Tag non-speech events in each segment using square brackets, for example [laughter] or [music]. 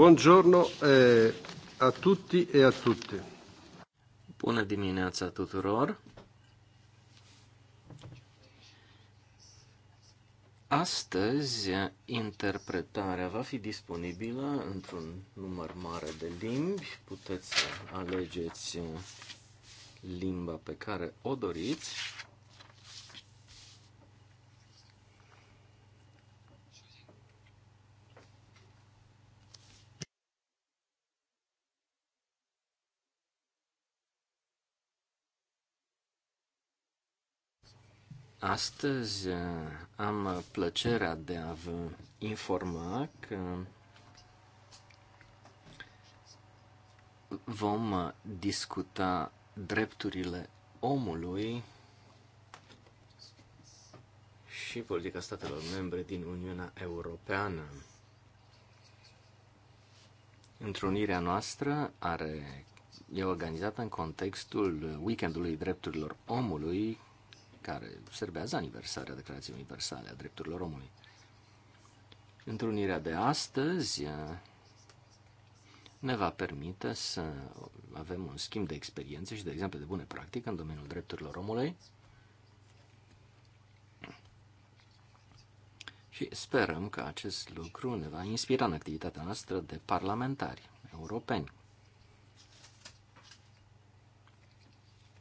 Buongiorno eh, a tutti e a tutte. Bună dimineața tuturor. Astăzi, interpretarea va fi disponibilă într-un număr mare de limbi. Puteți alegeți limba pe care o doriți. Astăzi uh, am plăcerea de a vă informa că vom uh, discuta drepturile omului și politica statelor membre din Uniunea Europeană. Întrunirea noastră are, e organizată în contextul uh, weekendului drepturilor omului, care serbează aniversarea Declarației Universale a Drepturilor Omului. Întrunirea de astăzi eh, ne va permite să avem un schimb de experiențe și de exemple de bune practică în domeniul drepturilor omului și sperăm că acest lucru ne va inspira în activitatea noastră de parlamentari europeni.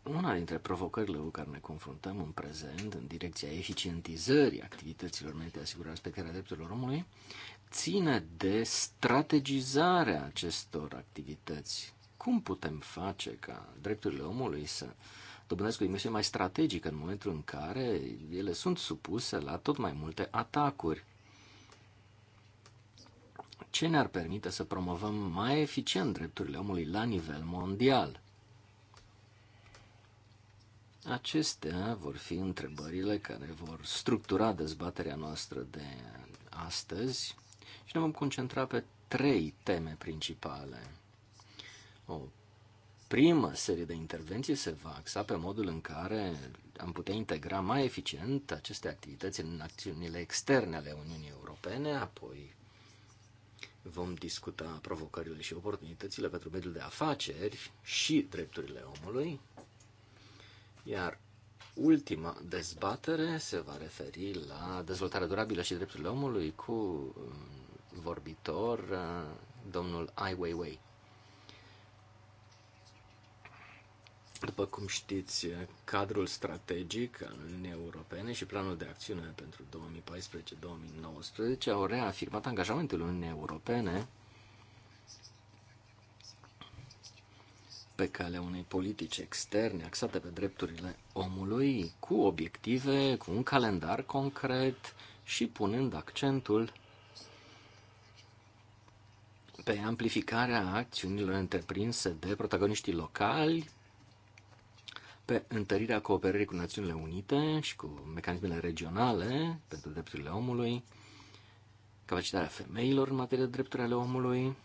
Una dintre provocările cu care ne confruntăm în prezent, în direcția eficientizării activităților mele de asigurare respectarea drepturilor omului, ține de strategizarea acestor activități. Cum putem face ca drepturile omului să dobândească o dimensiune mai strategică în momentul în care ele sunt supuse la tot mai multe atacuri? Ce ne-ar permite să promovăm mai eficient drepturile omului la nivel mondial? Acestea vor fi întrebările care vor structura dezbaterea noastră de astăzi și ne vom concentra pe trei teme principale. O primă serie de intervenții se va axa pe modul în care am putea integra mai eficient aceste activități în acțiunile externe ale Uniunii Europene, apoi vom discuta provocările și oportunitățile pentru mediul de afaceri și drepturile omului, iar ultima dezbatere se va referi la dezvoltarea durabilă și drepturile omului cu um, vorbitor, uh, domnul Ai Weiwei. După cum știți, cadrul strategic al Uniunii Europene și planul de acțiune pentru 2014-2019 au reafirmat angajamentul Uniunii Europene pe calea unei politici externe axate pe drepturile omului, cu obiective, cu un calendar concret și punând accentul pe amplificarea acțiunilor întreprinse de protagoniștii locali, pe întărirea cooperării cu Națiunile Unite și cu mecanismele regionale pentru drepturile omului, capacitatea femeilor în materie de drepturile omului,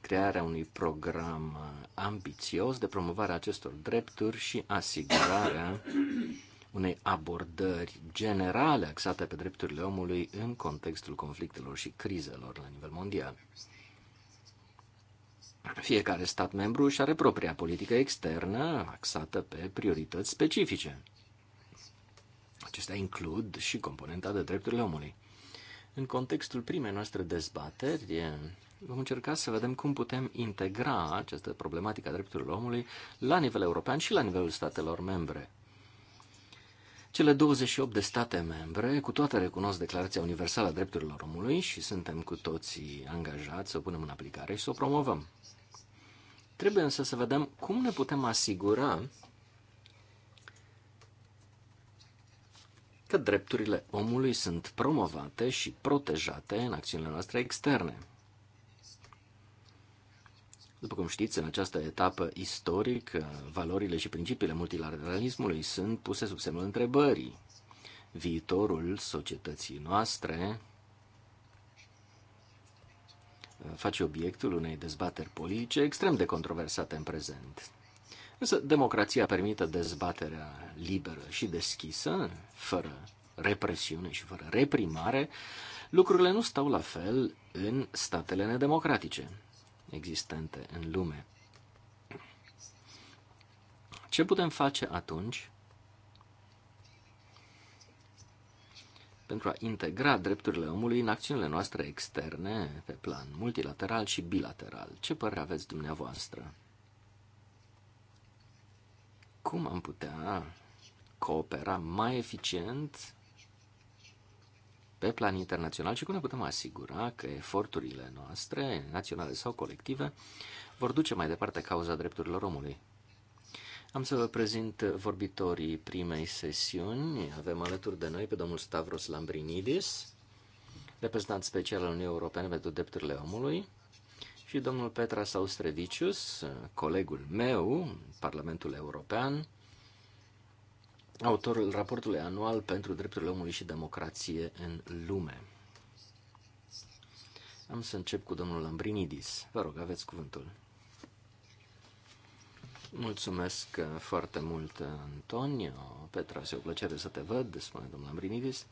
crearea unui program uh, ambițios de promovare a acestor drepturi și asigurarea [coughs] unei abordări generale axate pe drepturile omului în contextul conflictelor și crizelor la nivel mondial. Fiecare stat membru își are propria politică externă axată pe priorități specifice. Acestea includ și componenta de drepturile omului. În contextul primei noastre dezbateri, vom încerca să vedem cum putem integra această problematică a drepturilor omului la nivel european și la nivelul statelor membre. Cele 28 de state membre, cu toate recunosc Declarația Universală a Drepturilor Omului și suntem cu toții angajați să o punem în aplicare și să o promovăm. Trebuie însă să vedem cum ne putem asigura că drepturile omului sunt promovate și protejate în acțiunile noastre externe. După cum știți, în această etapă istorică, valorile și principiile multilateralismului sunt puse sub semnul întrebării. Viitorul societății noastre face obiectul unei dezbateri politice extrem de controversate în prezent. Însă democrația permite dezbaterea liberă și deschisă, fără represiune și fără reprimare, lucrurile nu stau la fel în statele nedemocratice existente în lume. Ce putem face atunci pentru a integra drepturile omului în acțiunile noastre externe, pe plan multilateral și bilateral? Ce părere aveți dumneavoastră? Cum am putea coopera mai eficient pe plan internațional și cum ne putem asigura că eforturile noastre, naționale sau colective, vor duce mai departe cauza drepturilor omului. Am să vă prezint vorbitorii primei sesiuni. Avem alături de noi pe domnul Stavros Lambrinidis, reprezentant special al Uniunii Europene pentru drepturile omului, și domnul Petra Austrevicius, colegul meu, Parlamentul European, autorul raportului anual pentru drepturile omului și democrație în lume. Am să încep cu domnul Lambrinidis. Vă rog, aveți cuvântul. Mulțumesc foarte mult, Antonio. Petra, se o plăcere să te văd, spune domnul Lambrinidis.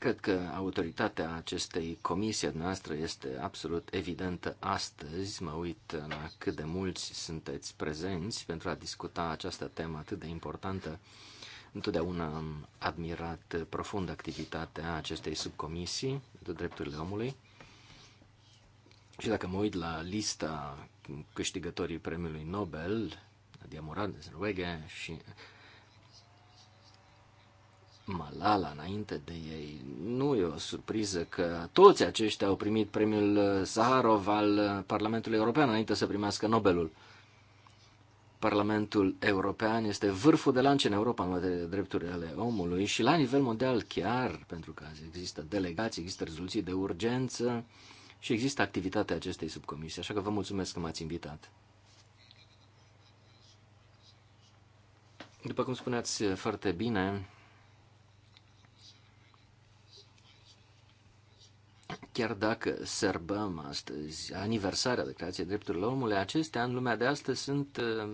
Cred că autoritatea acestei comisii noastre este absolut evidentă astăzi. Mă uit la cât de mulți sunteți prezenți pentru a discuta această temă atât de importantă. Întotdeauna am admirat profund activitatea acestei subcomisii de drepturile omului. Și dacă mă uit la lista câștigătorii premiului Nobel, Nadia Murad, Zerwege și Malala înainte de ei. Nu e o surpriză că toți aceștia au primit premiul uh, Saharov al uh, Parlamentului European înainte să primească Nobelul. Parlamentul European este vârful de lance în Europa în materie de drepturi ale omului și la nivel mondial chiar, pentru că există delegații, există rezoluții de urgență și există activitatea acestei subcomisii. Așa că vă mulțumesc că m-ați invitat. După cum spuneați foarte bine, Chiar dacă sărbăm astăzi aniversarea Declarației Drepturilor Omului, acestea în lumea de astăzi sunt uh,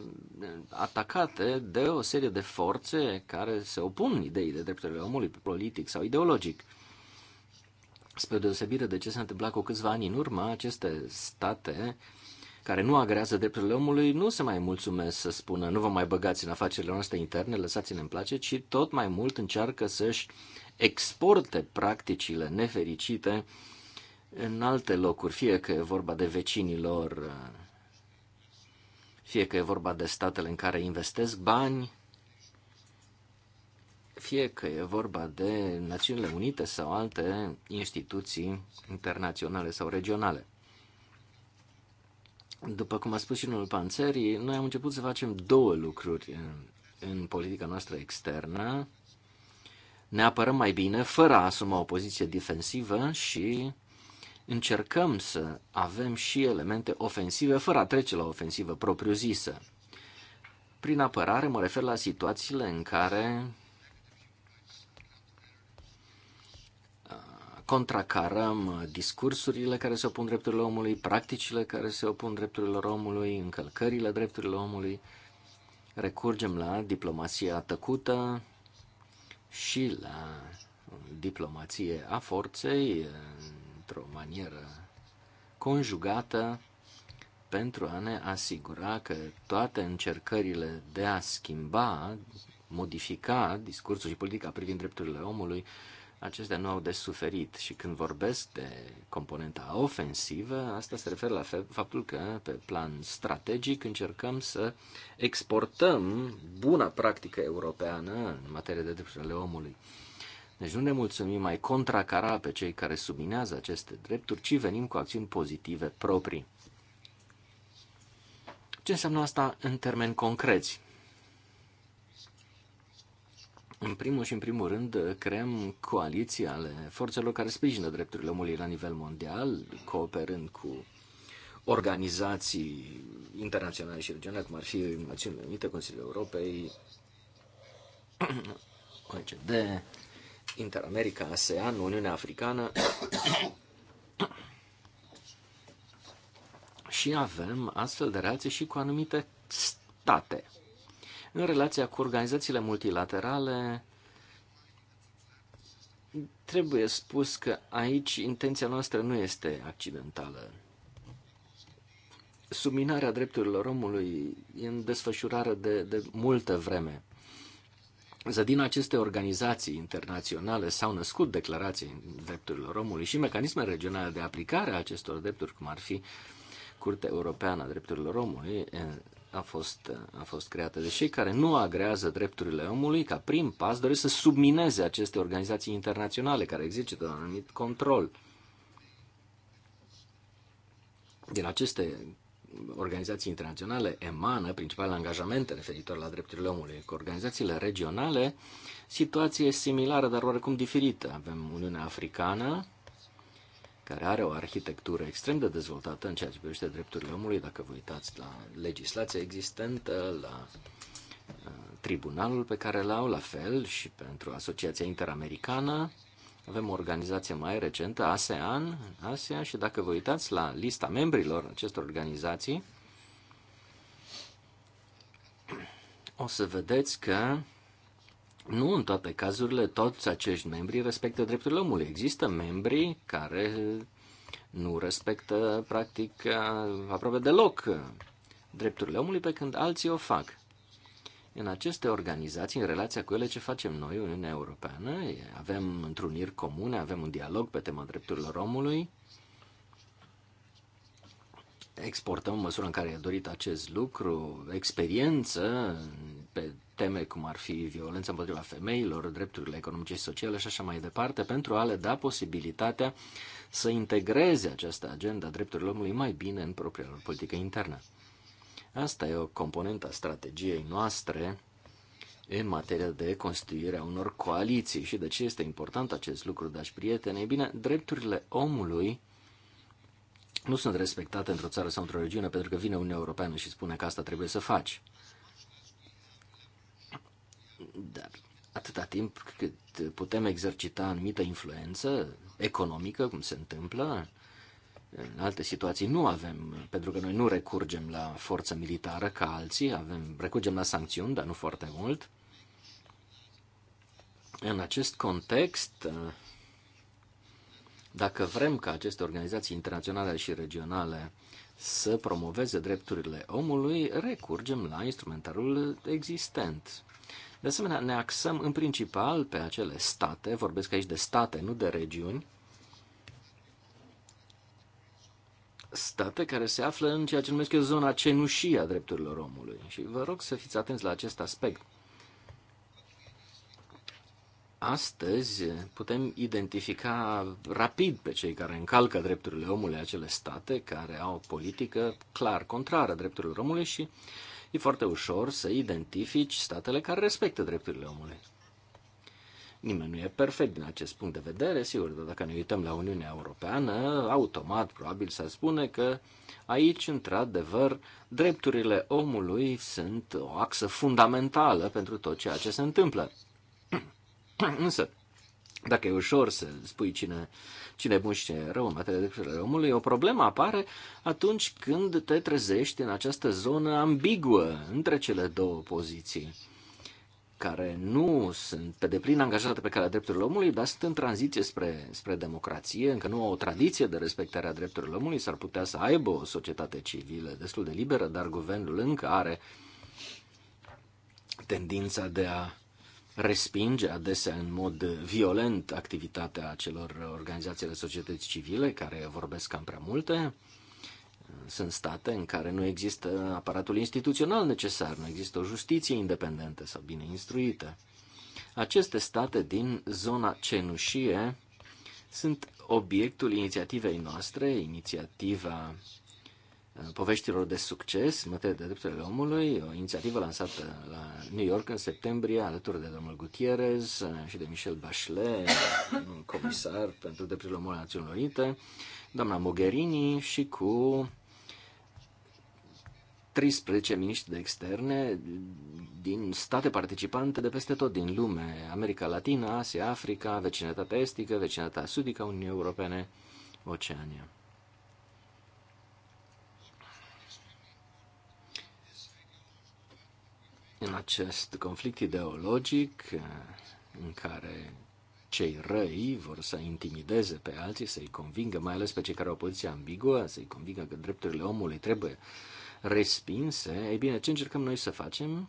atacate de o serie de forțe care se opun ideii de drepturile omului, politic sau ideologic. Spre deosebire de ce s-a întâmplat cu câțiva ani în urmă, aceste state care nu agrează drepturile omului nu se mai mulțumesc să spună nu vă mai băgați în afacerile noastre interne, lăsați-ne în place, ci tot mai mult încearcă să-și exporte practicile nefericite în alte locuri, fie că e vorba de vecinilor, lor, fie că e vorba de statele în care investesc bani, fie că e vorba de Națiunile Unite sau alte instituții internaționale sau regionale. După cum a spus și unul Panțerii, noi am început să facem două lucruri în politica noastră externă. Ne apărăm mai bine, fără a asuma o poziție defensivă și încercăm să avem și elemente ofensive, fără a trece la ofensivă propriu-zisă. Prin apărare mă refer la situațiile în care uh, contracarăm discursurile care se opun drepturilor omului, practicile care se opun drepturilor omului, încălcările drepturilor omului, recurgem la diplomația tăcută și la diplomație a forței, uh, într-o manieră conjugată pentru a ne asigura că toate încercările de a schimba, modifica discursul și politica privind drepturile omului, acestea nu au de suferit. Și când vorbesc de componenta ofensivă, asta se referă la faptul că, pe plan strategic, încercăm să exportăm buna practică europeană în materie de drepturile omului. Deci nu ne mulțumim mai contracara pe cei care subminează aceste drepturi, ci venim cu acțiuni pozitive proprii. Ce înseamnă asta în termeni concreți? În primul și în primul rând, creăm coaliții ale forțelor care sprijină drepturile omului la nivel mondial, cooperând cu organizații internaționale și regionale, cum ar fi Națiunile Unite, Consiliul Europei, OECD, [clears throat] Interamerica, ASEAN, Uniunea Africană [coughs] și avem astfel de relații și cu anumite state. În relația cu organizațiile multilaterale, trebuie spus că aici intenția noastră nu este accidentală. Subminarea drepturilor omului e în desfășurare de, de multă vreme. Însă din aceste organizații internaționale s-au născut declarații drepturilor omului și mecanisme regionale de aplicare a acestor drepturi, cum ar fi Curtea Europeană a Drepturilor Omului, a fost, a fost creată de cei care nu agrează drepturile omului, ca prim pas doresc să submineze aceste organizații internaționale care exercită un anumit control. Din aceste organizații internaționale emană principalele angajamente referitor la drepturile omului. Cu organizațiile regionale, situație similară, dar oarecum diferită. Avem Uniunea Africană, care are o arhitectură extrem de dezvoltată în ceea ce privește drepturile omului, dacă vă uitați la legislația existentă, la uh, tribunalul pe care l-au, la fel și pentru Asociația Interamericană, avem o organizație mai recentă, ASEAN, ASEAN și dacă vă uitați la lista membrilor acestor organizații, o să vedeți că nu în toate cazurile toți acești membri respectă drepturile omului. Există membri care nu respectă practic aproape deloc drepturile omului pe când alții o fac în aceste organizații, în relația cu ele, ce facem noi, Uniunea Europeană. Avem întruniri comune, avem un dialog pe tema drepturilor omului, exportăm în măsura în care e dorit acest lucru, experiență pe teme cum ar fi violența împotriva femeilor, drepturile economice și sociale și așa mai departe, pentru a le da posibilitatea să integreze această agenda drepturilor omului mai bine în propria lor politică internă. Asta e o componentă a strategiei noastre în materie de constituirea unor coaliții. Și de ce este important acest lucru, dragi prieteni? Ei bine, drepturile omului nu sunt respectate într-o țară sau într-o regiune pentru că vine Uniunea Europeană și spune că asta trebuie să faci. Dar atâta timp cât putem exercita anumită influență economică, cum se întâmplă, în alte situații nu avem, pentru că noi nu recurgem la forță militară ca alții, avem, recurgem la sancțiuni, dar nu foarte mult. În acest context, dacă vrem ca aceste organizații internaționale și regionale să promoveze drepturile omului, recurgem la instrumentarul existent. De asemenea, ne axăm în principal pe acele state, vorbesc aici de state, nu de regiuni, state care se află în ceea ce numesc eu zona cenușie a drepturilor omului. Și vă rog să fiți atenți la acest aspect. Astăzi putem identifica rapid pe cei care încalcă drepturile omului acele state care au o politică clar contrară drepturilor omului și e foarte ușor să identifici statele care respectă drepturile omului. Nimeni nu e perfect din acest punct de vedere, sigur, dar dacă ne uităm la Uniunea Europeană, automat probabil s-ar spune că aici, într-adevăr, drepturile omului sunt o axă fundamentală pentru tot ceea ce se întâmplă. [clears throat] Însă, dacă e ușor să spui cine, cine e bun și cine e rău în materie de drepturile omului, o problemă apare atunci când te trezești în această zonă ambiguă între cele două poziții care nu sunt pe deplin angajate pe calea drepturilor omului, dar sunt în tranziție spre, spre democrație, încă nu au o tradiție de respectare a drepturilor omului, s-ar putea să aibă o societate civilă destul de liberă, dar guvernul încă are tendința de a respinge adesea în mod violent activitatea acelor organizații de societăți civile care vorbesc cam prea multe. Sunt state în care nu există aparatul instituțional necesar, nu există o justiție independentă sau bine instruită. Aceste state din zona cenușie sunt obiectul inițiativei noastre, inițiativa uh, poveștilor de succes în materie de drepturile omului, o inițiativă lansată la New York în septembrie, alături de domnul Gutierrez uh, și de Michel Bachelet, uh, comisar pentru drepturile omului Națiunilor Unite doamna Mogherini și cu 13 miniștri de externe din state participante de peste tot din lume, America Latina, Asia, Africa, vecinătatea estică, vecinătatea sudică, Uniunea Europene, Oceania. În acest conflict ideologic în care cei răi vor să intimideze pe alții, să-i convingă, mai ales pe cei care au o poziție ambiguă, să-i convingă că drepturile omului trebuie respinse, ei bine, ce încercăm noi să facem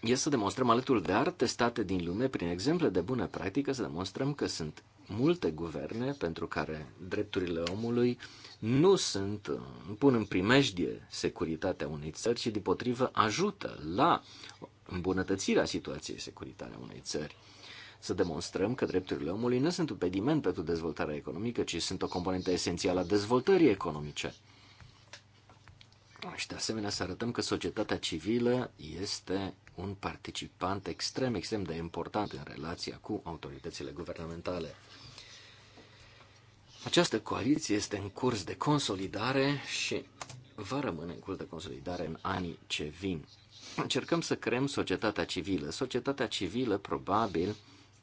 e să demonstrăm alături de arte state din lume, prin exemple de bună practică, să demonstrăm că sunt multe guverne pentru care drepturile omului nu sunt, nu pun în primejdie securitatea unei țări, ci din potrivă ajută la îmbunătățirea situației securitare a unei țări să demonstrăm că drepturile omului nu sunt un pediment pentru dezvoltarea economică, ci sunt o componentă esențială a dezvoltării economice. Și de asemenea să arătăm că societatea civilă este un participant extrem, extrem de important în relația cu autoritățile guvernamentale. Această coaliție este în curs de consolidare și va rămâne în curs de consolidare în anii ce vin. Încercăm să creăm societatea civilă. Societatea civilă probabil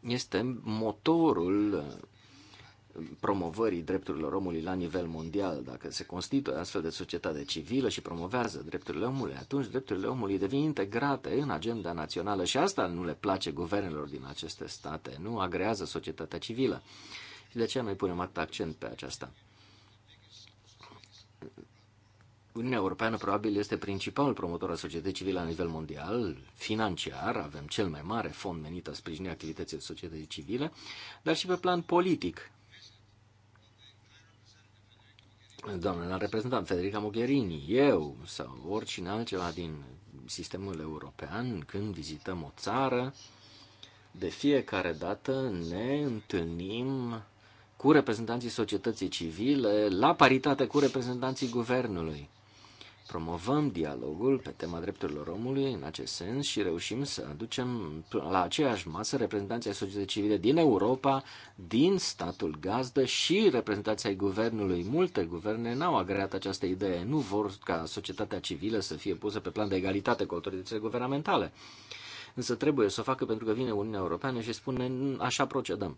este motorul uh, promovării drepturilor omului la nivel mondial. Dacă se constituie astfel de societate civilă și promovează drepturile omului, atunci drepturile omului devin integrate în agenda națională și asta nu le place guvernelor din aceste state, nu agrează societatea civilă. Și de aceea noi punem atât accent pe aceasta. Uniunea Europeană probabil este principalul promotor al societății civile la nivel mondial, financiar, avem cel mai mare fond menit a sprijini activității societății civile, dar și pe plan politic. Doamna la reprezentant Federica Mogherini, eu sau oricine altceva din sistemul european, când vizităm o țară, de fiecare dată ne întâlnim cu reprezentanții societății civile, la paritate cu reprezentanții guvernului promovăm dialogul pe tema drepturilor omului în acest sens și reușim să aducem la aceeași masă reprezentanții societății civile din Europa, din statul gazdă și reprezentanții guvernului. Multe guverne n-au agreat această idee, nu vor ca societatea civilă să fie pusă pe plan de egalitate cu autoritățile guvernamentale. Însă trebuie să o facă pentru că vine Uniunea Europeană și spune așa procedăm.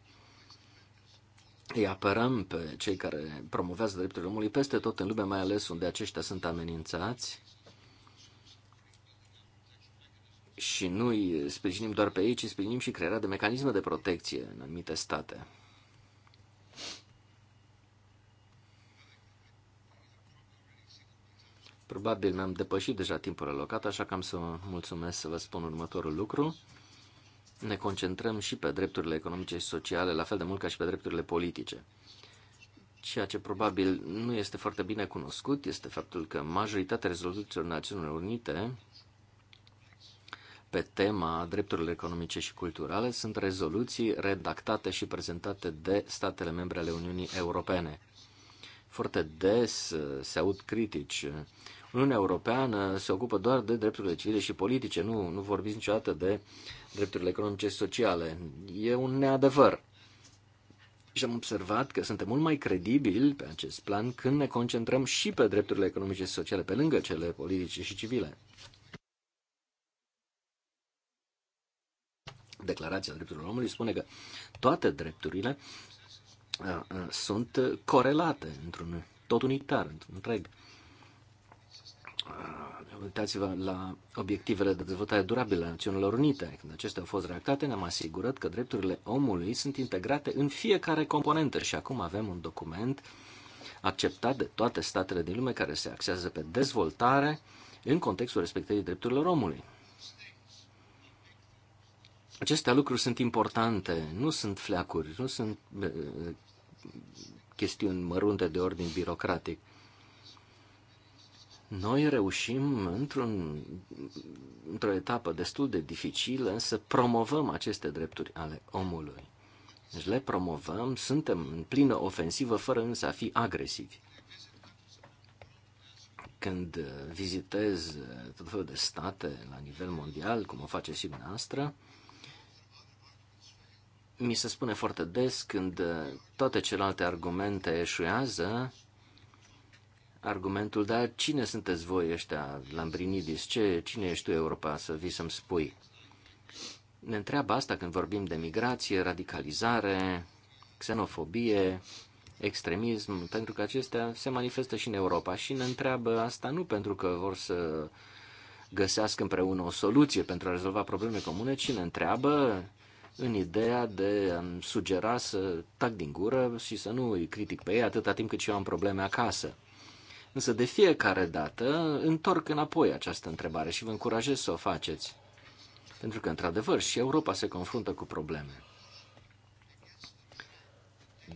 Îi apărăm pe cei care promovează drepturile omului peste tot în lume, mai ales unde aceștia sunt amenințați. Și nu îi sprijinim doar pe ei, ci sprijinim și crearea de mecanisme de protecție în anumite state. Probabil mi-am depășit deja timpul alocat, așa că am să mulțumesc să vă spun următorul lucru ne concentrăm și pe drepturile economice și sociale, la fel de mult ca și pe drepturile politice. Ceea ce probabil nu este foarte bine cunoscut este faptul că majoritatea rezoluțiilor Națiunilor Unite pe tema drepturilor economice și culturale sunt rezoluții redactate și prezentate de statele membre ale Uniunii Europene. Foarte des eh, se aud critici eh, Uniunea Europeană se ocupă doar de drepturile civile și politice, nu, nu vorbiți niciodată de drepturile economice și sociale. E un neadevăr. Și am observat că suntem mult mai credibili pe acest plan când ne concentrăm și pe drepturile economice și sociale, pe lângă cele politice și civile. Declarația drepturilor omului spune că toate drepturile uh, uh, sunt corelate într-un tot unitar, într-un întreg. Uitați-vă la obiectivele de dezvoltare durabilă a Națiunilor Unite. Când acestea au fost reactate, ne-am asigurat că drepturile omului sunt integrate în fiecare componentă și acum avem un document acceptat de toate statele din lume care se axează pe dezvoltare în contextul respectării drepturilor omului. Aceste lucruri sunt importante, nu sunt fleacuri, nu sunt eh, chestiuni mărunte de ordin birocratic noi reușim într-un, într-o etapă destul de dificilă să promovăm aceste drepturi ale omului. Deci le promovăm, suntem în plină ofensivă fără însă a fi agresivi. Când vizitez tot felul de state la nivel mondial, cum o face și dumneavoastră, mi se spune foarte des când toate celelalte argumente eșuează, argumentul, dar cine sunteți voi ăștia, Lambrinidis, ce, cine ești tu, Europa, să vii să-mi spui? Ne întreabă asta când vorbim de migrație, radicalizare, xenofobie, extremism, pentru că acestea se manifestă și în Europa și ne întreabă asta nu pentru că vor să găsească împreună o soluție pentru a rezolva probleme comune, ci ne întreabă în ideea de a sugera să tac din gură și să nu îi critic pe ei atâta timp cât și eu am probleme acasă. Însă de fiecare dată întorc înapoi această întrebare și vă încurajez să o faceți. Pentru că, într-adevăr, și Europa se confruntă cu probleme.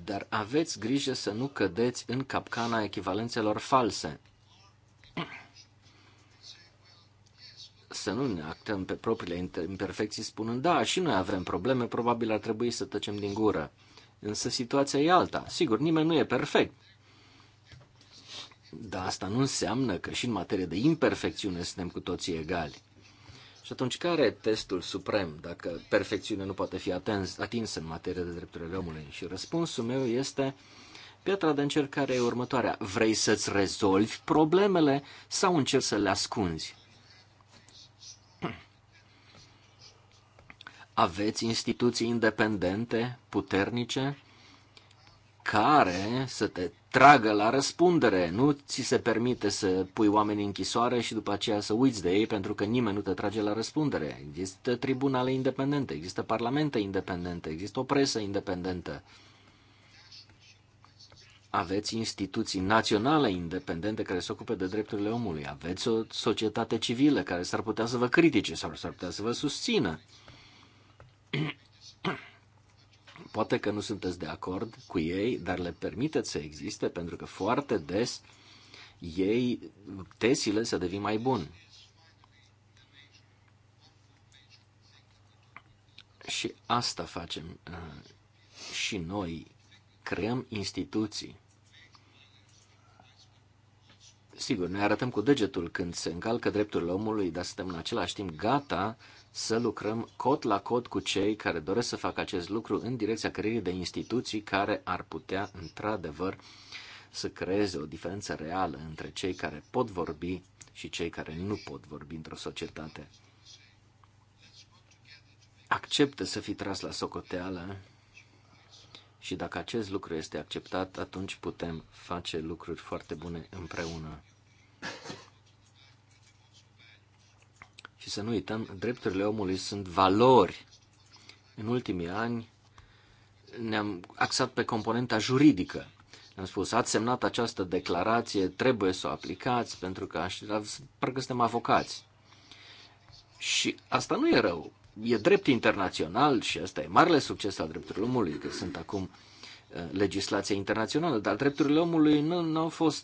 Dar aveți grijă să nu cădeți în capcana echivalențelor false. Să nu ne actăm pe propriile imperfecții spunând, da, și noi avem probleme, probabil ar trebui să tăcem din gură. Însă situația e alta. Sigur, nimeni nu e perfect. Dar asta nu înseamnă că și în materie de imperfecțiune suntem cu toții egali. Și atunci, care e testul suprem dacă perfecțiunea nu poate fi atins, atinsă în materie de drepturile omului? Și răspunsul meu este piatra de încercare e următoarea. Vrei să-ți rezolvi problemele sau încerci să le ascunzi? [clears throat] Aveți instituții independente, puternice, care să te tragă la răspundere. Nu ți se permite să pui oameni în închisoare și după aceea să uiți de ei pentru că nimeni nu te trage la răspundere. Există tribunale independente, există parlamente independente, există o presă independentă. Aveți instituții naționale independente care se ocupe de drepturile omului. Aveți o societate civilă care s-ar putea să vă critique sau s-ar putea să vă susțină. Poate că nu sunteți de acord cu ei, dar le permiteți să existe pentru că foarte des ei, tesile să devin mai bun. Și asta facem uh, și noi, creăm instituții. Sigur, ne arătăm cu degetul când se încalcă drepturile omului, dar suntem în același timp gata să lucrăm cot la cot cu cei care doresc să facă acest lucru în direcția creierii de instituții care ar putea, într-adevăr, să creeze o diferență reală între cei care pot vorbi și cei care nu pot vorbi într-o societate. Acceptă să fii tras la socoteală și dacă acest lucru este acceptat, atunci putem face lucruri foarte bune împreună. Și să nu uităm, drepturile omului sunt valori. În ultimii ani ne-am axat pe componenta juridică. Ne-am spus, ați semnat această declarație, trebuie să o aplicați, pentru că parcă suntem avocați. Și asta nu e rău. E drept internațional și asta e marele succes al drepturilor omului, că sunt acum uh, legislația internațională, dar drepturile omului nu, nu au fost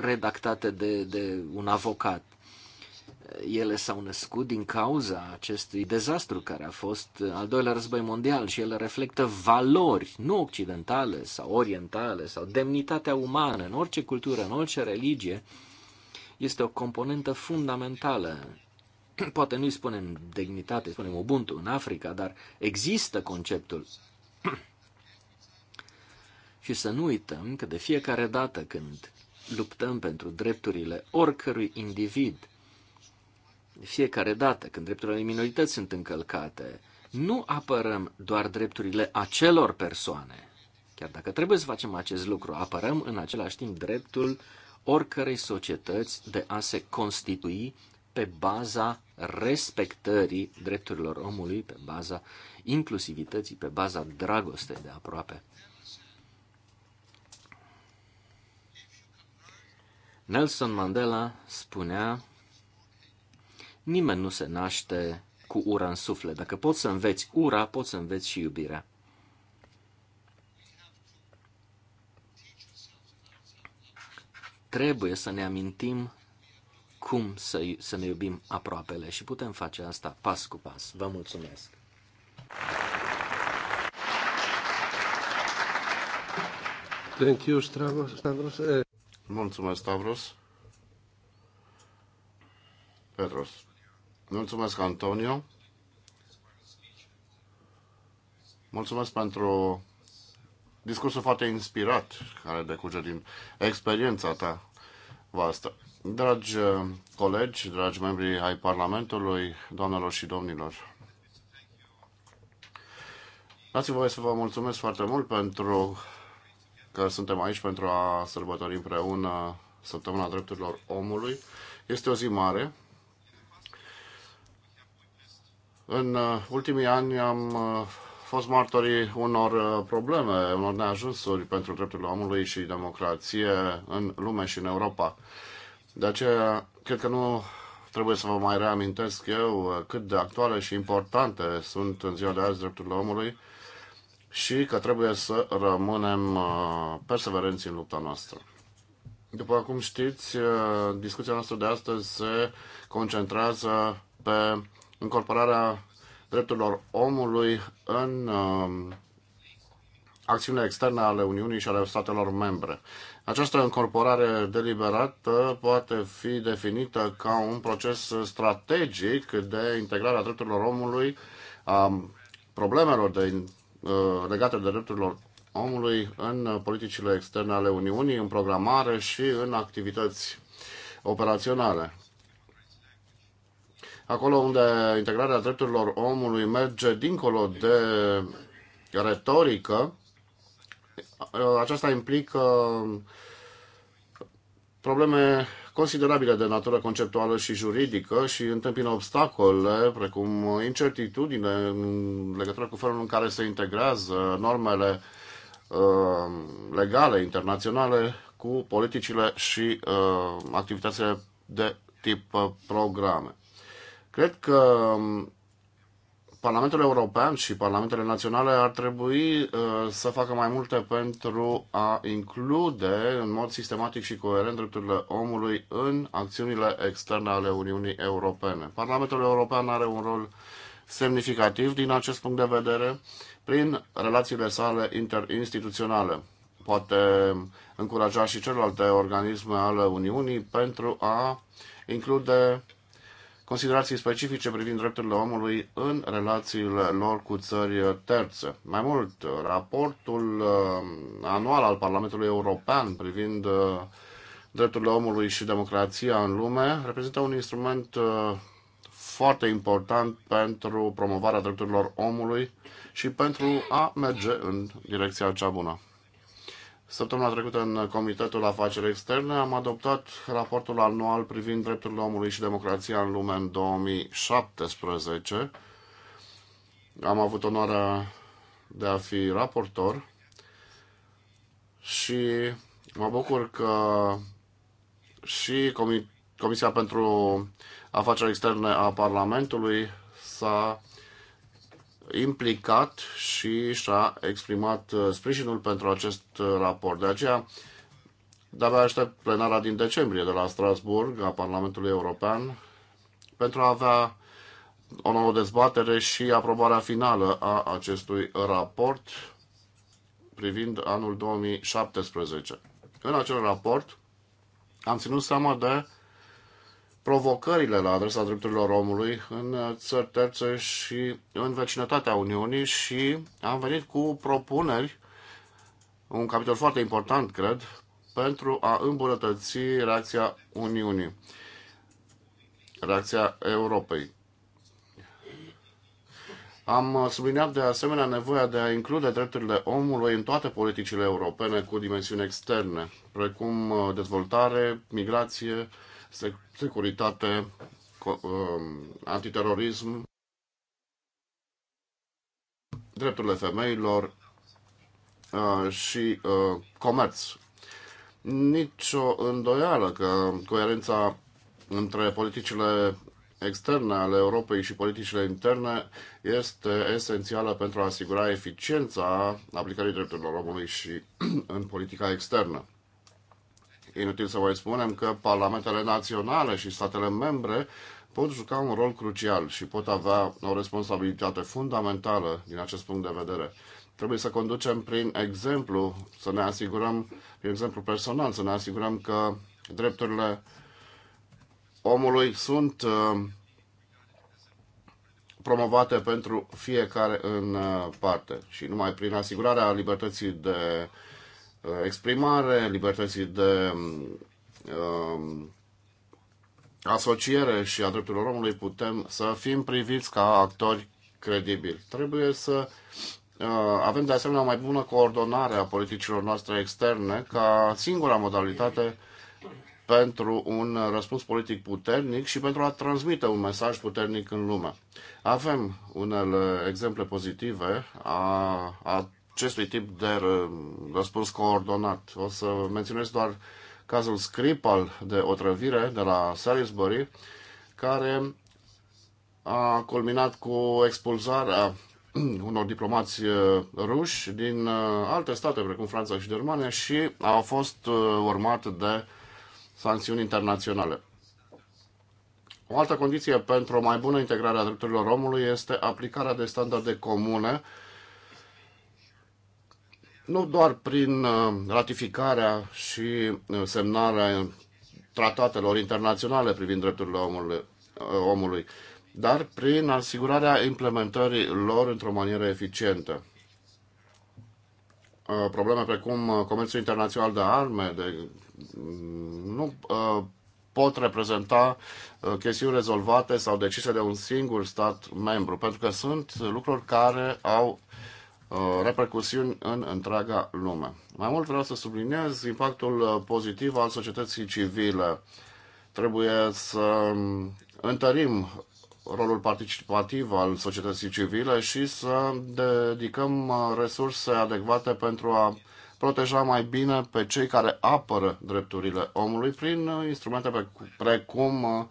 redactate de, de un avocat. Ele s-au născut din cauza acestui dezastru care a fost al doilea război mondial și ele reflectă valori nu occidentale sau orientale sau demnitatea umană în orice cultură, în orice religie. Este o componentă fundamentală [clears throat] poate nu-i spunem demnitate, spunem Ubuntu în Africa, dar există conceptul. [clears throat] și să nu uităm că de fiecare dată când luptăm pentru drepturile oricărui individ, de fiecare dată când drepturile minorități sunt încălcate, nu apărăm doar drepturile acelor persoane, chiar dacă trebuie să facem acest lucru, apărăm în același timp dreptul oricărei societăți de a se constitui pe baza respectării drepturilor omului, pe baza inclusivității, pe baza dragostei de aproape. Nelson Mandela spunea Nimeni nu se naște cu ura în suflet. Dacă poți să înveți ura, poți să înveți și iubirea. Trebuie să ne amintim cum să, să ne iubim aproapele și putem face asta pas cu pas. Vă mulțumesc! Thank you, Stavros. Eh. Mulțumesc, Stavros. Petros. Mulțumesc, Antonio. Mulțumesc pentru discursul foarte inspirat care decurge din experiența ta vastă. Dragi uh, colegi, dragi membri ai Parlamentului, doamnelor și domnilor, dați-mi voie să vă mulțumesc foarte mult pentru că suntem aici pentru a sărbători împreună Săptămâna Drepturilor Omului. Este o zi mare, în uh, ultimii ani am uh, fost martorii unor uh, probleme, unor neajunsuri pentru drepturile omului și democrație în lume și în Europa. De aceea, cred că nu trebuie să vă mai reamintesc eu cât de actuale și importante sunt în ziua de azi drepturile omului și că trebuie să rămânem perseverenți în lupta noastră. După cum știți, discuția noastră de astăzi se concentrează pe incorporarea drepturilor omului în um, acțiunile externe ale Uniunii și ale statelor membre. Această incorporare deliberată poate fi definită ca un proces strategic de integrare a drepturilor omului, a problemelor de, uh, legate de drepturilor omului în politicile externe ale Uniunii, în programare și în activități operaționale acolo unde integrarea drepturilor omului merge dincolo de retorică, aceasta implică probleme considerabile de natură conceptuală și juridică și întâmpină obstacole precum incertitudine în legătură cu felul în care se integrează normele uh, legale internaționale cu politicile și uh, activitățile de tip uh, programe. Cred că um, Parlamentul European și Parlamentele Naționale ar trebui uh, să facă mai multe pentru a include în mod sistematic și coerent drepturile omului în acțiunile externe ale Uniunii Europene. Parlamentul European are un rol semnificativ din acest punct de vedere prin relațiile sale interinstituționale. Poate încuraja și celelalte organisme ale Uniunii pentru a include considerații specifice privind drepturile omului în relațiile lor cu țări terțe. Mai mult, raportul uh, anual al Parlamentului European privind uh, drepturile omului și democrația în lume reprezintă un instrument uh, foarte important pentru promovarea drepturilor omului și pentru a merge în direcția cea bună. Săptămâna trecută în Comitetul Afaceri Externe am adoptat raportul anual privind drepturile omului și democrația în lume în 2017. Am avut onoarea de a fi raportor și mă bucur că și Comisia pentru Afaceri Externe a Parlamentului s-a implicat și și-a exprimat uh, sprijinul pentru acest uh, raport. De aceea, de-abia aștept plenara din decembrie de la Strasburg a Parlamentului European pentru a avea o nouă dezbatere și aprobarea finală a acestui raport privind anul 2017. În acel raport am ținut seama de provocările la adresa drepturilor omului în țări terțe și în vecinătatea Uniunii și am venit cu propuneri, un capitol foarte important, cred, pentru a îmbunătăți reacția Uniunii, reacția Europei. Am subliniat de asemenea nevoia de a include drepturile omului în toate politicile europene cu dimensiuni externe, precum dezvoltare, migrație, securitate, um, antiterorism, drepturile femeilor uh, și uh, comerț. Nicio îndoială că coerența între politicile externe ale Europei și politicile interne este esențială pentru a asigura eficiența aplicării drepturilor omului și [clears throat] în politica externă inutil să vă spunem că parlamentele naționale și statele membre pot juca un rol crucial și pot avea o responsabilitate fundamentală din acest punct de vedere. Trebuie să conducem prin exemplu, să ne asigurăm, prin exemplu personal, să ne asigurăm că drepturile omului sunt uh, promovate pentru fiecare în uh, parte și numai prin asigurarea libertății de Uh, exprimare, libertății de um, asociere și a drepturilor omului putem să fim priviți ca actori credibili. Trebuie să uh, avem de asemenea o mai bună coordonare a politicilor noastre externe ca singura modalitate pentru un răspuns politic puternic și pentru a transmite un mesaj puternic în lume. Avem unele exemple pozitive a, a acestui tip de uh, răspuns coordonat. O să menționez doar cazul Scripal de otrăvire de la Salisbury, care a culminat cu expulzarea [clears throat] unor diplomați uh, ruși din uh, alte state, precum Franța și Germania, și a fost urmat de sancțiuni internaționale. O altă condiție pentru o mai bună integrare a drepturilor omului este aplicarea de standarde comune nu doar prin uh, ratificarea și uh, semnarea tratatelor internaționale privind drepturile omului, uh, omului dar prin asigurarea implementării lor într-o manieră eficientă. Probleme precum comerțul internațional de arme de, mm, nu pot reprezenta chestiuni rezolvate sau decise de un singur stat membru, pentru că sunt lucruri care au uh, Uh, repercusiuni în întreaga lume. Mai mult vreau să subliniez impactul uh, pozitiv al societății civile. Trebuie să um, întărim rolul participativ al societății civile și să dedicăm uh, resurse adecvate pentru a proteja mai bine pe cei care apără drepturile omului prin instrumente precum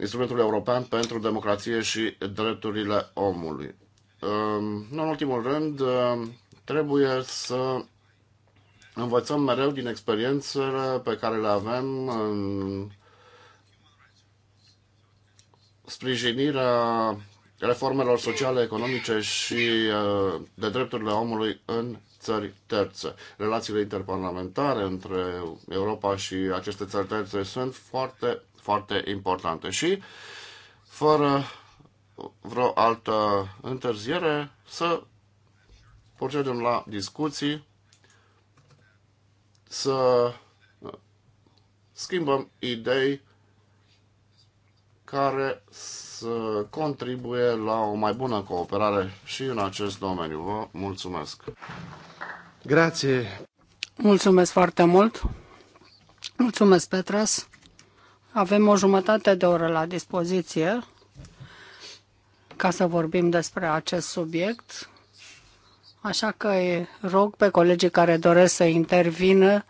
instrumentul european pentru democrație și drepturile omului. Ehm, nu în ultimul rând, ehm, trebuie să învățăm mereu din experiențele pe care le avem în sprijinirea reformelor sociale, economice și eh, de drepturile omului în țări terțe. Relațiile interparlamentare între Europa și aceste țări terțe sunt foarte, foarte importante și fără vreo altă întârziere, să procedăm la discuții, să uh, schimbăm idei care să contribuie la o mai bună cooperare și în acest domeniu. Vă mulțumesc! Grație! Mulțumesc foarte mult! Mulțumesc, Petras! Avem o jumătate de oră la dispoziție ca să vorbim despre acest subiect, așa că rog pe colegii care doresc să intervină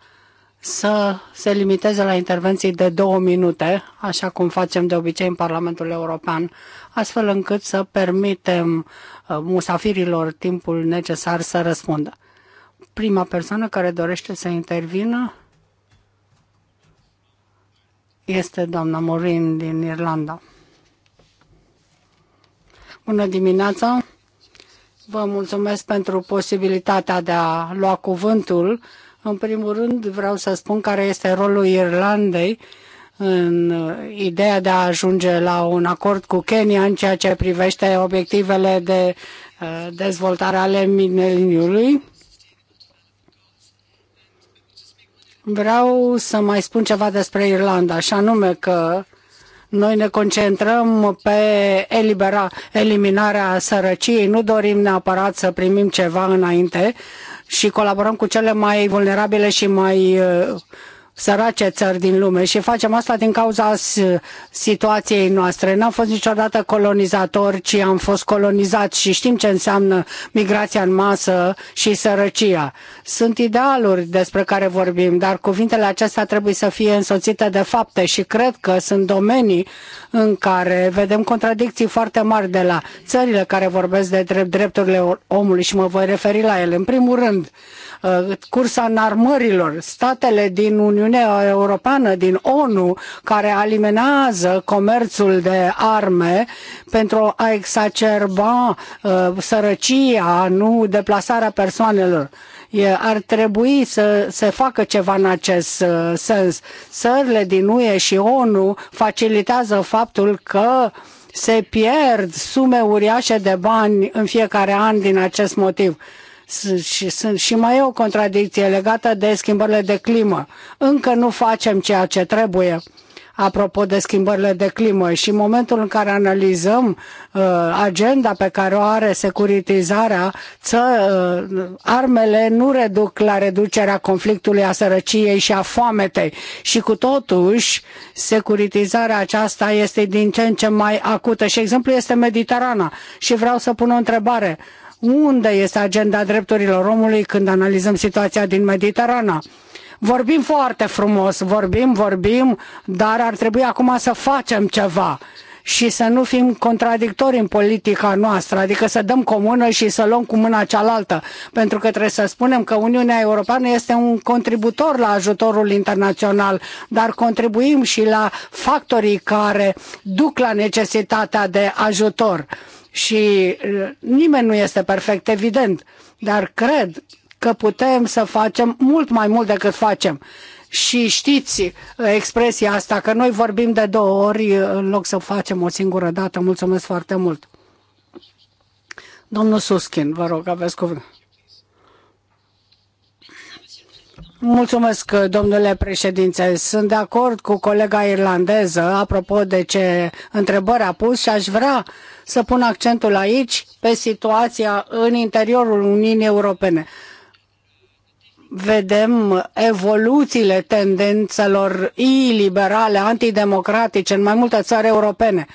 să se limiteze la intervenții de două minute, așa cum facem de obicei în Parlamentul European, astfel încât să permitem uh, musafirilor timpul necesar să răspundă. Prima persoană care dorește să intervină este doamna Morin din Irlanda. Bună dimineața! Vă mulțumesc pentru posibilitatea de a lua cuvântul. În primul rând vreau să spun care este rolul Irlandei în ideea de a ajunge la un acord cu Kenya în ceea ce privește obiectivele de uh, dezvoltare ale mineriului. Vreau să mai spun ceva despre Irlanda, și anume că noi ne concentrăm pe elibera, eliminarea sărăciei, nu dorim neapărat să primim ceva înainte și colaborăm cu cele mai vulnerabile și mai uh, sărace țări din lume și facem asta din cauza situației noastre. N-am fost niciodată colonizatori, ci am fost colonizați și știm ce înseamnă migrația în masă și sărăcia. Sunt idealuri despre care vorbim, dar cuvintele acestea trebuie să fie însoțite de fapte și cred că sunt domenii în care vedem contradicții foarte mari de la țările care vorbesc de drept, drepturile omului și mă voi referi la ele. În primul rând, Uh, cursa înarmărilor. Statele din Uniunea Europeană, din ONU, care alimenează comerțul de arme pentru a exacerba uh, sărăcia, nu deplasarea persoanelor ar trebui să se facă ceva în acest uh, sens. Țările din UE și ONU facilitează faptul că se pierd sume uriașe de bani în fiecare an din acest motiv și, sunt, și mai e o contradicție legată de schimbările de climă. Încă nu facem ceea ce trebuie apropo de schimbările de climă și în momentul în care analizăm uh, agenda pe care o are securitizarea, ță, uh, armele nu reduc la reducerea conflictului, a sărăciei și a foametei și cu totuși securitizarea aceasta este din ce în ce mai acută și exemplu este Mediterana și vreau să pun o întrebare. Unde este agenda drepturilor omului când analizăm situația din Mediterana? Vorbim foarte frumos, vorbim, vorbim, dar ar trebui acum să facem ceva și să nu fim contradictori în politica noastră, adică să dăm cu o mână și să luăm cu mâna cealaltă, pentru că trebuie să spunem că Uniunea Europeană este un contributor la ajutorul internațional, dar contribuim și la factorii care duc la necesitatea de ajutor și uh, nimeni nu este perfect, evident, dar cred că putem să facem mult mai mult decât facem. Și știți uh, expresia asta, că noi vorbim de două ori uh, în loc să facem o singură dată. Mulțumesc foarte mult. Domnul Suskin, vă rog, aveți cuvânt. Mulțumesc, domnule președinte. Sunt de acord cu colega irlandeză apropo de ce întrebări a pus și aș vrea să pun accentul aici pe situația în interiorul Uniunii Europene. Vedem evoluțiile tendențelor iliberale, antidemocratice în mai multe țări europene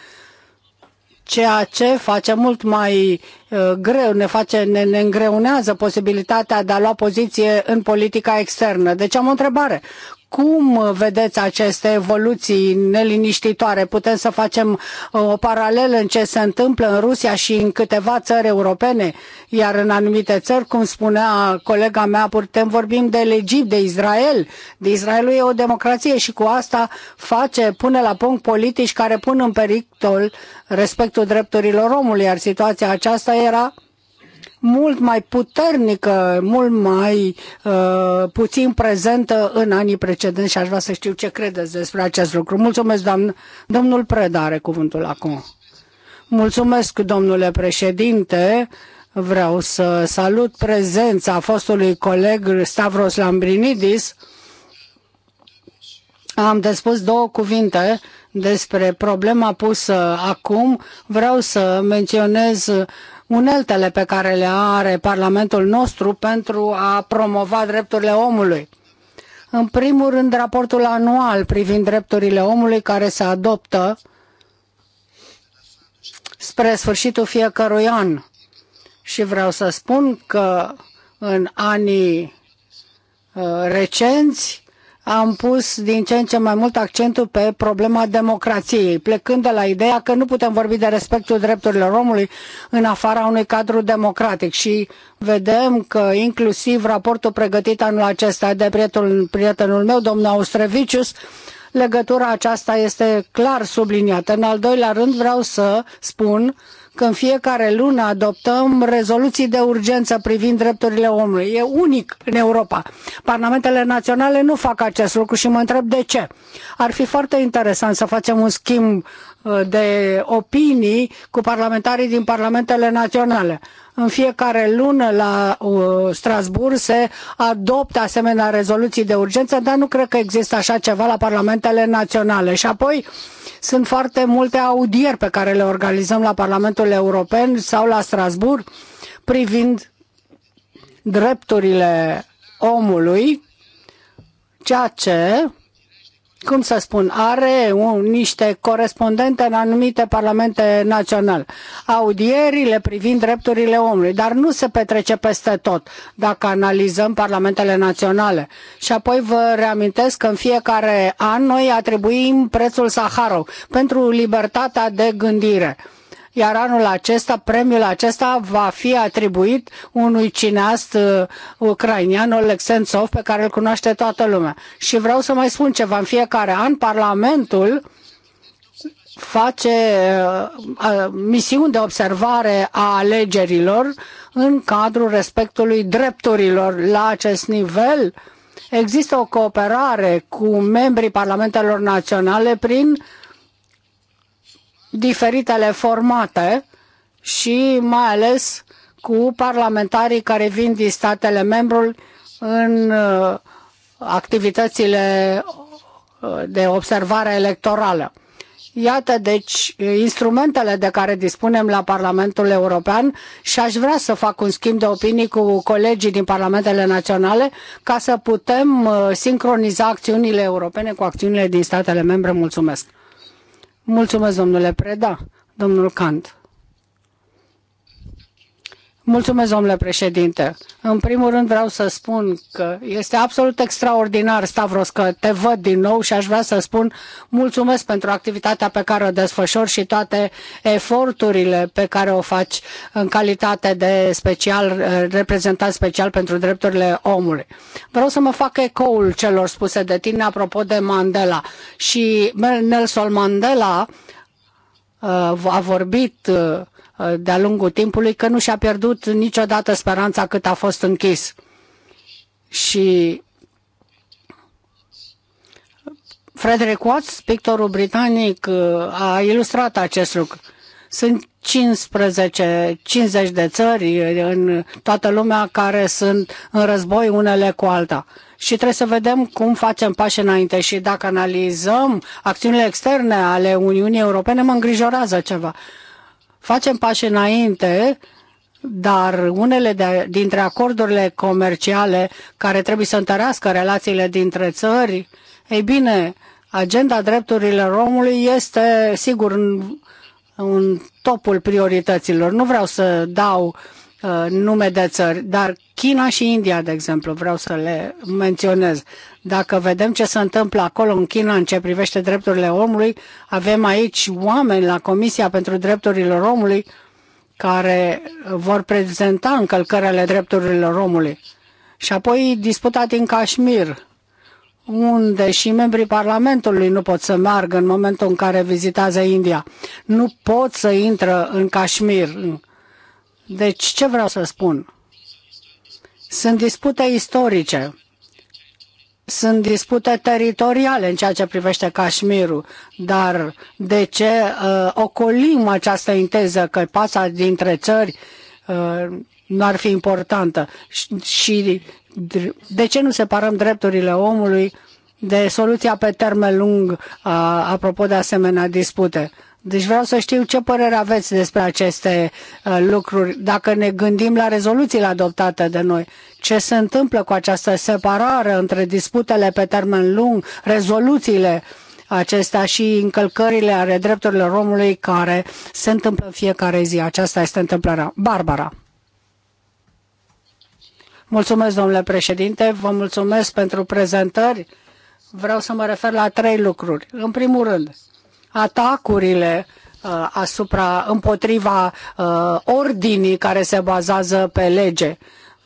ceea ce face mult mai uh, greu, ne, face, ne, ne îngreunează posibilitatea de a lua poziție în politica externă. Deci am o întrebare. Cum vedeți aceste evoluții neliniștitoare? Putem să facem uh, o paralelă în ce se întâmplă în Rusia și în câteva țări europene, iar în anumite țări, cum spunea colega mea, putem vorbim de Egipt, de Israel. De Israelul e o democrație și cu asta face, pune la punct politici care pun în pericol respectul drepturilor omului, iar situația aceasta era mult mai puternică, mult mai uh, puțin prezentă în anii precedenți și aș vrea să știu ce credeți despre acest lucru. Mulțumesc, doamn, Domnul Preda are cuvântul acum. Mulțumesc, domnule președinte. Vreau să salut prezența fostului coleg Stavros Lambrinidis. Am de spus două cuvinte despre problema pusă acum. Vreau să menționez uneltele pe care le are Parlamentul nostru pentru a promova drepturile omului. În primul rând, raportul anual privind drepturile omului care se adoptă spre sfârșitul fiecărui an. Și vreau să spun că în anii uh, recenți am pus din ce în ce mai mult accentul pe problema democrației, plecând de la ideea că nu putem vorbi de respectul drepturilor omului în afara unui cadru democratic și vedem că inclusiv raportul pregătit anul acesta de prietenul, prietenul meu, domnul Austrevicius, legătura aceasta este clar subliniată. În al doilea rând vreau să spun că în fiecare lună adoptăm rezoluții de urgență privind drepturile omului. E unic în Europa. Parlamentele naționale nu fac acest lucru și mă întreb de ce. Ar fi foarte interesant să facem un schimb uh, de opinii cu parlamentarii din parlamentele naționale. În fiecare lună la uh, Strasbourg se adoptă asemenea rezoluții de urgență, dar nu cred că există așa ceva la parlamentele naționale. Și apoi sunt foarte multe audieri pe care le organizăm la Parlamentul European sau la Strasbourg privind drepturile omului, ceea ce cum să spun, are un, niște corespondente în anumite parlamente naționale. Audierile privind drepturile omului, dar nu se petrece peste tot dacă analizăm parlamentele naționale. Și apoi vă reamintesc că în fiecare an noi atribuim prețul Saharov pentru libertatea de gândire iar anul acesta, premiul acesta va fi atribuit unui cineast uh, ucrainian, Oleg Sentsov, pe care îl cunoaște toată lumea. Și vreau să mai spun ceva, în fiecare an Parlamentul face uh, uh misiuni de observare a alegerilor în cadrul respectului drepturilor la acest nivel. Există o cooperare cu membrii parlamentelor naționale prin uh, diferitele formate și mai ales cu parlamentarii care vin din statele membru în uh, activitățile uh, de observare electorală. Iată, deci, instrumentele de care dispunem la Parlamentul European și aș vrea să fac un schimb de opinii cu colegii din Parlamentele Naționale ca să putem uh, sincroniza acțiunile europene cu acțiunile din statele membre. Mulțumesc! Mulțumesc, domnule Preda. Domnul Cant. Mulțumesc, domnule președinte. În primul rând vreau să spun că este absolut extraordinar, Stavros, că te văd din nou și aș vrea să spun mulțumesc pentru activitatea pe care o desfășori și toate eforturile pe care o faci în calitate de special, reprezentant special pentru drepturile omului. Vreau să mă fac ecoul celor spuse de tine apropo de Mandela și Nelson Mandela uh, a vorbit uh, Uh, de-a lungul timpului că nu și-a pierdut niciodată speranța cât a fost închis. Și Frederick Watts, pictorul britanic, uh, a ilustrat acest lucru. Sunt 15, 50 de țări uh, în toată lumea care sunt în război unele cu alta. Și trebuie să vedem cum facem pași înainte și dacă analizăm acțiunile externe ale Uniunii Europene, mă îngrijorează ceva. Facem pași înainte, dar unele de, dintre acordurile comerciale care trebuie să întărească relațiile dintre țări, ei bine, agenda drepturilor omului este, sigur, în, în topul priorităților. Nu vreau să dau uh, Uh, nume de țări, dar China și India, de exemplu, vreau să le menționez. Dacă vedem ce se întâmplă acolo în China în ce privește drepturile omului, avem aici oameni la Comisia pentru Drepturile Omului care vor prezenta încălcări ale drepturilor omului. Și apoi disputat în Kashmir, unde și membrii Parlamentului nu pot să meargă în momentul în care vizitează India. Nu pot să intră în Kashmir, deci, ce vreau să spun? Sunt dispute istorice, sunt dispute teritoriale în ceea ce privește Cașmirul, dar de ce uh, ocolim această inteză că pasa dintre țări uh, nu ar fi importantă și de ce nu separăm drepturile omului de soluția pe termen lung, uh, apropo de asemenea dispute? Deci vreau să știu ce părere aveți despre aceste uh, lucruri, dacă ne gândim la rezoluțiile adoptate de noi. Ce se întâmplă cu această separare între disputele pe termen lung, rezoluțiile acestea și încălcările ale drepturilor omului care se întâmplă în fiecare zi. Aceasta este întâmplarea. Barbara. Mulțumesc, domnule președinte, vă mulțumesc pentru prezentări. Vreau să mă refer la trei lucruri. În primul rând, atacurile uh, asupra, împotriva uh, ordinii care se bazează pe lege.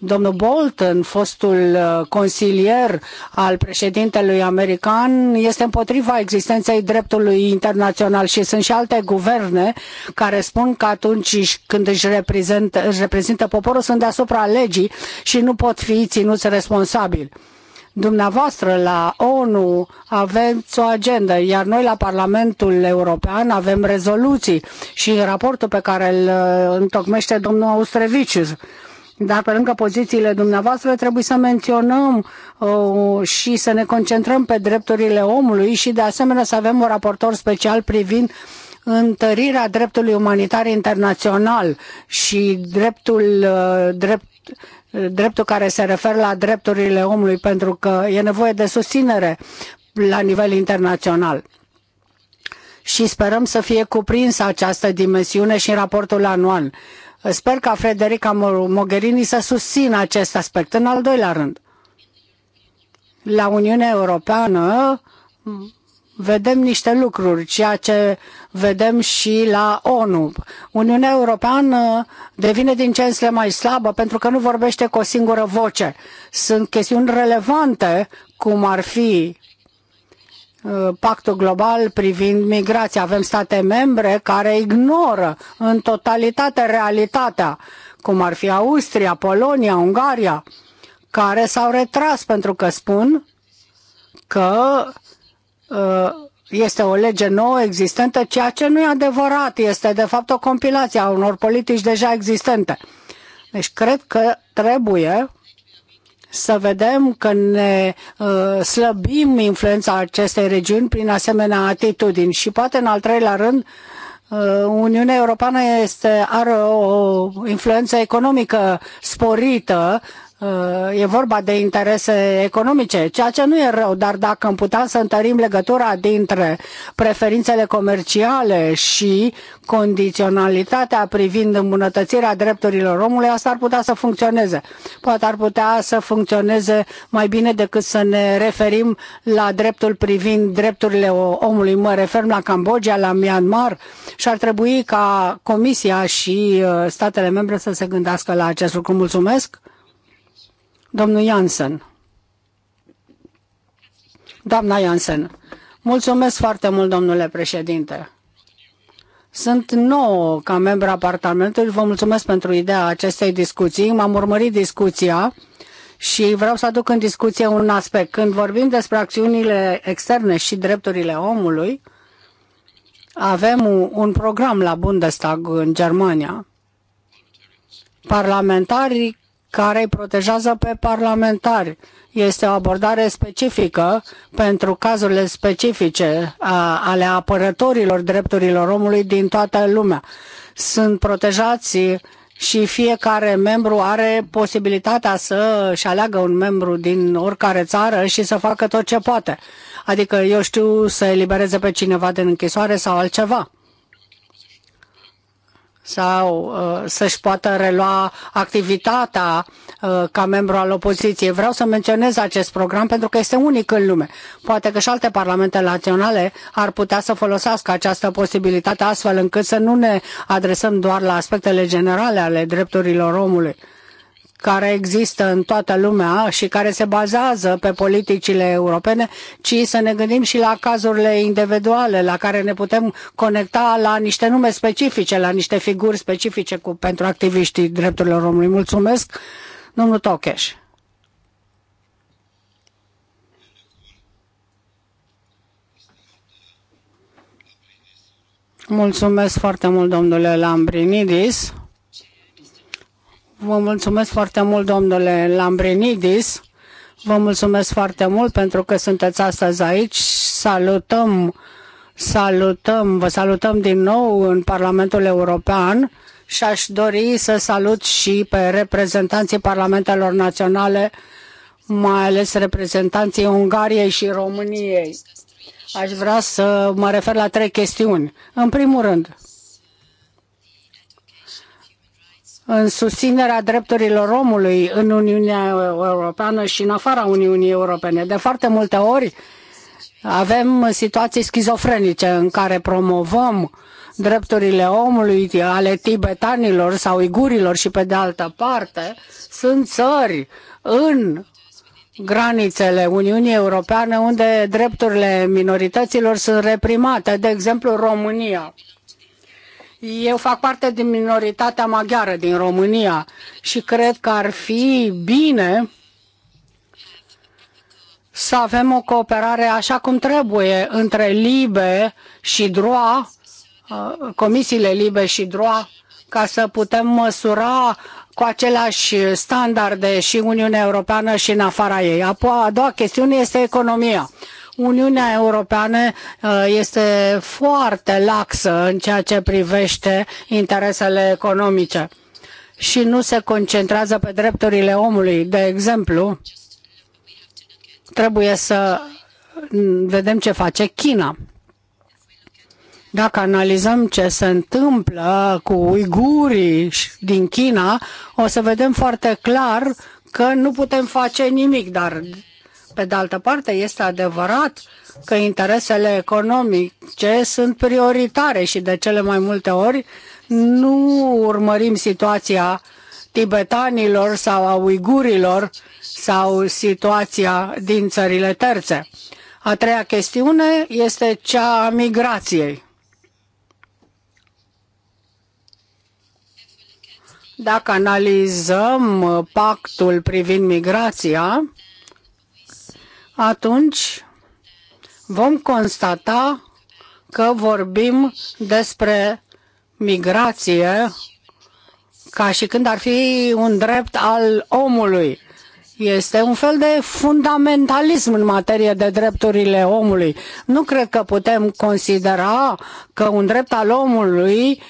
Domnul Bolton, fostul uh, consilier al președintelui american, este împotriva existenței dreptului internațional și sunt și alte guverne care spun că atunci când își reprezintă, își reprezintă poporul sunt deasupra legii și nu pot fi ținuți responsabili Dumneavoastră la ONU aveți o agendă, iar noi la Parlamentul European avem rezoluții și raportul pe care îl uh, întocmește domnul Austrevicius. Dar pe lângă pozițiile dumneavoastră trebuie să menționăm uh, și să ne concentrăm pe drepturile omului și de asemenea să avem un raportor special privind întărirea dreptului umanitar internațional și dreptul, uh, drept, dreptul care se referă la drepturile omului, pentru că e nevoie de susținere la nivel internațional și sperăm să fie cuprinsă această dimensiune și în raportul anual. Sper ca Frederica Mogherini să susțină acest aspect. În al doilea rând, la Uniunea Europeană vedem niște lucruri, ceea ce vedem și la ONU. Uniunea Europeană devine din ce în ce mai slabă pentru că nu vorbește cu o singură voce. Sunt chestiuni relevante, cum ar fi uh, pactul global privind migrația. Avem state membre care ignoră în totalitate realitatea, cum ar fi Austria, Polonia, Ungaria, care s-au retras pentru că spun că Uh, este o lege nouă existentă, ceea ce nu e adevărat, este de fapt o compilație a unor politici deja existente. Deci cred că trebuie să vedem că ne uh, slăbim influența acestei regiuni prin asemenea atitudini. Și poate în al treilea rând, uh, Uniunea Europeană este, are o influență economică sporită Uh, e vorba de interese economice, ceea ce nu e rău, dar dacă am putea să întărim legătura dintre preferințele comerciale și condiționalitatea privind îmbunătățirea drepturilor omului, asta ar putea să funcționeze. Poate ar putea să funcționeze mai bine decât să ne referim la dreptul privind drepturile omului. Mă refer la Cambodgia, la Myanmar și ar trebui ca Comisia și uh, statele membre să se gândească la acest lucru. Mulțumesc! Domnul Jansen. Doamna Jansen. Mulțumesc foarte mult, domnule președinte. Sunt nou ca membru a Parlamentului, vă mulțumesc pentru ideea acestei discuții. M-am urmărit discuția și vreau să aduc în discuție un aspect. Când vorbim despre acțiunile externe și drepturile omului, avem un program la Bundestag în Germania. Parlamentarii care îi protejează pe parlamentari. Este o abordare specifică pentru cazurile specifice a, ale apărătorilor drepturilor omului din toată lumea. Sunt protejați și fiecare membru are posibilitatea să-și aleagă un membru din oricare țară și să facă tot ce poate. Adică, eu știu, să elibereze pe cineva din închisoare sau altceva sau uh, să-și poată relua activitatea uh, ca membru al opoziției. Vreau să menționez acest program pentru că este unic în lume. Poate că și alte parlamente naționale ar putea să folosească această posibilitate astfel încât să nu ne adresăm doar la aspectele generale ale drepturilor omului care există în toată lumea și care se bazează pe politicile europene, ci să ne gândim și la cazurile individuale la care ne putem conecta la niște nume specifice, la niște figuri specifice cu, pentru activiștii drepturilor omului. Mulțumesc, domnul Tocheș. Mulțumesc foarte mult, domnule Lambrinidis. Vă mulțumesc foarte mult, domnule Lambrinidis. Vă mulțumesc foarte mult pentru că sunteți astăzi aici. Salutăm, salutăm, vă salutăm din nou în Parlamentul European și aș dori să salut și pe reprezentanții parlamentelor naționale, mai ales reprezentanții Ungariei și României. Aș vrea să mă refer la trei chestiuni. În primul rând, în susținerea drepturilor omului în Uniunea Europeană și în afara Uniunii Europene. De foarte multe ori avem situații schizofrenice în care promovăm drepturile omului ale tibetanilor sau igurilor și pe de altă parte sunt țări în granițele Uniunii Europene unde drepturile minorităților sunt reprimate, de exemplu România. Eu fac parte din minoritatea maghiară din România și cred că ar fi bine să avem o cooperare așa cum trebuie între LIBE și DROA, uh, comisiile LIBE și DROA, ca să putem măsura cu aceleași standarde și Uniunea Europeană și în afara ei. Apoi, a doua chestiune este economia. Uniunea Europeană uh, este foarte laxă în ceea ce privește interesele economice și nu se concentrează pe drepturile omului. De exemplu, trebuie să vedem ce face China. Dacă analizăm ce se întâmplă cu uigurii din China, o să vedem foarte clar că nu putem face nimic, dar pe de altă parte, este adevărat că interesele economice sunt prioritare și de cele mai multe ori nu urmărim situația tibetanilor sau a uigurilor sau situația din țările terțe. A treia chestiune este cea a migrației. Dacă analizăm pactul privind migrația, atunci vom constata că vorbim despre migrație ca și când ar fi un drept al omului. Este un fel de fundamentalism în materie de drepturile omului. Nu cred că putem considera că un drept al omului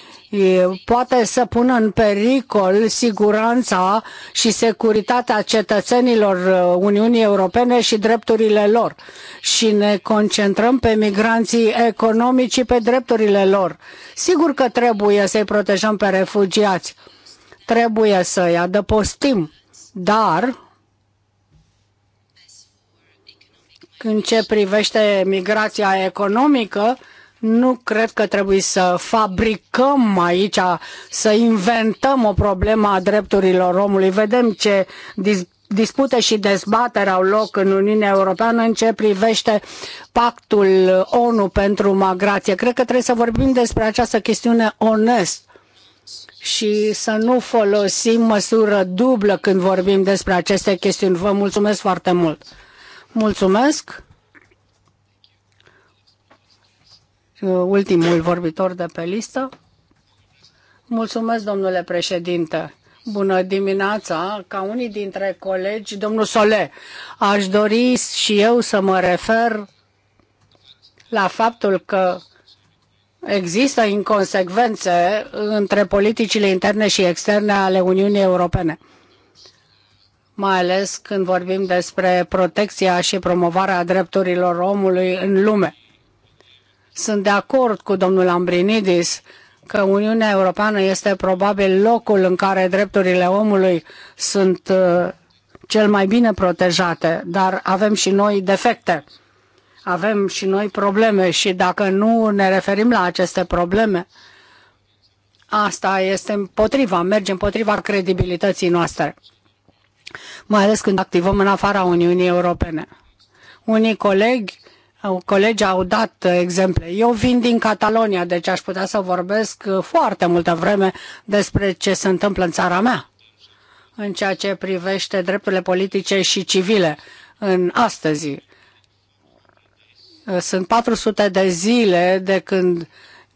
poate să pună în pericol siguranța și securitatea cetățenilor uh, Uniunii Europene și drepturile lor. Și ne concentrăm pe migranții economici și pe drepturile lor. Sigur că trebuie să-i protejăm pe refugiați. Trebuie să-i adăpostim. Dar, în ce privește migrația economică, nu cred că trebuie să fabricăm aici, să inventăm o problemă a drepturilor omului. Vedem ce dispute și dezbatere au loc în Uniunea Europeană în ce privește pactul ONU pentru migrație. Cred că trebuie să vorbim despre această chestiune onest și să nu folosim măsură dublă când vorbim despre aceste chestiuni. Vă mulțumesc foarte mult. Mulțumesc. Uh, ultimul vorbitor de pe listă. Mulțumesc, domnule președinte. Bună dimineața! Ca unii dintre colegi, domnul Sole, aș dori și eu să mă refer la faptul că există inconsecvențe între politicile interne și externe ale Uniunii Europene mai ales când vorbim despre protecția și promovarea drepturilor omului în lume. Sunt de acord cu domnul Ambrinidis că Uniunea Europeană este probabil locul în care drepturile omului sunt uh, cel mai bine protejate, dar avem și noi defecte. Avem și noi probleme și dacă nu ne referim la aceste probleme, asta este împotriva, merge împotriva credibilității noastre, mai ales când activăm în afara Uniunii Europene. Unii colegi Colegii au dat uh, exemple. Eu vin din Catalonia, deci aș putea să vorbesc uh, foarte multă vreme despre ce se întâmplă în țara mea în ceea ce privește drepturile politice și civile în astăzi. Uh, sunt 400 de zile de când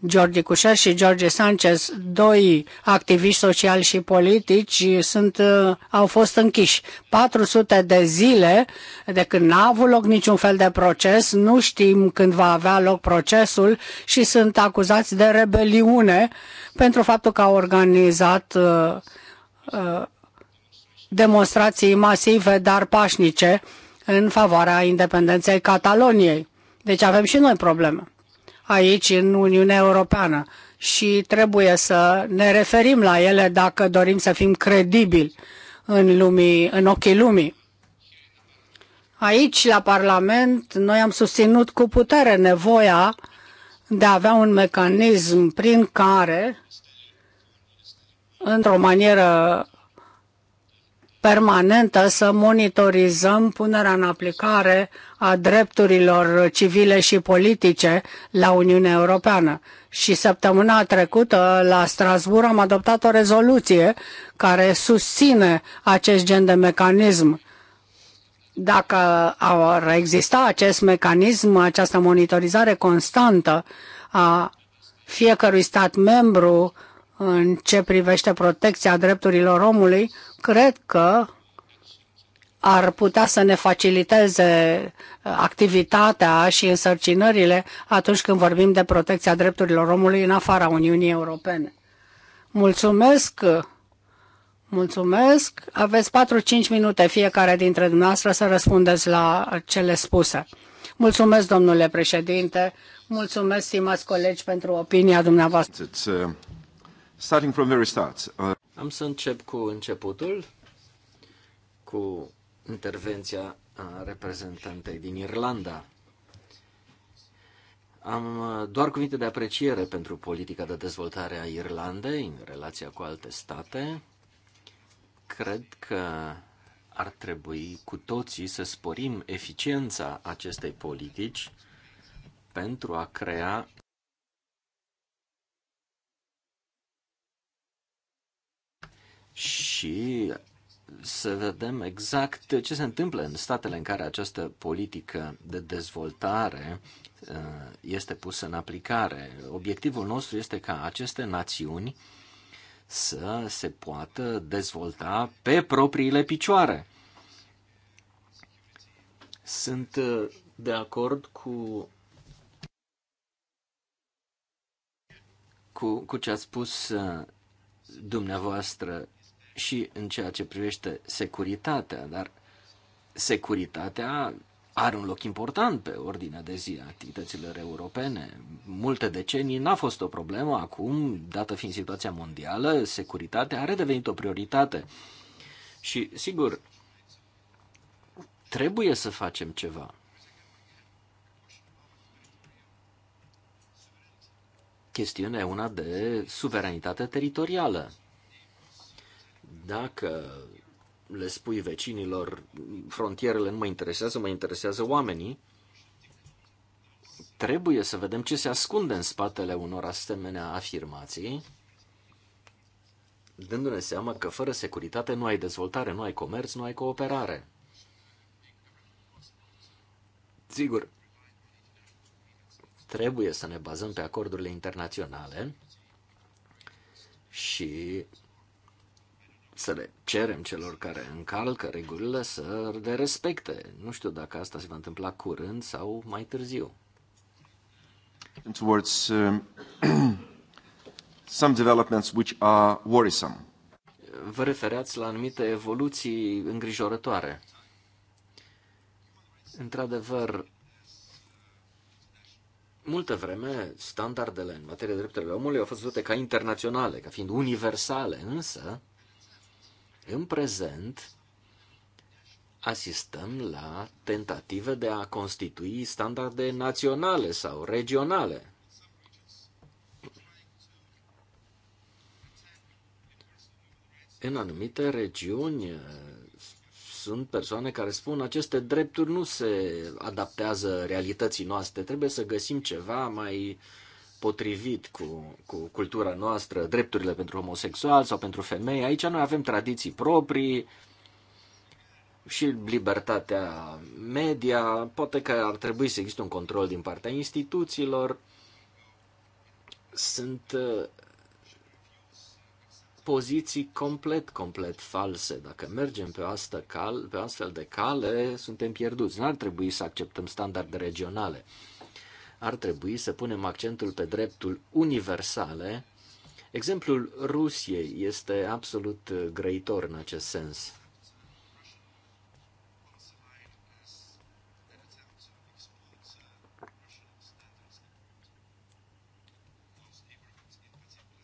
George Cușar și George Sanchez, doi activiști sociali și politici, sunt, uh, au fost închiși. 400 de zile de când n-a avut loc niciun fel de proces, nu știm când va avea loc procesul și sunt acuzați de rebeliune pentru faptul că au organizat uh, uh demonstrații masive, dar pașnice, în favoarea independenței Cataloniei. Deci avem și noi probleme aici în Uniunea Europeană și trebuie să ne referim la ele dacă dorim să fim credibili în, lumii, în ochii lumii. Aici, la Parlament, noi am susținut cu putere nevoia de a avea un mecanism prin care, într-o manieră permanentă să monitorizăm punerea în aplicare a drepturilor civile și politice la Uniunea Europeană. Și săptămâna trecută la Strasbourg am adoptat o rezoluție care susține acest gen de mecanism. Dacă ar exista acest mecanism, această monitorizare constantă a fiecărui stat membru în ce privește protecția drepturilor omului, cred că ar putea să ne faciliteze uh, activitatea și însărcinările atunci când vorbim de protecția drepturilor omului în afara Uniunii Europene. Mulțumesc! Mulțumesc! Aveți 4-5 minute fiecare dintre dumneavoastră să răspundeți la cele spuse. Mulțumesc, domnule președinte! Mulțumesc, stimați colegi, pentru opinia dumneavoastră. Uh, starting from very start. Uh... Am să încep cu începutul, cu intervenția uh, reprezentantei din Irlanda. Am uh, doar cuvinte de apreciere pentru politica de dezvoltare a Irlandei în relația cu alte state. Cred că ar trebui cu toții să sporim eficiența acestei politici pentru a crea și să vedem exact ce se întâmplă în statele în care această politică de dezvoltare uh, este pusă în aplicare. Obiectivul nostru este ca aceste națiuni să se poată dezvolta pe propriile picioare. Sunt uh, de acord cu cu, cu ce ați spus uh, dumneavoastră și în ceea ce privește securitatea, dar securitatea are un loc important pe ordinea de zi a activităților europene. Multe decenii n-a fost o problemă, acum, dată fiind situația mondială, securitatea are devenit o prioritate. Și, sigur, trebuie să facem ceva. Chestiunea e una de suveranitate teritorială. Dacă le spui vecinilor, frontierele nu mă interesează, mă interesează oamenii, trebuie să vedem ce se ascunde în spatele unor asemenea afirmații, dându-ne seama că fără securitate nu ai dezvoltare, nu ai comerț, nu ai cooperare. Sigur, trebuie să ne bazăm pe acordurile internaționale și să le cerem celor care încalcă regulile să le respecte. Nu știu dacă asta se va întâmpla curând sau mai târziu. Towards um, [clears throat] some developments which are worrisome. Vă referați la anumite evoluții îngrijorătoare. Într-adevăr, multă vreme, standardele în materie de drepturile omului au fost văzute ca internaționale, ca fiind universale, însă, în prezent, asistăm la tentative de a constitui standarde naționale sau regionale. În anumite regiuni eh, sunt persoane care spun aceste drepturi nu se adaptează realității noastre, trebuie să găsim ceva mai uh, potrivit cu, cu cultura noastră, drepturile pentru homosexual sau pentru femei. Aici noi avem tradiții proprii și libertatea media. Poate că ar trebui să existe un control din partea instituțiilor. Sunt uh, poziții complet, complet false. Dacă mergem pe, asta cal, pe astfel de cale, suntem pierduți. N-ar trebui să acceptăm standarde regionale ar trebui să punem accentul pe dreptul universale. Exemplul Rusiei este absolut grăitor în acest sens.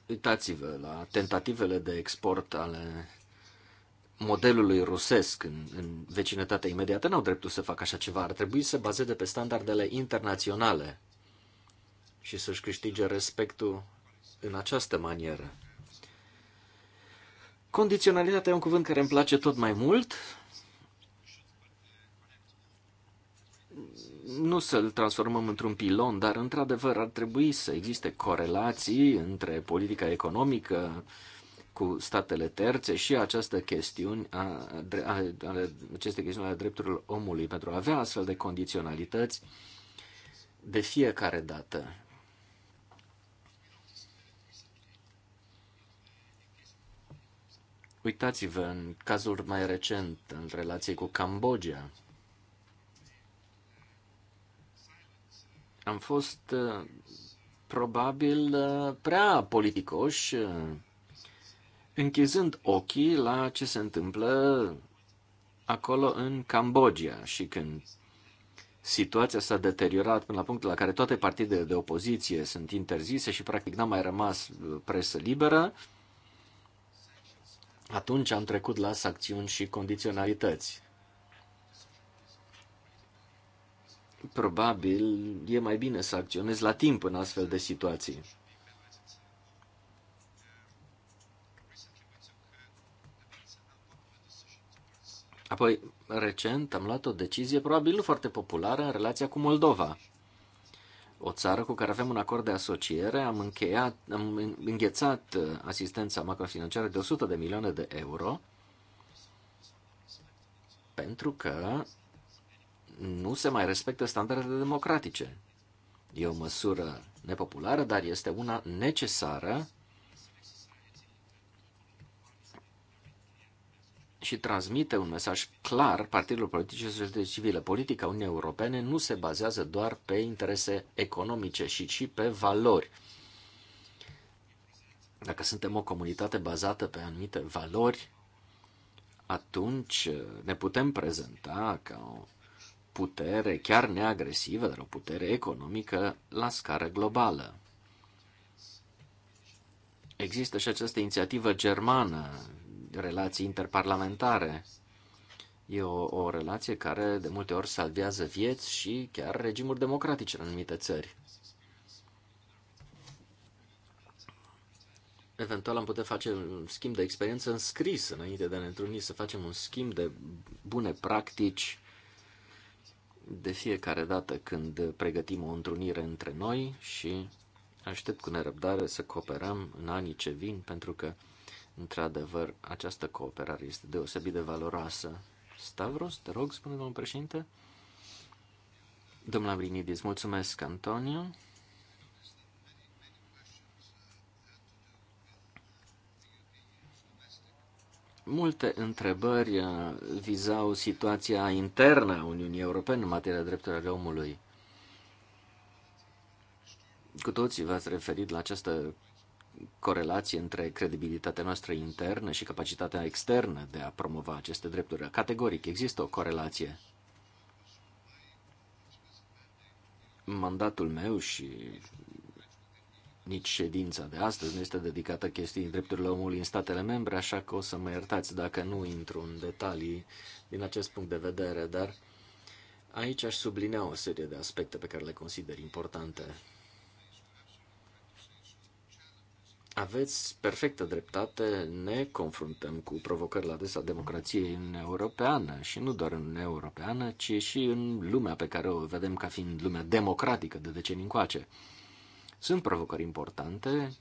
Uitați-vă la tentativele de export ale modelului rusesc în, în vecinătatea imediată. N-au dreptul să facă așa ceva. Ar trebui să bazeze pe standardele internaționale și să-și câștige respectul în această manieră. Condiționalitatea e un cuvânt care îmi place tot mai mult. Nu să-l transformăm într-un pilon, dar într-adevăr ar trebui să existe corelații între politica economică cu statele terțe și această chestiune, a, a, a, aceste chestiuni ale drepturilor omului pentru a avea astfel de condiționalități de fiecare dată. Uitați-vă în cazul mai recent, în relație cu Cambodgia. Am fost uh, probabil uh, prea politicoși, uh, închizând ochii la ce se întâmplă acolo în Cambodgia și când situația s-a deteriorat până la punctul la care toate partidele de opoziție sunt interzise și practic n-a mai rămas presă liberă, atunci am trecut la sancțiuni și condiționalități. Probabil e mai bine să acționezi la timp în astfel de situații. Apoi, recent am luat o decizie, probabil nu foarte populară, în relația cu Moldova o țară cu care avem un acord de asociere, am, încheiat, am înghețat uh, asistența macrofinanciară de 100 de milioane de euro pentru că nu se mai respectă standardele democratice. E o măsură nepopulară, dar este una necesară și transmite un mesaj clar partidelor politice și societății civile. Politica Uniunii Europene nu se bazează doar pe interese economice, ci și pe valori. Dacă suntem o comunitate bazată pe anumite valori, atunci uh, ne putem prezenta ca o putere chiar neagresivă, dar o putere economică la scară globală. Există și această inițiativă germană, relații interparlamentare. E o, o relație care de multe ori salvează vieți și chiar regimuri democratice în anumite țări. Eventual am putea face un schimb de experiență în scris înainte de a ne întruni, să facem un schimb de bune practici de fiecare dată când pregătim o întrunire între noi și aștept cu nerăbdare să cooperăm în anii ce vin, pentru că Într-adevăr, această cooperare este deosebit de valoroasă. Stavros, te rog, spune domnul președinte. Domnul Abrinidis, mulțumesc, Antonio. Multe întrebări uh, vizau situația internă a Uniunii Europene în materie de drepturile omului. Cu toții v-ați referit la această corelație între credibilitatea noastră internă și capacitatea externă de a promova aceste drepturi. Categoric, există o corelație. Mandatul meu și nici ședința de astăzi nu este dedicată chestiei drepturilor omului în statele membre, așa că o să mă iertați dacă nu intru în detalii din acest punct de vedere, dar aici aș sublinea o serie de aspecte pe care le consider importante. Aveți perfectă dreptate, ne confruntăm cu provocări la adresa democrației în europeană și nu doar în europeană, ci și în lumea pe care o vedem ca fiind lumea democratică de decenii încoace. Sunt provocări importante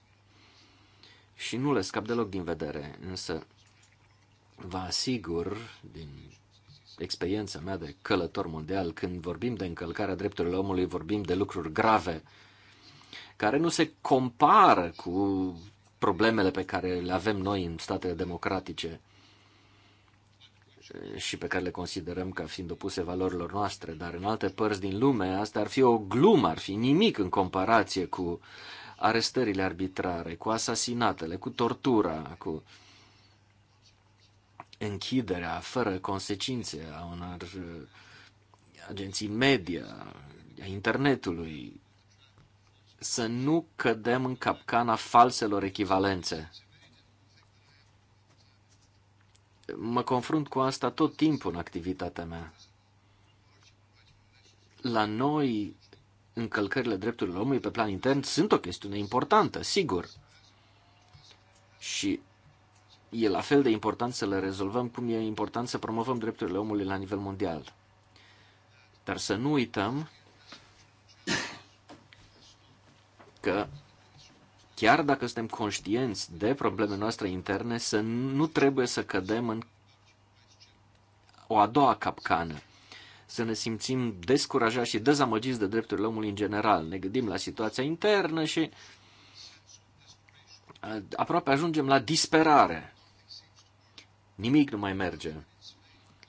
și nu le scap deloc din vedere, însă vă asigur din experiența mea de călător mondial, când vorbim de încălcarea drepturilor omului, vorbim de lucruri grave care nu se compară cu problemele pe care le avem noi în statele democratice și pe care le considerăm ca fiind opuse valorilor noastre, dar în alte părți din lume asta ar fi o glumă, ar fi nimic în comparație cu arestările arbitrare, cu asasinatele, cu tortura, cu închiderea fără consecințe a unor uh, agenții media, a internetului, să nu cădem în capcana falselor echivalențe. Mă confrunt cu asta tot timpul în activitatea mea. La noi, încălcările drepturilor omului pe plan intern sunt o chestiune importantă, sigur. Și e la fel de important să le rezolvăm cum e important să promovăm drepturile omului la nivel mondial. Dar să nu uităm că chiar dacă suntem conștienți de problemele noastre interne, să nu trebuie să cădem în o a doua capcană, să ne simțim descurajați și dezamăgiți de drepturile omului în general. Ne gândim la situația internă și aproape ajungem la disperare. Nimic nu mai merge.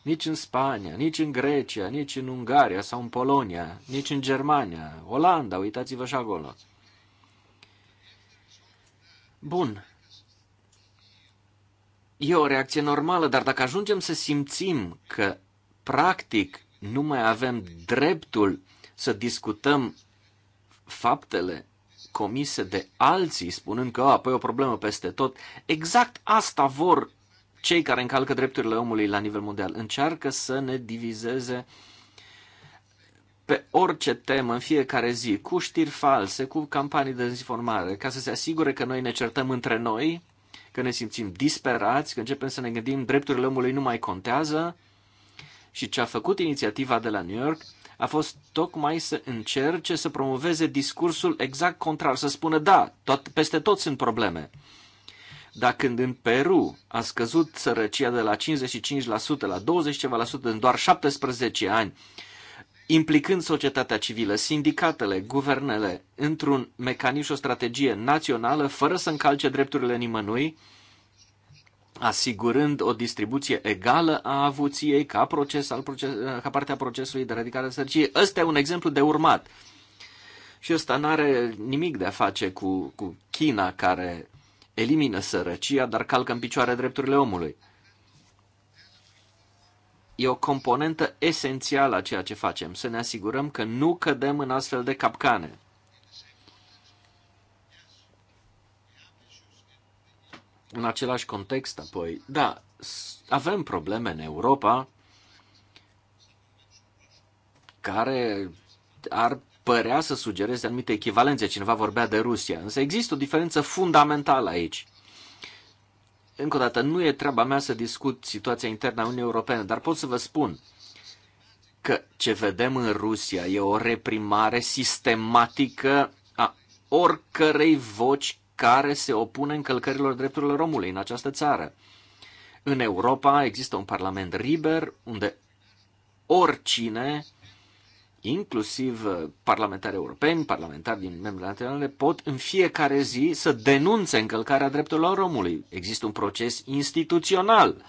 Nici în Spania, nici în Grecia, nici în Ungaria sau în Polonia, nici în Germania, Olanda, uitați-vă și acolo. Bun. E o reacție normală, dar dacă ajungem să simțim că, practic, nu mai avem dreptul să discutăm faptele comise de alții, spunând că, apoi o problemă peste tot, exact asta vor cei care încalcă drepturile omului la nivel mondial. Încearcă să ne divizeze uh, pe orice temă în fiecare zi, cu știri false, cu campanii de dezinformare, ca să se asigure că noi ne certăm între noi, că ne simțim disperați, că începem să ne gândim drepturile omului nu mai contează. Și ce a făcut inițiativa de la New York a fost tocmai să încerce să promoveze discursul exact contrar, să spună da, tot, peste tot sunt probleme. Dar când în Peru a scăzut sărăcia de la 55% la 20 la sută în doar 17 ani, implicând societatea civilă, sindicatele, guvernele, într-un mecanism și o strategie națională, fără să încalce drepturile nimănui, asigurând o distribuție egală a avuției ca, proces, al proces, ca parte a procesului de radicare a sărăciei. Ăsta e un exemplu de urmat. Și ăsta nu are nimic de a face cu, cu China, care elimină sărăcia, dar calcă în picioare drepturile omului e o componentă esențială a ceea ce facem, să ne asigurăm că nu cădem în astfel de capcane. În același context, apoi, da, avem probleme în Europa care ar părea să sugereze anumite echivalențe. Cineva vorbea de Rusia, însă există o diferență fundamentală aici – încă o dată, nu e treaba mea să discut situația internă a Uniunii Europene, dar pot să vă spun că ce vedem în Rusia e o reprimare sistematică a oricărei voci care se opune încălcărilor drepturilor omului în această țară. În Europa există un parlament liber unde oricine inclusiv uh, parlamentari europeni, parlamentari din membrele naționale, pot în fiecare zi să denunțe încălcarea drepturilor omului. Există un proces instituțional.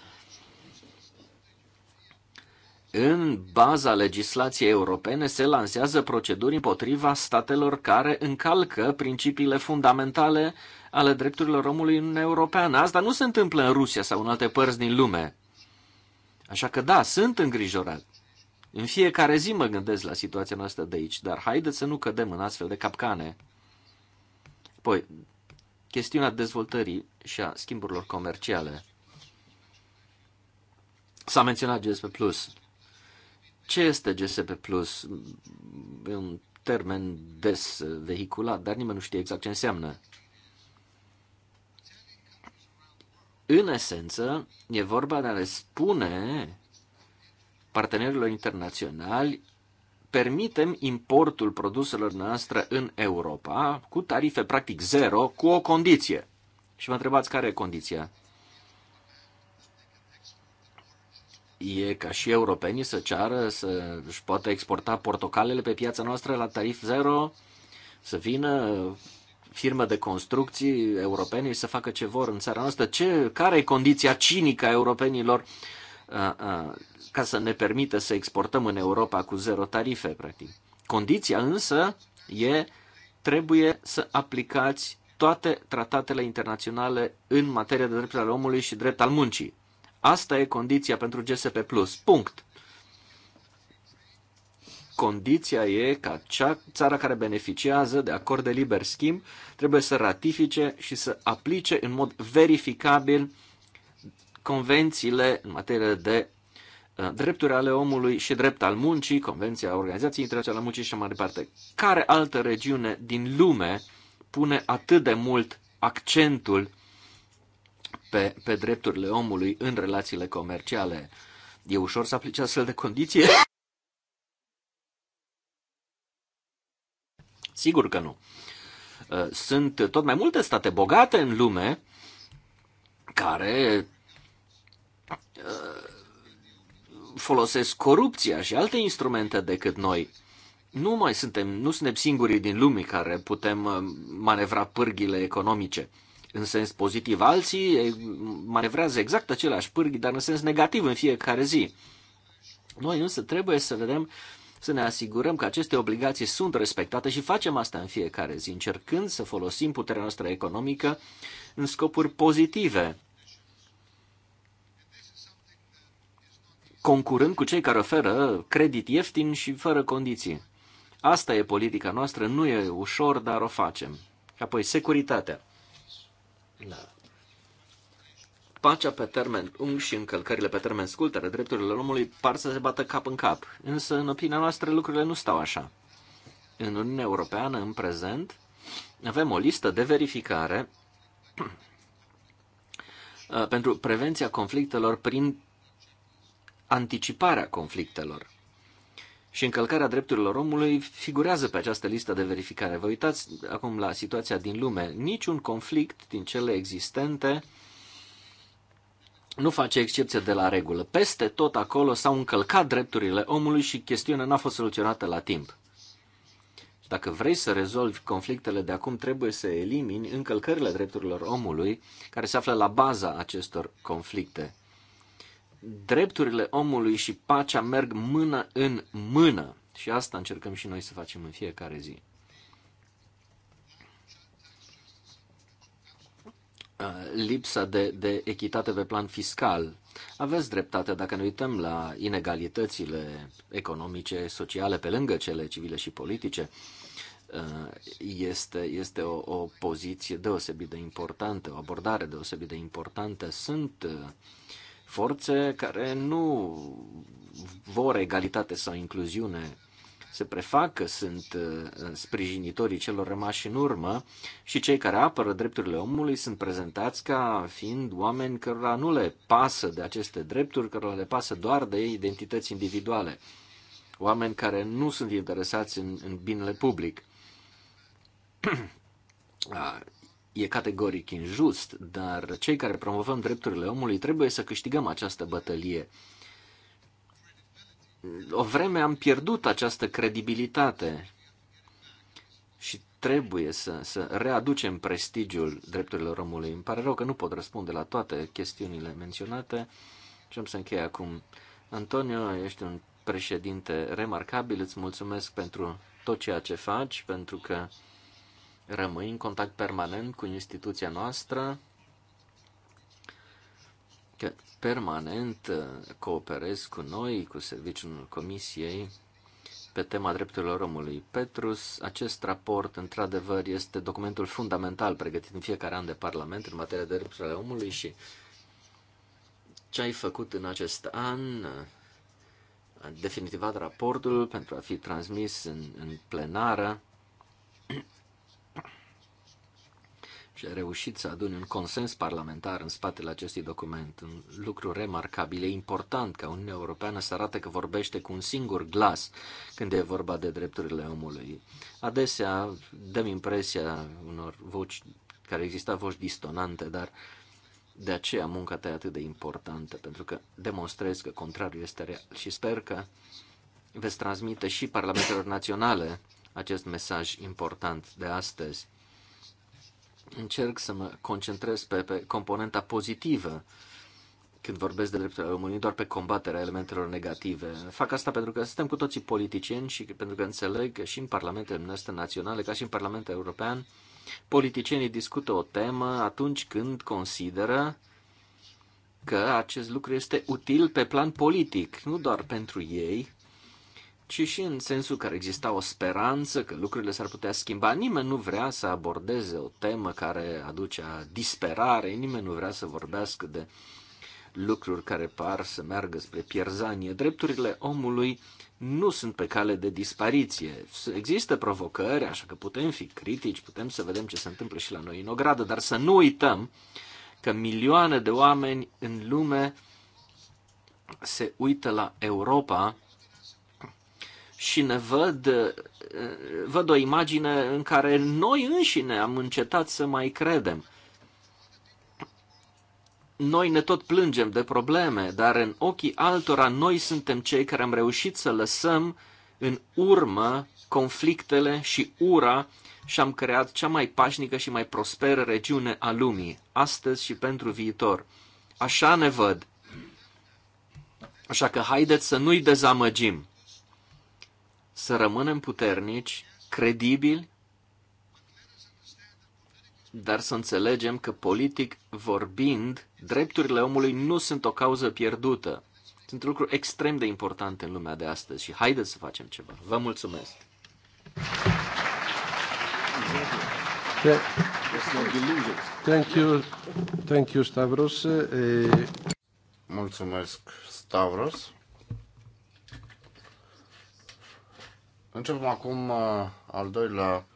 În baza legislației europene se lansează proceduri împotriva statelor care încalcă principiile fundamentale ale drepturilor omului în Uniunea Europeană. Asta nu se întâmplă în Rusia sau în alte părți din lume. Așa că da, sunt îngrijorat. În fiecare zi mă gândesc la situația noastră de aici, dar haideți să nu cădem în astfel de capcane. Păi, chestiunea dezvoltării și a schimburilor comerciale. S-a menționat GSP+. Plus. Ce este GSP+, Plus? E un termen des vehiculat, dar nimeni nu știe exact ce înseamnă. În esență, e vorba de a le spune partenerilor internaționali permitem importul produselor noastre în Europa cu tarife practic zero, cu o condiție. Și vă întrebați care e condiția? E ca și europenii să ceară să își poată exporta portocalele pe piața noastră la tarif zero, să vină firmă de construcții europene și să facă ce vor în țara noastră. Ce, care e condiția cinică a europenilor uh, ca să ne permită să exportăm în Europa cu zero tarife, practic. Condiția însă e trebuie să aplicați toate tratatele internaționale în materie de drepturi ale omului și drept al muncii. Asta e condiția pentru GSP+. Punct. Condiția e ca cea țara care beneficiază de acord de liber schimb trebuie să ratifice și să aplice în mod verificabil convențiile în materie de uh, drepturi ale omului și drept al muncii, Convenția Organizației Internaționale a Muncii și mai departe. Care altă regiune din lume pune atât de mult accentul pe, pe drepturile omului în relațiile comerciale? E ușor să aplice astfel de condiție? Sigur că nu. Uh, sunt tot mai multe state bogate în lume care folosesc corupția și alte instrumente decât noi. Nu mai suntem, nu suntem singurii din lume care putem uh, manevra pârghile economice. În sens pozitiv, alții eh, manevrează exact aceleași pârghi, dar în sens negativ în fiecare zi. Noi însă trebuie să vedem, să ne asigurăm că aceste obligații sunt respectate și facem asta în fiecare zi, încercând să folosim puterea noastră economică în scopuri pozitive concurând cu cei care oferă credit ieftin și fără condiții. Asta e politica noastră, nu e ușor, dar o facem. Apoi, securitatea. Da. Pacea pe termen lung și încălcările pe termen scurt ale drepturilor omului par să se bată cap în cap, însă, în opinia noastră, lucrurile nu stau așa. În Uniunea Europeană, în prezent, avem o listă de verificare [clears throat] pentru prevenția conflictelor prin anticiparea conflictelor. Și încălcarea drepturilor omului figurează pe această listă de verificare. Vă uitați acum la situația din lume. Niciun conflict din cele existente nu face excepție de la regulă. Peste tot acolo s-au încălcat drepturile omului și chestiunea n-a fost soluționată la timp. Dacă vrei să rezolvi conflictele de acum, trebuie să elimini încălcările drepturilor omului care se află la baza acestor conflicte drepturile omului și pacea merg mână în mână. Și asta încercăm și noi să facem în fiecare zi. Lipsa de, de echitate pe plan fiscal. Aveți dreptate dacă ne uităm la inegalitățile economice, sociale, pe lângă cele civile și politice. Este, este o, o poziție deosebit de importantă, o abordare deosebit de importantă. Sunt uh, forțe care nu vor egalitate sau incluziune se prefacă, sunt uh, sprijinitorii celor rămași în urmă și cei care apără drepturile omului sunt prezentați ca fiind oameni cărora nu le pasă de aceste drepturi, cărora le pasă doar de identități individuale, oameni care nu sunt interesați în, în binele public. [clears throat] Ah, e categoric injust, dar cei care promovăm drepturile omului trebuie să câștigăm această bătălie. O vreme am pierdut această credibilitate și trebuie să, să readucem prestigiul drepturilor omului. Îmi pare rău că nu pot răspunde la toate chestiunile menționate și am să închei acum. Antonio, ești un președinte remarcabil, îți mulțumesc pentru tot ceea ce faci, pentru că rămâi în contact permanent cu instituția noastră, că permanent uh, cooperezi cu noi, cu serviciul Comisiei, pe tema drepturilor omului. Petrus, acest raport, într-adevăr, este documentul fundamental pregătit în fiecare an de Parlament în materie de drepturile omului și ce ai făcut în acest an, uh, definitivat raportul pentru a fi transmis în, în plenară. și a reușit să adune un consens parlamentar în spatele acestui document. Un lucru remarcabil, e important ca Uniunea Europeană să arate că vorbește cu un singur glas când e vorba de drepturile omului. Adesea dăm impresia unor voci care exista voci distonante, dar de aceea munca ta e atât de importantă, pentru că demonstrez că contrariul este real și sper că veți transmite și parlamentelor naționale acest mesaj important de astăzi încerc să mă concentrez pe, pe componenta pozitivă când vorbesc de drepturile omului, doar pe combaterea elementelor negative. Fac asta pentru că suntem cu toții politicieni și pentru că înțeleg că și în parlamentele noastre naționale, ca și în Parlamentul European, politicienii discută o temă atunci când consideră că acest lucru este util pe plan politic, nu doar pentru ei, ci și în sensul că exista o speranță că lucrurile s-ar putea schimba. Nimeni nu vrea să abordeze o temă care aduce disperare, nimeni nu vrea să vorbească de lucruri care par să meargă spre pierzanie. Drepturile omului nu sunt pe cale de dispariție. Există provocări, așa că putem fi critici, putem să vedem ce se întâmplă și la noi în ogradă, dar să nu uităm că milioane de oameni în lume se uită la Europa și ne văd, eh, văd o imagine în care noi înșine am încetat să mai credem. Noi ne tot plângem de probleme, dar în ochii altora noi suntem cei care am reușit să lăsăm în urmă conflictele și ura și am creat cea mai pașnică și mai prosperă regiune a lumii, astăzi și pentru viitor. Așa ne văd. Așa că haideți să nu-i dezamăgim să rămânem puternici, credibili, dar să înțelegem că politic vorbind, drepturile omului nu sunt o cauză pierdută. Sunt lucruri extrem de importante în lumea de astăzi și haideți să facem ceva. Vă mulțumesc! Thank you, thank you Stavros. Mulțumesc, Stavros. Începem acum uh, al doilea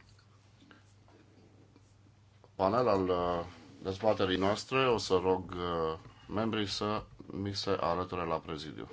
panel al uh, dezbaterii noastre. O să rog uh, membrii să mi se alăture la prezidiu.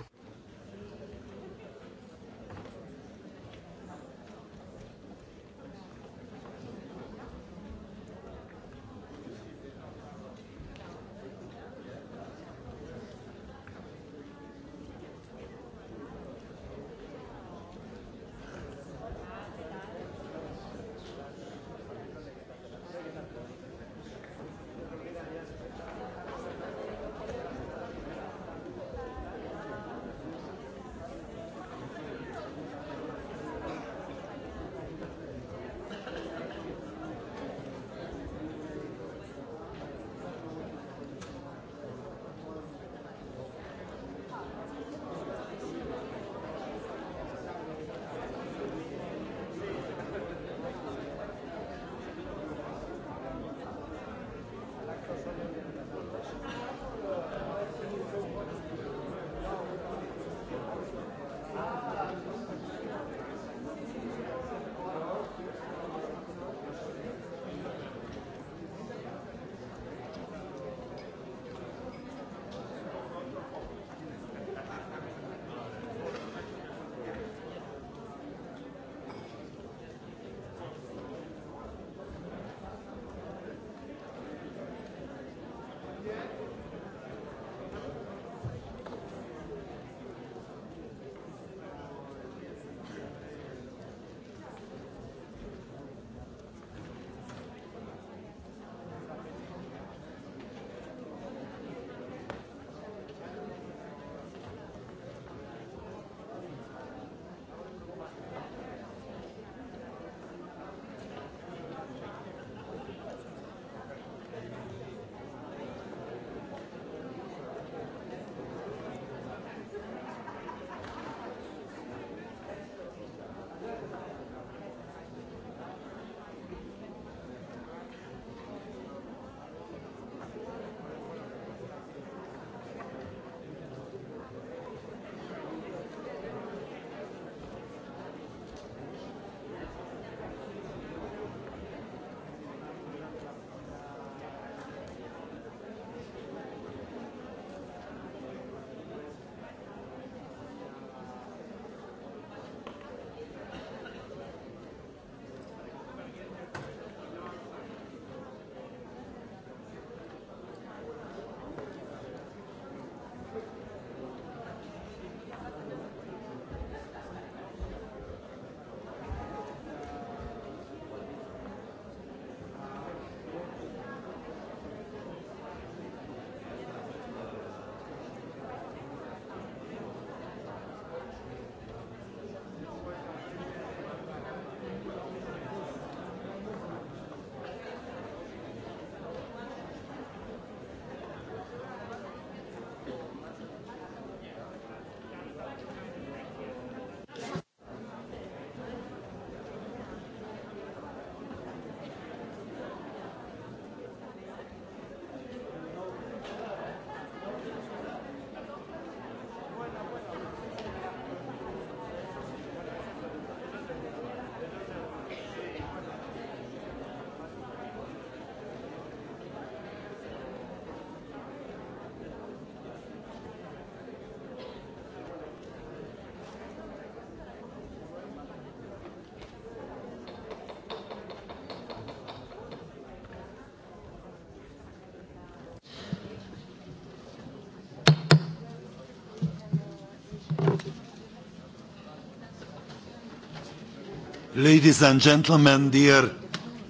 Ladies and gentlemen, dear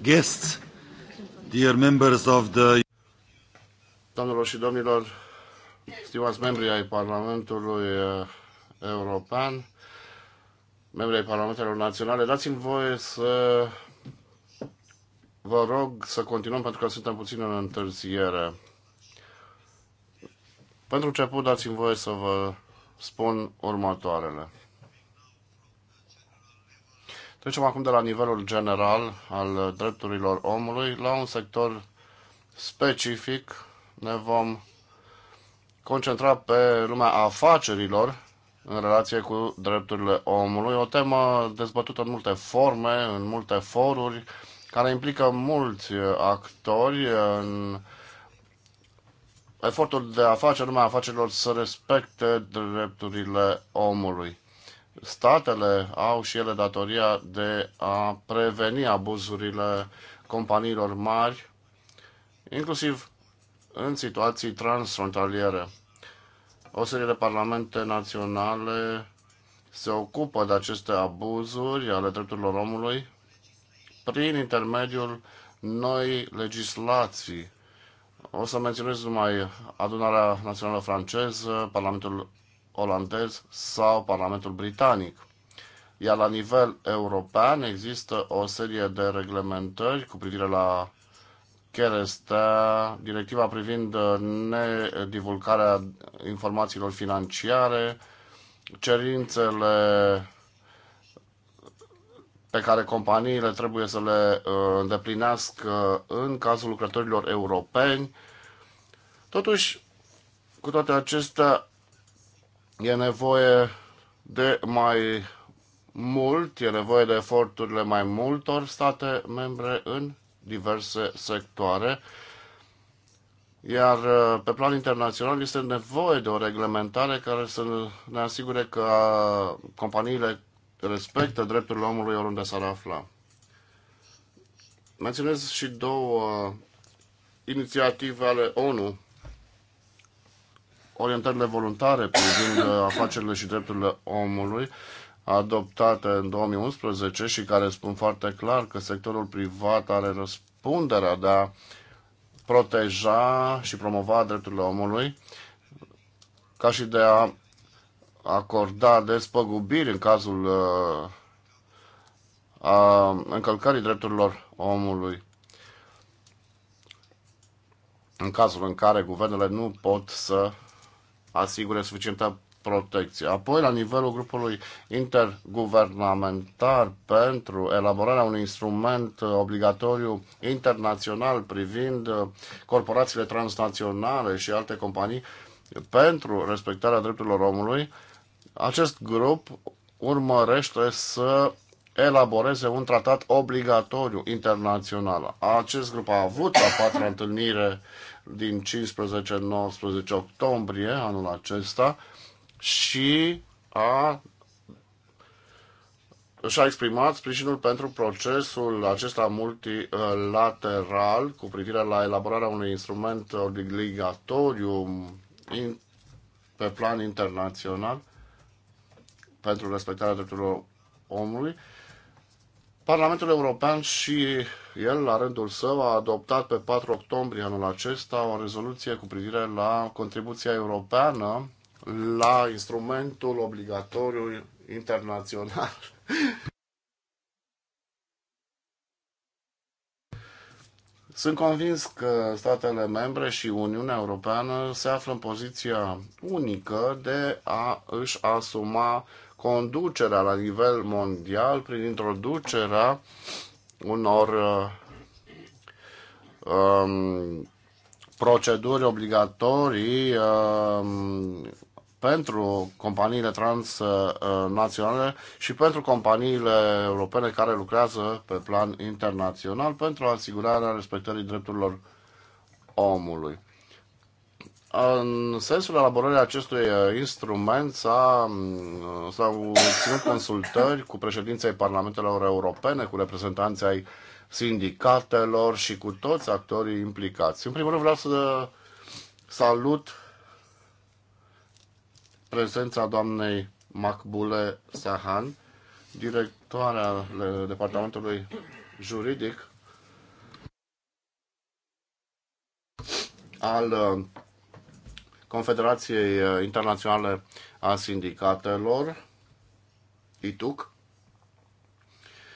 guests, dear members of the... Doamnelor și domnilor, stimați membri ai Parlamentului eh, European, membri ai Parlamentelor Naționale, dați-mi voie să vă rog să continuăm pentru că suntem puțin în întârziere. Pentru început, dați-mi voie să vă spun următoarele. Trecem acum de la nivelul general al drepturilor omului la un sector specific. Ne vom concentra pe lumea afacerilor în relație cu drepturile omului, o temă dezbătută în multe forme, în multe foruri, care implică mulți actori în efortul de a face lumea afacerilor să respecte drepturile omului statele au și ele datoria de a preveni abuzurile companiilor mari, inclusiv în situații transfrontaliere. O serie de parlamente naționale se ocupă de aceste abuzuri ale drepturilor omului prin intermediul noi legislații. O să menționez numai adunarea națională franceză, Parlamentul olandez sau Parlamentul Britanic. Iar la nivel european există o serie de reglementări cu privire la cherestea, directiva privind uh, nedivulcarea informațiilor financiare, cerințele pe care companiile trebuie să le uh, îndeplinească în cazul lucrătorilor europeni. Totuși, cu toate acestea, E nevoie de mai mult, e nevoie de eforturile mai multor state membre în diverse sectoare, iar uh, pe plan internațional este nevoie de o reglementare care să ne asigure că uh, companiile respectă drepturile omului oriunde s-ar afla. Menționez și două uh, inițiative ale ONU orientările voluntare privind uh, afacerile și drepturile omului adoptate în 2011 și care spun foarte clar că sectorul privat are răspunderea de a proteja și promova drepturile omului ca și de a acorda despăgubiri în cazul uh, a încălcării drepturilor omului în cazul în care guvernele nu pot să asigure suficientă protecție. Apoi, la nivelul grupului interguvernamentar pentru elaborarea unui instrument uh, obligatoriu internațional privind uh, corporațiile transnaționale și alte companii pentru respectarea drepturilor omului, acest grup urmărește să elaboreze un tratat obligatoriu internațional. Acest grup a avut a patra întâlnire din 15-19 octombrie anul acesta și a și-a exprimat sprijinul pentru procesul acesta multilateral cu privire la elaborarea unui instrument obligatoriu in, pe plan internațional pentru respectarea drepturilor omului Parlamentul European și el, la rândul său, a adoptat pe 4 octombrie anul acesta o rezoluție cu privire la contribuția europeană la instrumentul obligatoriu internațional. Sunt convins că statele membre și Uniunea Europeană se află în poziția unică de a își asuma conducerea la nivel mondial prin introducerea unor uh, um, proceduri obligatorii uh, pentru companiile transnaționale și pentru companiile europene care lucrează pe plan internațional pentru asigurarea respectării drepturilor omului. În sensul elaborării acestui uh, instrument mm, s-au ținut consultări cu președinții Parlamentelor Europene, cu reprezentanții ai sindicatelor și cu toți actorii implicați. În primul rând vreau să salut prezența doamnei Macbule Sahan, directoarea Departamentului Juridic al uh, Confederației uh, Internaționale a Sindicatelor, ITUC,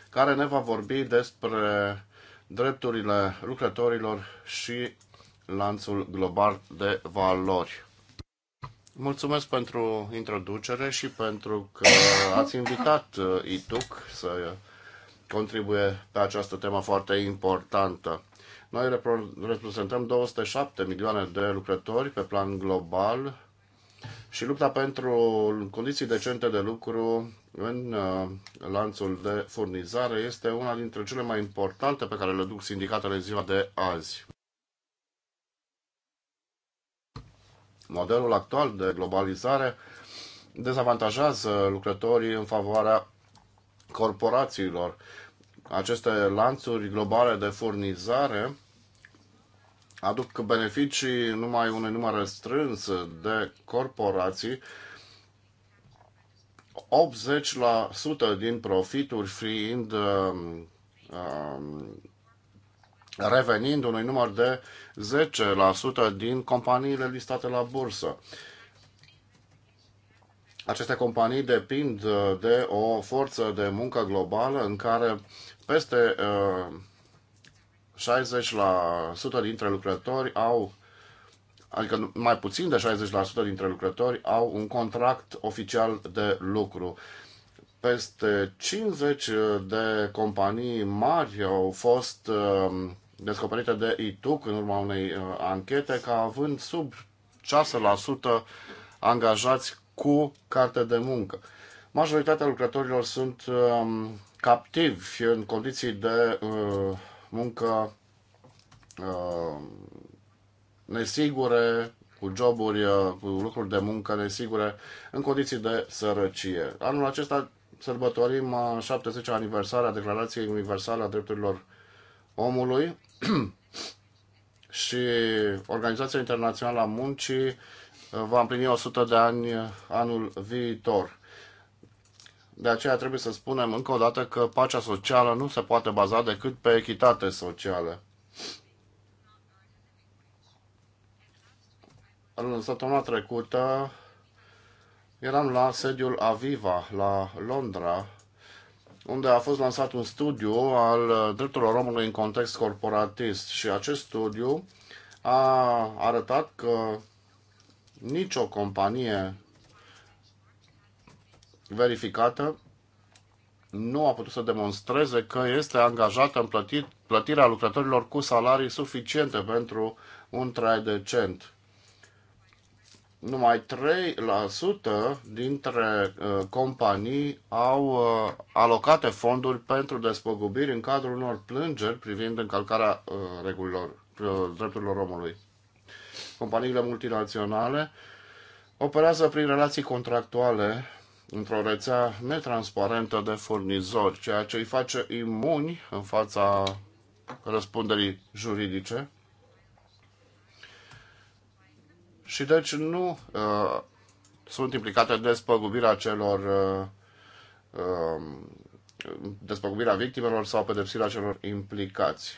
care ne va vorbi despre drepturile lucrătorilor și lanțul global de valori. Mulțumesc pentru introducere și pentru că ați invitat uh, ITUC să contribuie pe această temă foarte importantă. Noi reprezentăm 207 milioane de lucrători pe plan global și lupta pentru condiții decente de lucru în uh, lanțul de furnizare este una dintre cele mai importante pe care le duc sindicatele ziua de azi. Modelul actual de globalizare dezavantajează lucrătorii în favoarea corporațiilor aceste lanțuri globale de furnizare aduc beneficii numai unui număr restrâns de corporații. 80% din profituri fiind um, revenind unui număr de 10% din companiile listate la bursă. Aceste companii depind uh, de o forță de muncă globală în care peste uh, 60% dintre lucrători au adică mai puțin de 60% dintre lucrători au un contract oficial de lucru. Peste 50 de companii mari au fost uh, descoperite de ITUC în urma unei uh, anchete ca având sub 6% angajați cu carte de muncă. Majoritatea lucrătorilor sunt uh, captivi în condiții de uh, muncă uh, nesigure, cu joburi, uh, cu lucruri de muncă nesigure, în condiții de sărăcie. Anul acesta sărbătorim 70-a uh, aniversare a Declarației Universale a Drepturilor Omului [clears throat] și Organizația Internațională a Muncii uh, va împlini 100 de ani uh, anul viitor. De aceea trebuie să spunem încă o dată că pacea socială nu se poate baza decât pe echitate socială. În săptămâna trecută eram la sediul Aviva, la Londra, unde a fost lansat un studiu al drepturilor omului în context corporatist și acest studiu a arătat că nicio companie verificată nu a putut să demonstreze că este angajată în plătit, plătirea lucrătorilor cu salarii suficiente pentru un trai decent. Numai 3% dintre uh, companii au uh, alocate fonduri pentru despăgubiri în cadrul unor plângeri privind încălcarea uh, regulilor uh, drepturilor omului. Companiile multinaționale operează prin relații contractuale într-o rețea netransparentă de furnizori, ceea ce îi face imuni în fața răspunderii juridice. Și deci nu uh, sunt implicate despăgubirea celor uh, uh, despăgubirea victimelor sau pedepsirea celor implicați.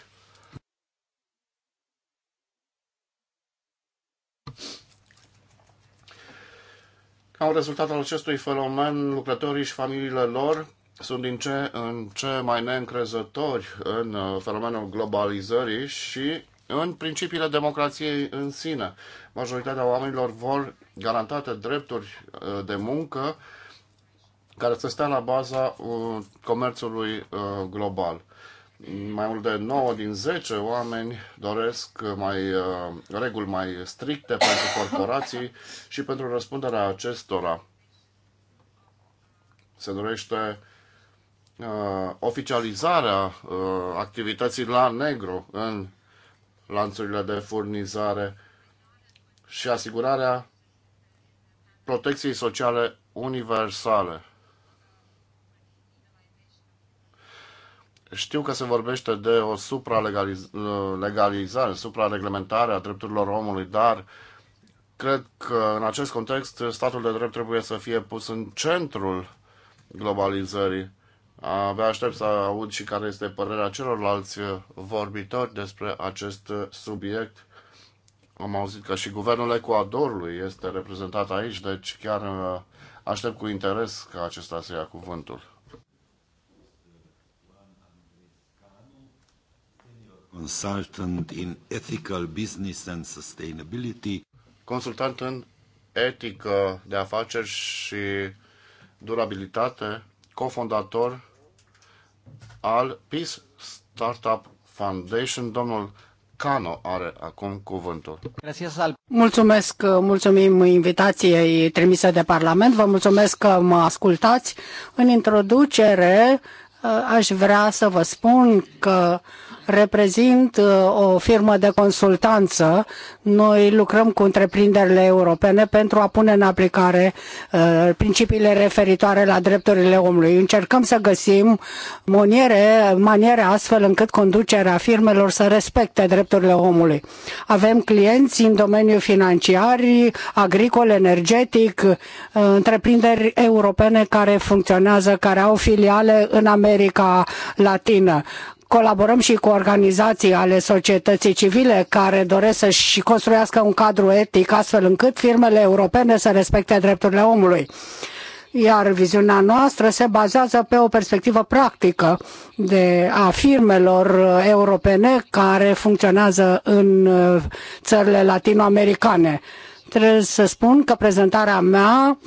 Ca un rezultat al acestui fenomen, lucrătorii și familiile lor sunt din ce în ce mai neîncrezători în uh, fenomenul globalizării și în principiile democrației în sine. Majoritatea oamenilor vor garantate drepturi uh, de muncă care să stea la baza uh, comerțului global mai mult de 9 din 10 oameni doresc mai, uh, reguli mai stricte pentru corporații și pentru răspunderea acestora. Se dorește uh, oficializarea uh, activității la negru în lanțurile de furnizare și asigurarea protecției sociale universale. Știu că se vorbește de o supra-legalizare, supra-reglementare a drepturilor omului, dar cred că în acest context statul de drept trebuie să fie pus în centrul globalizării. Abia aștept să aud și care este părerea celorlalți vorbitori despre acest subiect. Am auzit că și guvernul Ecuadorului este reprezentat aici, deci chiar uh, aștept cu interes ca acesta să ia cuvântul. consultant in ethical business and sustainability. Consultant în etică de afaceri și durabilitate, cofondator al Peace Startup Foundation, domnul Cano are acum cuvântul. Mulțumesc, mulțumim invitației trimise de Parlament, vă mulțumesc că mă ascultați. În introducere aș vrea să vă spun că reprezint uh, o firmă de consultanță. Noi lucrăm cu întreprinderile europene pentru a pune în aplicare uh, principiile referitoare la drepturile omului. Încercăm să găsim maniere, maniere astfel încât conducerea firmelor să respecte drepturile omului. Avem clienți în domeniul financiar, agricol, energetic, uh, întreprinderi europene care funcționează, care au filiale în America Latină. Colaborăm și cu organizații ale societății civile care doresc să-și construiască un cadru etic astfel încât firmele europene să respecte drepturile omului iar viziunea noastră se bazează pe o perspectivă practică de a firmelor europene care funcționează în țările latinoamericane. Trebuie să spun că prezentarea mea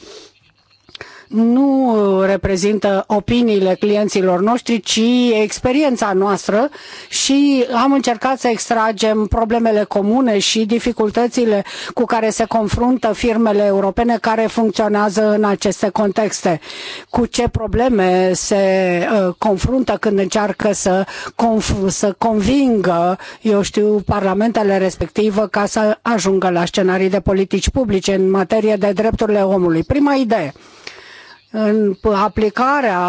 nu uh, reprezintă opiniile clienților noștri, ci experiența noastră și am încercat să extragem problemele comune și dificultățile cu care se confruntă firmele europene care funcționează în aceste contexte. Cu ce probleme se uh, confruntă când încearcă să, conf- să convingă, eu știu, parlamentele respective ca să ajungă la scenarii de politici publice în materie de drepturile omului. Prima idee în aplicarea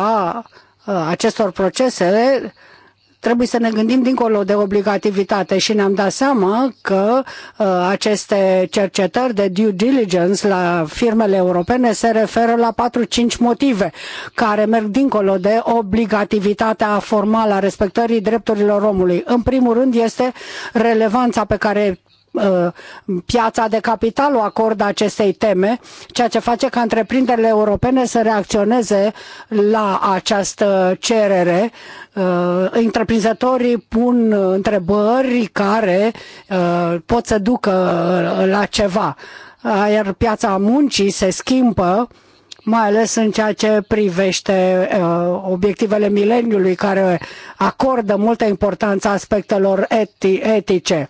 uh, acestor procese trebuie să ne gândim dincolo de obligativitate și ne-am dat seama că uh, aceste cercetări de due diligence la firmele europene se referă la 4-5 motive care merg dincolo de obligativitatea formală a respectării drepturilor omului. În primul rând este relevanța pe care Uh, piața de capital o acordă acestei teme, ceea ce face ca întreprinderile europene să reacționeze la această cerere. Uh, întreprinzătorii pun întrebări care uh, pot să ducă la ceva. Iar piața muncii se schimbă mai ales în ceea ce privește uh, obiectivele mileniului, care acordă multă importanță aspectelor eti etice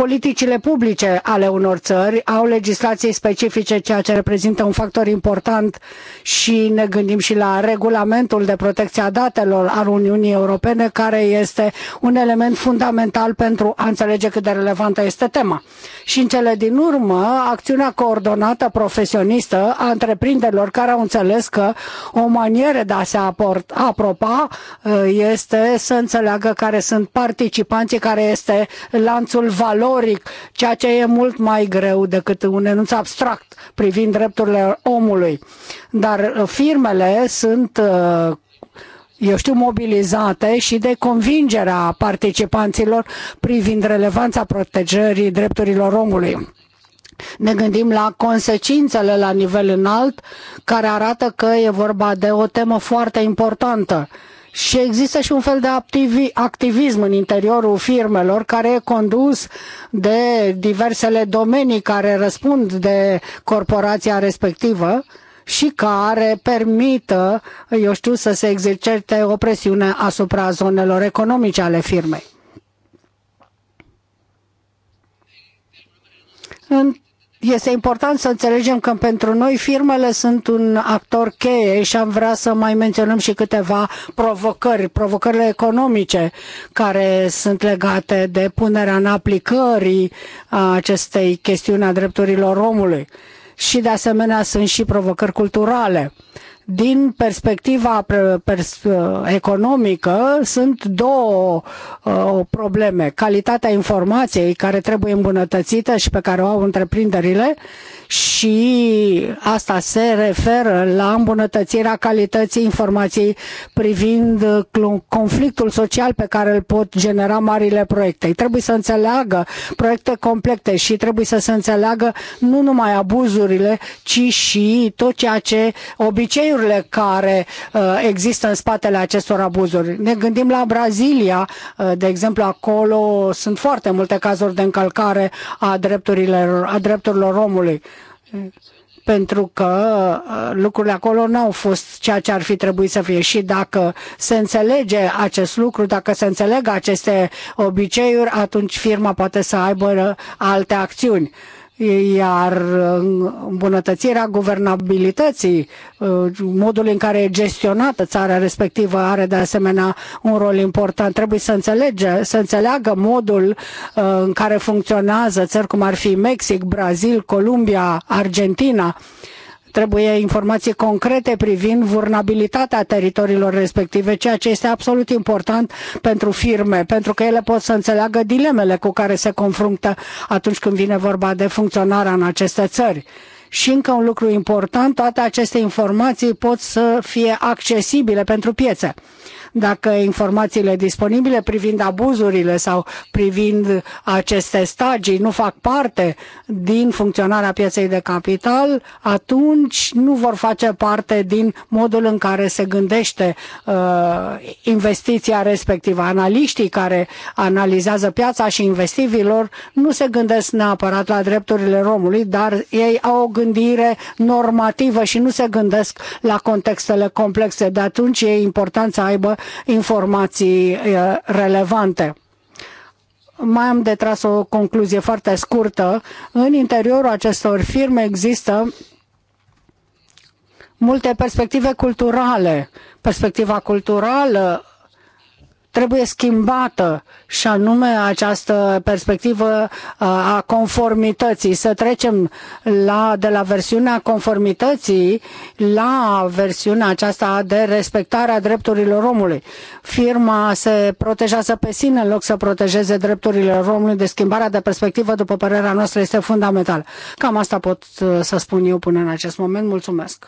politicile publice ale unor țări au legislații specifice, ceea ce reprezintă un factor important și ne gândim și la regulamentul de protecție a datelor al Uniunii Europene, care este un element fundamental pentru a înțelege cât de relevantă este tema. Și în cele din urmă, acțiunea coordonată profesionistă a întreprinderilor care au înțeles că o manieră de a se apropa este să înțeleagă care sunt participanții, care este lanțul valorii valoric, ceea ce e mult mai greu decât un enunț abstract privind drepturile omului. Dar uh, firmele sunt uh, eu știu, mobilizate și de convingerea participanților privind relevanța protejării drepturilor omului. Ne gândim la consecințele la nivel înalt, care arată că e vorba de o temă foarte importantă și există și un fel de activism în interiorul firmelor care e condus de diversele domenii care răspund de corporația respectivă și care permită, eu știu, să se exercite o presiune asupra zonelor economice ale firmei. În este important să înțelegem că pentru noi firmele sunt un actor cheie și am vrea să mai menționăm și câteva provocări, provocările economice care sunt legate de punerea în aplicării a acestei chestiuni a drepturilor omului și de asemenea sunt și provocări culturale din perspectiva economică, sunt două uh, probleme. Calitatea informației care trebuie îmbunătățită și pe care o au întreprinderile și asta se referă la îmbunătățirea calității informației privind uh, conflictul social pe care îl pot genera marile proiecte. Trebuie să înțeleagă proiecte complexe și trebuie să se înțeleagă nu numai abuzurile, ci și tot ceea ce obiceiul motivurile care uh, există în spatele acestor abuzuri. Ne gândim la Brazilia, uh, de exemplu, acolo sunt foarte multe cazuri de încălcare a drepturilor, a drepturilor omului pentru că uh, lucrurile acolo nu au fost ceea ce ar fi trebuit să fie. Și dacă se înțelege acest lucru, dacă se înțeleg aceste obiceiuri, atunci firma poate să aibă alte acțiuni iar îmbunătățirea guvernabilității, uh, modul în care e gestionată țara respectivă are de asemenea un rol important. Trebuie să, înțelege, să înțeleagă modul uh, în care funcționează țări cum ar fi Mexic, Brazil, Columbia, Argentina. Trebuie informații concrete privind vulnerabilitatea teritoriilor respective, ceea ce este absolut important pentru firme, pentru că ele pot să înțeleagă dilemele cu care se confruntă atunci când vine vorba de funcționarea în aceste țări. Și încă un lucru important, toate aceste informații pot să fie accesibile pentru piețe dacă informațiile disponibile privind abuzurile sau privind aceste stagii nu fac parte din funcționarea pieței de capital, atunci nu vor face parte din modul în care se gândește uh, investiția respectivă. Analiștii care analizează piața și investivilor nu se gândesc neapărat la drepturile romului, dar ei au o gândire normativă și nu se gândesc la contextele complexe. De atunci e important să aibă informații relevante mai am de tras o concluzie foarte scurtă. În interiorul acestor firme există multe perspective culturale. Perspectiva culturală trebuie schimbată și anume această perspectivă uh, a conformității, să trecem la, de la versiunea conformității la versiunea aceasta de respectarea drepturilor omului. Firma se protejează pe sine în loc să protejeze drepturile omului, de schimbarea de perspectivă, după părerea noastră, este fundamentală. Cam asta pot uh, să spun eu până în acest moment. Mulțumesc!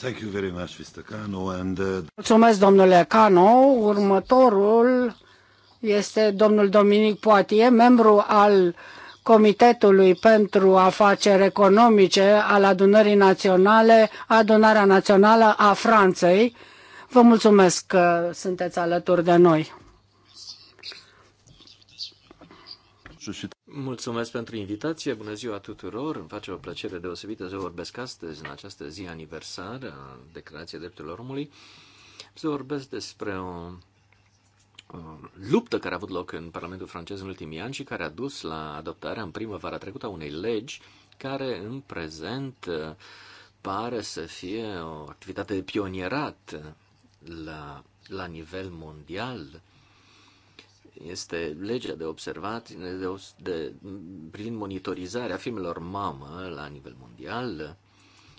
Thank you very much, Mr. Cano. And, uh... Mulțumesc, domnule Cano. Următorul este domnul Dominic Poatie, membru al Comitetului pentru Afaceri Economice al Adunării Naționale, Adunarea Națională a Franței. Vă mulțumesc că sunteți alături de noi. Mulțumesc pentru invitație, bună ziua tuturor, îmi face o plăcere deosebită să vorbesc astăzi, în această zi aniversară a Declarației Drepturilor Omului, să vorbesc despre o, o luptă care a avut loc în Parlamentul francez în ultimii ani și care a dus la adoptarea în primăvara trecută a unei legi care în prezent pare să fie o activitate de pionierat la, la nivel mondial este legea de observat de, de, privind monitorizarea filmelor mamă la nivel mondial.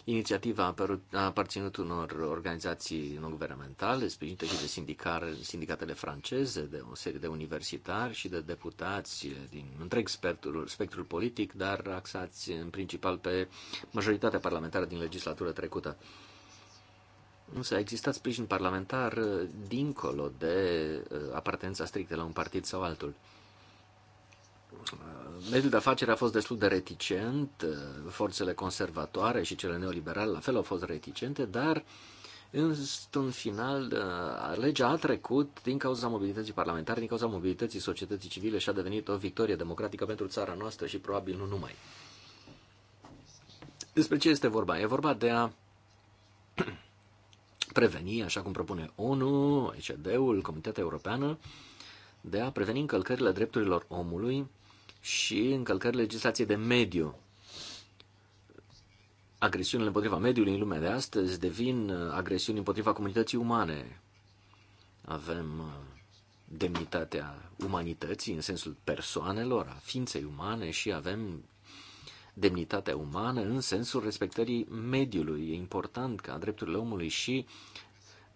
Inițiativa a, apărut, a aparținut unor organizații non-guvernamentale, sprijinite și de sindicatele franceze, de o serie de universitari și de deputați din întreg spectrul, spectrul politic, dar axați în principal pe majoritatea parlamentară din legislatura trecută. Uh, Însă a existat sprijin parlamentar uh, dincolo de uh, apartența strictă la un partid sau altul. Uh, mediul de afaceri a fost destul de reticent, forțele conservatoare și cele neoliberale la fel au fost reticente, dar în final legea a trecut din cauza mobilității parlamentare, din cauza mobilității societății civile și a devenit o victorie democratică pentru țara noastră și probabil nu numai. Despre ce este vorba? E vorba de a preveni, așa cum propune ONU, ECD-ul, Comitetul Europeană, de a preveni încălcările drepturilor omului și încălcările legislației de mediu. Agresiunile împotriva mediului în lumea de astăzi devin uh, agresiuni împotriva comunității umane. Avem uh, demnitatea umanității în sensul persoanelor, a ființei umane și avem demnitatea umană în sensul respectării mediului. E important ca drepturile omului și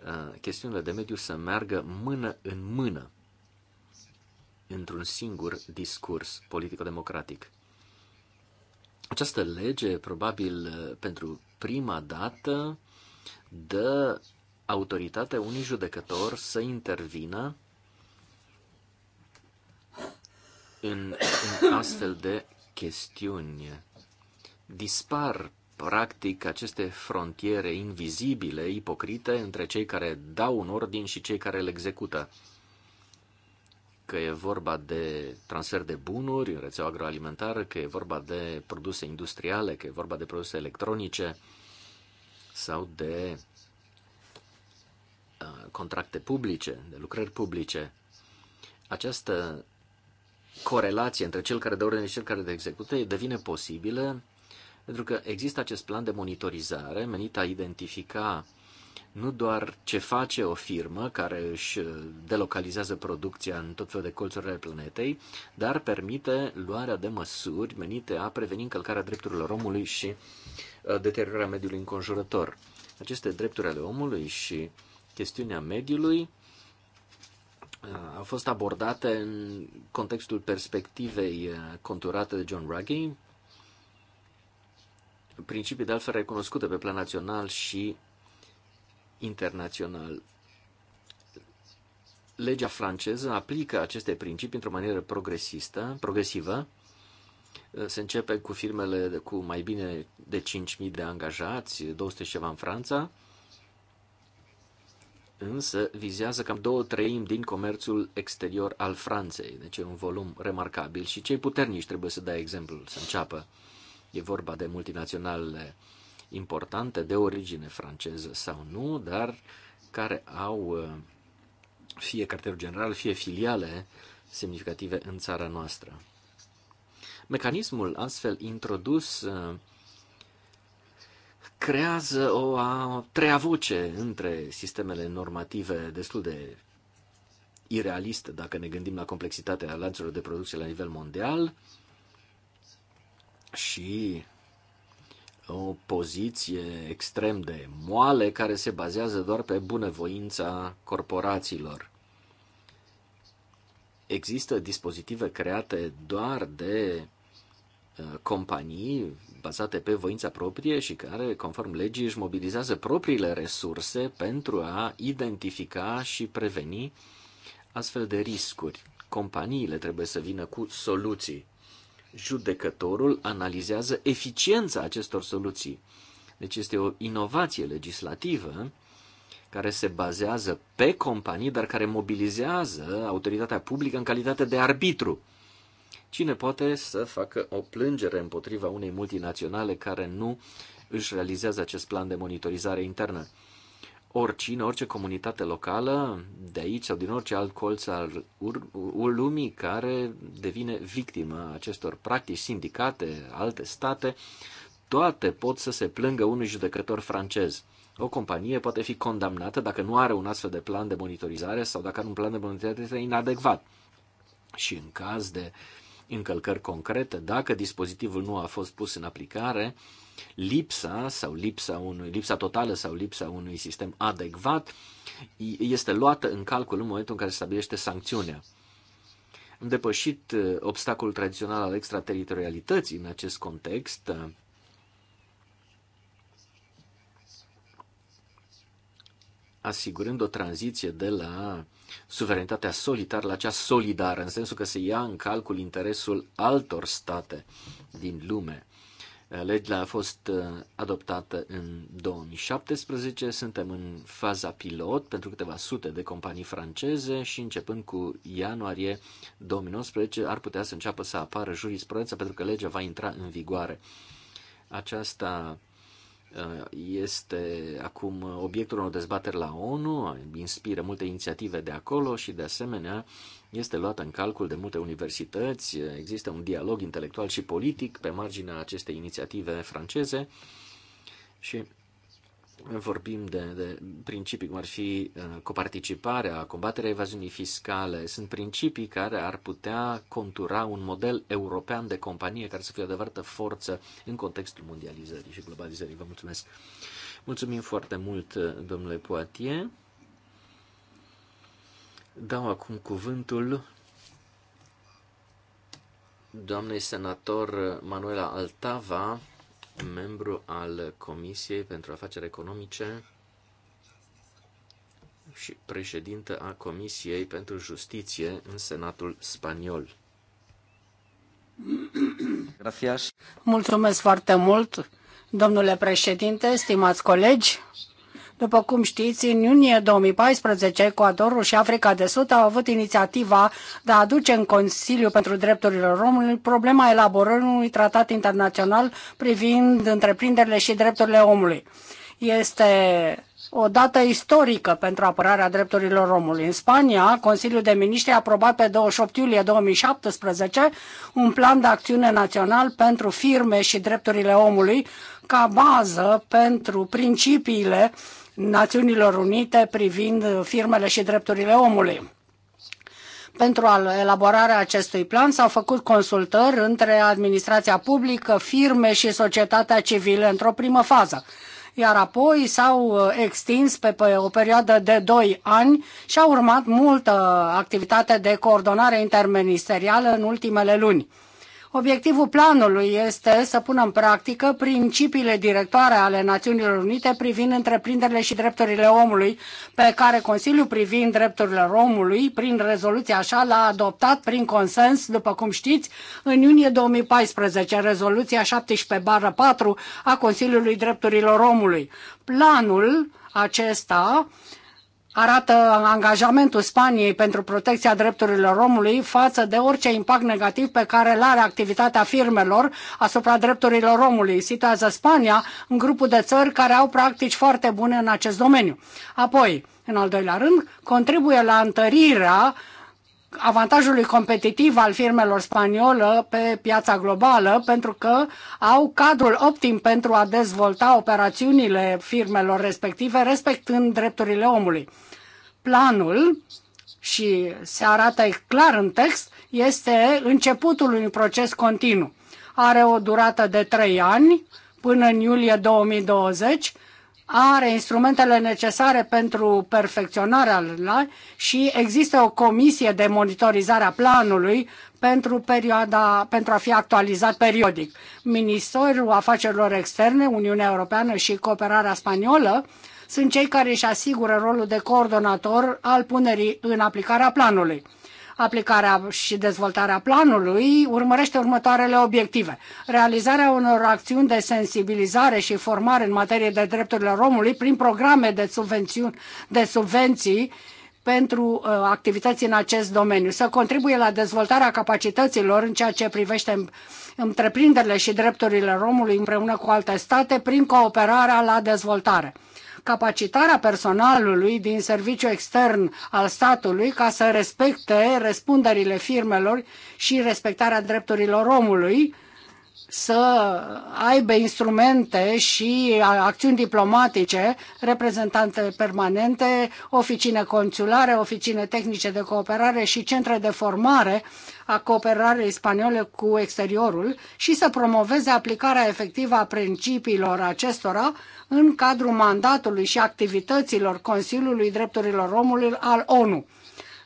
uh, chestiunile de mediu să meargă mână în mână într-un singur discurs politico-democratic. Această lege, probabil uh, pentru prima dată, dă autoritatea unui judecător să intervină în, în astfel de chestiuni dispar practic aceste frontiere invizibile, ipocrite, între cei care dau un ordin și cei care îl execută. Că e vorba de transfer de bunuri în rețeaua agroalimentară, că e vorba de produse industriale, că e vorba de produse electronice sau de uh, contracte publice, de lucrări publice. Această corelație între cel care dă ordine și cel care de execută devine posibilă pentru că există acest plan de monitorizare menit a identifica nu doar ce face o firmă care își uh, delocalizează producția în tot felul de colțuri ale planetei, dar permite luarea de măsuri menite a preveni încălcarea drepturilor omului și uh, deteriorarea mediului înconjurător. Aceste drepturi ale omului și chestiunea mediului uh, au fost abordate în contextul perspectivei conturate de John Ruggie principii de altfel recunoscute pe plan național și internațional. Legea franceză aplică aceste principii într-o manieră progresistă, progresivă. Se începe cu firmele cu mai bine de 5.000 de angajați, 200 ceva în Franța, însă vizează cam două treimi din comerțul exterior al Franței, deci e un volum remarcabil și cei puternici trebuie să dea exemplul, să înceapă. E vorba de multinaționale importante, de origine franceză sau nu, dar care au uh, fie cartierul general, fie filiale semnificative în țara noastră. Mecanismul astfel introdus uh, creează o a treia voce între sistemele normative destul de irealiste, dacă ne gândim la complexitatea lanțurilor de producție la nivel mondial, și o poziție extrem de moale care se bazează doar pe bunăvoința corporațiilor. Există dispozitive create doar de uh, companii bazate pe voința proprie și care, conform legii, își mobilizează propriile resurse pentru a identifica și preveni astfel de riscuri. Companiile trebuie să vină cu soluții judecătorul analizează eficiența acestor soluții. Deci este o inovație legislativă care se bazează pe companii, dar care mobilizează autoritatea publică în calitate de arbitru. Cine poate să facă o plângere împotriva unei multinaționale care nu își realizează acest plan de monitorizare internă? oricine, orice comunitate locală de aici sau din orice alt colț al lumii care devine victimă acestor practici, sindicate, alte state, toate pot să se plângă unui judecător francez. O companie poate fi condamnată dacă nu are un astfel de plan de monitorizare sau dacă are un plan de monitorizare inadecvat. Și în caz de încălcări concrete, dacă dispozitivul nu a fost pus în aplicare, uh, lipsa sau lipsa, unui, lipsa totală sau lipsa unui sistem adecvat este luată în calcul în momentul în care se stabilește sancțiunea. Am depășit uh, obstacolul tradițional al extraterritorialității în acest context. Uh, asigurând o tranziție de la suverenitatea solitară la cea solidară, în sensul că se ia în calcul interesul altor state din lume. Legea a fost uh, adoptată în 2017, suntem în faza pilot pentru câteva sute de companii franceze și începând cu ianuarie 2019 ar putea să înceapă să apară jurisprudența pentru că legea va intra în vigoare. Aceasta este acum obiectul unor dezbateri la ONU, inspiră multe inițiative de acolo și, de asemenea, este luată în calcul de multe universități, există un dialog intelectual și politic pe marginea acestei inițiative franceze și vorbim de, de principii cum ar fi uh, coparticiparea, combaterea evaziunii fiscale, sunt principii care ar putea contura un model european de companie care să fie o adevărată forță în contextul mondializării și globalizării. Vă mulțumesc! Mulțumim foarte mult, uh, domnule Poatie. Dau acum cuvântul doamnei senator uh, Manuela Altava, membru al Comisiei pentru Afaceri Economice și președintă a Comisiei pentru Justiție în Senatul Spaniol. Mulțumesc foarte mult, domnule președinte, stimați colegi. După cum știți, în iunie 2014, Ecuadorul și Africa de Sud au avut inițiativa de a aduce în Consiliu pentru Drepturile Romului problema elaborării unui tratat internațional privind întreprinderile și drepturile omului. Este o dată istorică pentru apărarea drepturilor omului. În Spania, Consiliul de Miniștri a aprobat pe 28 iulie 2017 un plan de acțiune național pentru firme și drepturile omului ca bază pentru principiile Națiunilor Unite privind firmele și drepturile omului. Pentru elaborarea acestui plan s-au făcut consultări între administrația publică, firme și societatea civilă într-o primă fază iar apoi s-au uh, extins pe, o perioadă de 2 ani și a urmat multă activitate de coordonare interministerială în ultimele luni. Obiectivul planului este să pună în practică principiile directoare ale Națiunilor Unite privind întreprinderile și drepturile omului, pe care Consiliul privind drepturile omului, prin rezoluția așa, l-a adoptat prin consens, după cum știți, în iunie 2014, rezoluția 17-4 a Consiliului Drepturilor Omului. Planul acesta arată angajamentul Spaniei pentru protecția drepturilor omului față de orice impact negativ pe care îl are activitatea firmelor asupra drepturilor omului. Situează Spania în grupul de țări care au practici foarte bune în acest domeniu. Apoi, în al doilea rând, contribuie la întărirea uh, avantajului competitiv al firmelor spaniole pe piața globală, pentru că au cadrul optim pentru a dezvolta operațiunile firmelor respective, respectând drepturile omului. Planul și se arată clar în text, este începutul unui proces continuu. Are o durată de trei ani până în iulie 2020 are instrumentele necesare pentru perfecționarea la și există o comisie de monitorizare a planului pentru, perioada, pentru a fi actualizat periodic. Ministerul Afacerilor Externe, Uniunea Europeană și Cooperarea Spaniolă sunt cei care își asigură rolul de coordonator al punerii în aplicare a planului. Aplicarea și dezvoltarea planului urmărește următoarele obiective. Realizarea unor acțiuni de sensibilizare și formare în materie de drepturile omului prin programe de, subvențiuni, de subvenții pentru uh, activități în acest domeniu, să contribuie la dezvoltarea capacităților în ceea ce privește întreprinderile și drepturile romului împreună cu alte state prin cooperarea la dezvoltare capacitarea personalului din serviciu extern al statului ca să respecte răspunderile firmelor și respectarea drepturilor omului, să aibă instrumente și acțiuni diplomatice, reprezentante permanente, oficine consulare, oficine tehnice de cooperare și centre de formare a cooperării spaniole cu exteriorul și să promoveze aplicarea efectivă a principiilor acestora în cadrul mandatului și activităților Consiliului Drepturilor Omului al ONU.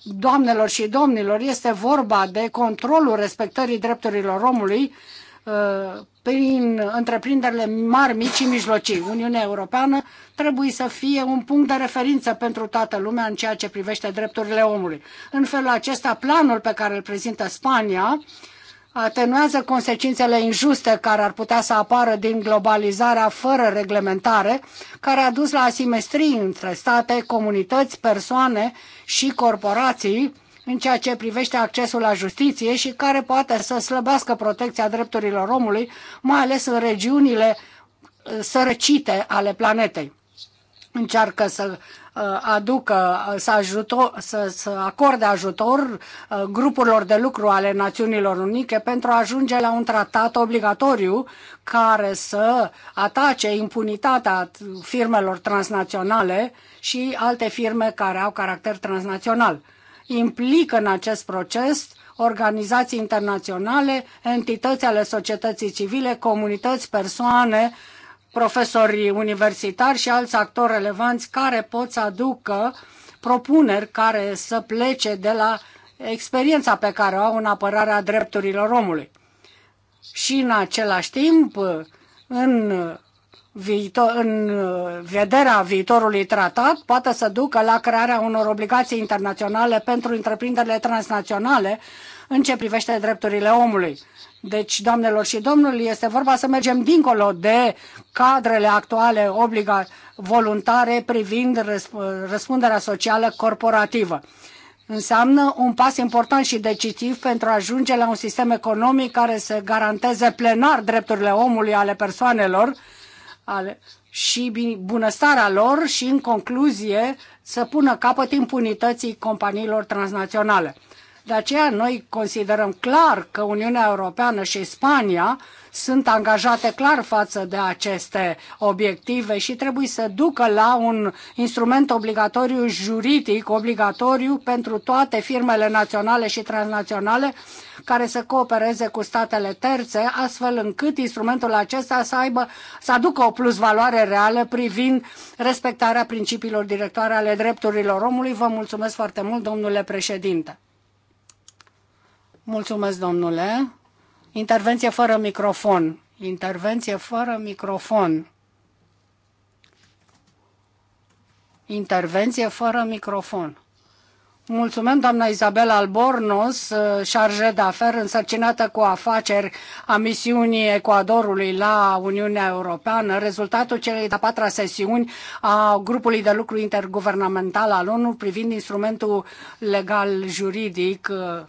Doamnelor și domnilor, este vorba de controlul respectării drepturilor omului uh, prin întreprinderile mari, mici și mijlocii. Uniunea Europeană trebuie să fie un punct de referință pentru toată lumea în ceea ce privește drepturile omului. În felul acesta, planul pe care îl prezintă Spania atenuează consecințele injuste care ar putea să apară din globalizarea fără reglementare, care a dus la asimetrii între state, comunități, persoane și corporații în ceea ce privește accesul la justiție și care poate să slăbească protecția drepturilor omului, mai ales în regiunile uh, sărăcite ale planetei. Încearcă să Uh, aducă, uh, să, să, să acorde ajutor uh, grupurilor de lucru ale Națiunilor Unite pentru a ajunge la un tratat obligatoriu care să atace impunitatea firmelor transnaționale și alte firme care au caracter transnațional. Implică în acest proces organizații internaționale, entități ale societății civile, comunități, persoane, uh, profesori universitari și alți actori relevanți care pot să aducă propuneri care să plece de la experiența pe care o au în apărarea drepturilor omului. Și în același timp, în, viitor, în vederea viitorului tratat, poate să ducă la crearea unor obligații internaționale pentru întreprinderile transnaționale în ce privește drepturile omului. Deci, doamnelor și domnilor, este vorba să mergem dincolo de cadrele actuale obliga voluntare privind răspunderea socială corporativă. Înseamnă un pas important și decisiv pentru a ajunge la un sistem economic care să garanteze plenar drepturile omului ale persoanelor, ale, și bunăstarea lor și, în concluzie, să pună capăt impunității companiilor transnaționale. De aceea noi considerăm clar că Uniunea Europeană și Spania sunt angajate clar față de aceste obiective și trebuie să ducă la un instrument obligatoriu juridic, obligatoriu pentru toate firmele naționale și transnaționale care să coopereze cu statele terțe, astfel încât instrumentul acesta să aibă, să aducă o plusvaloare reală privind respectarea principiilor directoare ale drepturilor omului. Vă mulțumesc foarte mult, domnule președinte. Mulțumesc, domnule. Intervenție fără microfon. Intervenție fără microfon. Intervenție fără microfon. Mulțumim, doamna Izabela Albornoz, șarje de aferi însărcinată cu afaceri a misiunii Ecuadorului la Uniunea Europeană, rezultatul celei de-a patra sesiuni a grupului de lucru interguvernamental al ONU privind instrumentul legal juridic uh,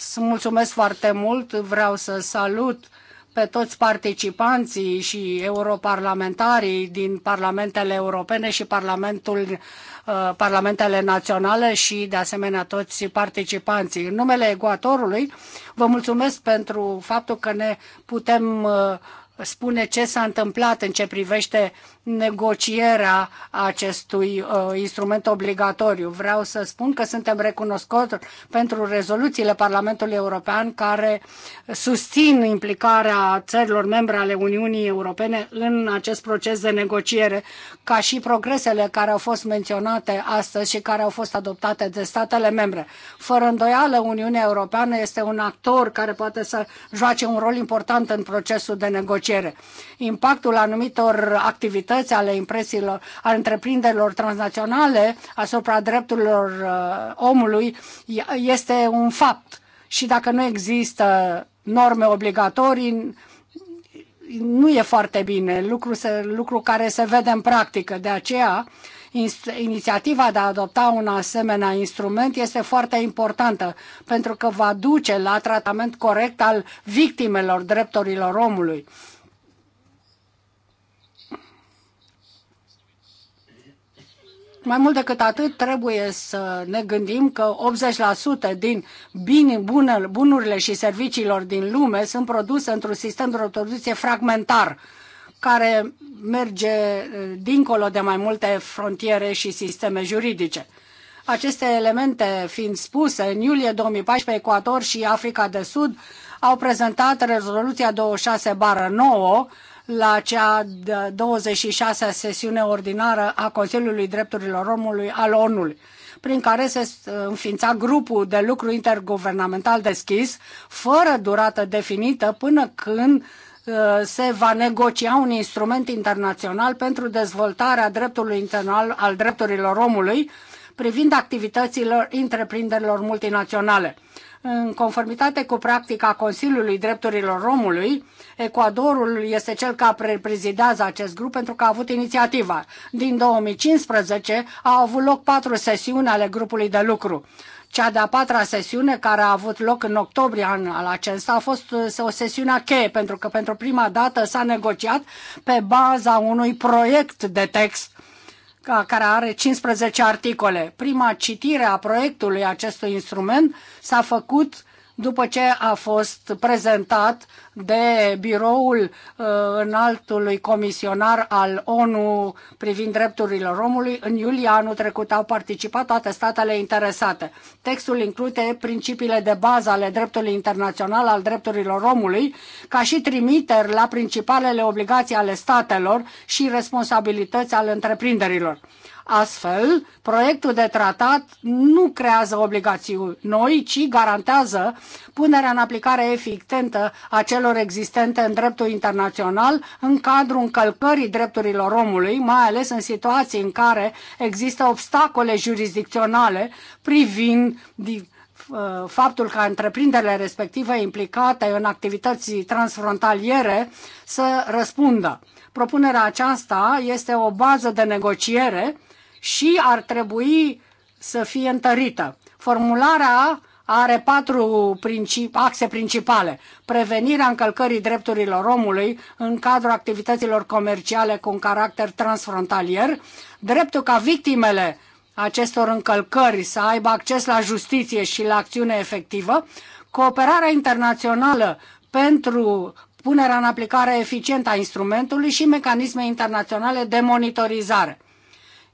să mulțumesc foarte mult, vreau să salut pe toți participanții și europarlamentarii din parlamentele europene și parlamentul, uh, parlamentele naționale și de asemenea toți participanții. În numele Egoatorului vă mulțumesc pentru faptul că ne putem uh, spune ce s-a întâmplat în ce privește negocierea acestui uh, instrument obligatoriu. Vreau să spun că suntem recunoscători pentru rezoluțiile Parlamentului European care susțin implicarea țărilor membre ale Uniunii Europene în acest proces de negociere, ca și progresele care au fost menționate astăzi și care au fost adoptate de statele membre. Fără îndoială, Uniunea Europeană este un actor care poate să joace un rol important în procesul de negociere. Impactul anumitor activități realități ale impresiilor, al întreprinderilor transnaționale asupra drepturilor uh, omului este un fapt. Și dacă nu există norme obligatorii, nu e foarte bine, lucru, se, lucru care se vede în practică. De aceea, inițiativa de a adopta un asemenea instrument este foarte importantă, pentru că va duce la tratament corect al victimelor drepturilor omului. Mai mult decât atât, trebuie să ne gândim că 80% din bine, bună, bunurile și serviciilor din lume sunt produse într-un sistem de producție fragmentar, care merge eh, dincolo de mai multe frontiere și sisteme juridice. Aceste elemente fiind spuse, în iulie 2014, Ecuador și Africa de Sud au prezentat rezoluția 26 9 la cea 26-a sesiune ordinară a Consiliului Drepturilor Omului al onu prin care se uh, înființa grupul de lucru interguvernamental deschis, fără durată definită, până când uh, se va negocia un instrument internațional pentru dezvoltarea dreptului internațional al drepturilor omului privind activitățile întreprinderilor multinaționale. În conformitate cu practica Consiliului Drepturilor Omului, Ecuadorul este cel care prezidează acest grup pentru că a avut inițiativa. Din 2015 au avut loc patru sesiuni ale grupului de lucru. Cea de-a patra sesiune, care a avut loc în octombrie anul acesta, a fost uh, o sesiune cheie, pentru că pentru prima dată s-a negociat pe baza unui proiect de text care are 15 articole. Prima citire a proiectului acestui instrument s-a făcut după ce a fost prezentat de biroul uh, înaltului comisionar al ONU privind drepturile omului. În iulie anul trecut au participat toate statele interesate. Textul include principiile de bază ale dreptului internațional al drepturilor omului, ca și trimiteri la principalele obligații ale statelor și responsabilități ale întreprinderilor. Astfel, proiectul de tratat nu creează obligații noi, ci garantează punerea în aplicare eficientă a celor existente în dreptul internațional în cadrul încălcării drepturilor omului, mai ales în situații în care există obstacole jurisdicționale privind uh, faptul ca întreprinderile respective implicate în activități transfrontaliere să răspundă. Propunerea aceasta este o bază de negociere și ar trebui să fie întărită. Formularea are patru princip, axe principale. Prevenirea încălcării drepturilor omului în cadrul activităților comerciale cu un caracter transfrontalier, dreptul ca victimele acestor încălcări să aibă acces la justiție și la acțiune efectivă, cooperarea internațională pentru punerea în aplicare eficientă a instrumentului și mecanisme internaționale de monitorizare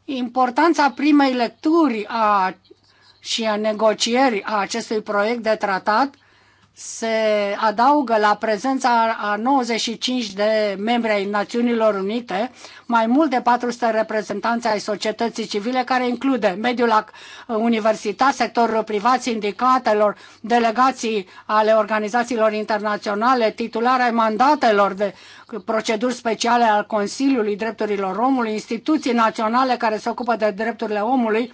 importanța primei lecturi a, și a negocierii a acestui proiect de tratat se adaugă la prezența a 95 de membri ai Națiunilor Unite, mai mult de 400 reprezentanți ai societății civile, care include mediul universitar, sectorul privat, sindicatelor, delegații ale organizațiilor internaționale, titulare ai mandatelor de proceduri speciale al Consiliului Drepturilor Omului, instituții naționale care se ocupă de drepturile omului,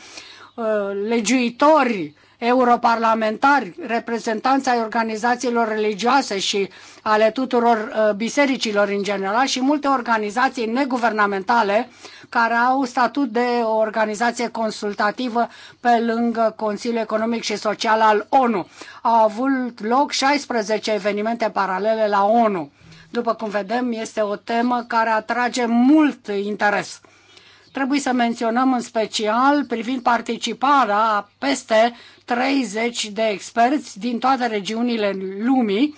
uh, legiuitori, europarlamentari, reprezentanți ai organizațiilor religioase și ale tuturor uh, bisericilor în general și multe organizații neguvernamentale care au statut de o organizație consultativă pe lângă Consiliul Economic și Social al ONU. Au avut loc 16 evenimente paralele la ONU. După cum vedem, este o temă care atrage mult interes trebuie să menționăm în special privind participarea peste 30 de experți din toate regiunile lumii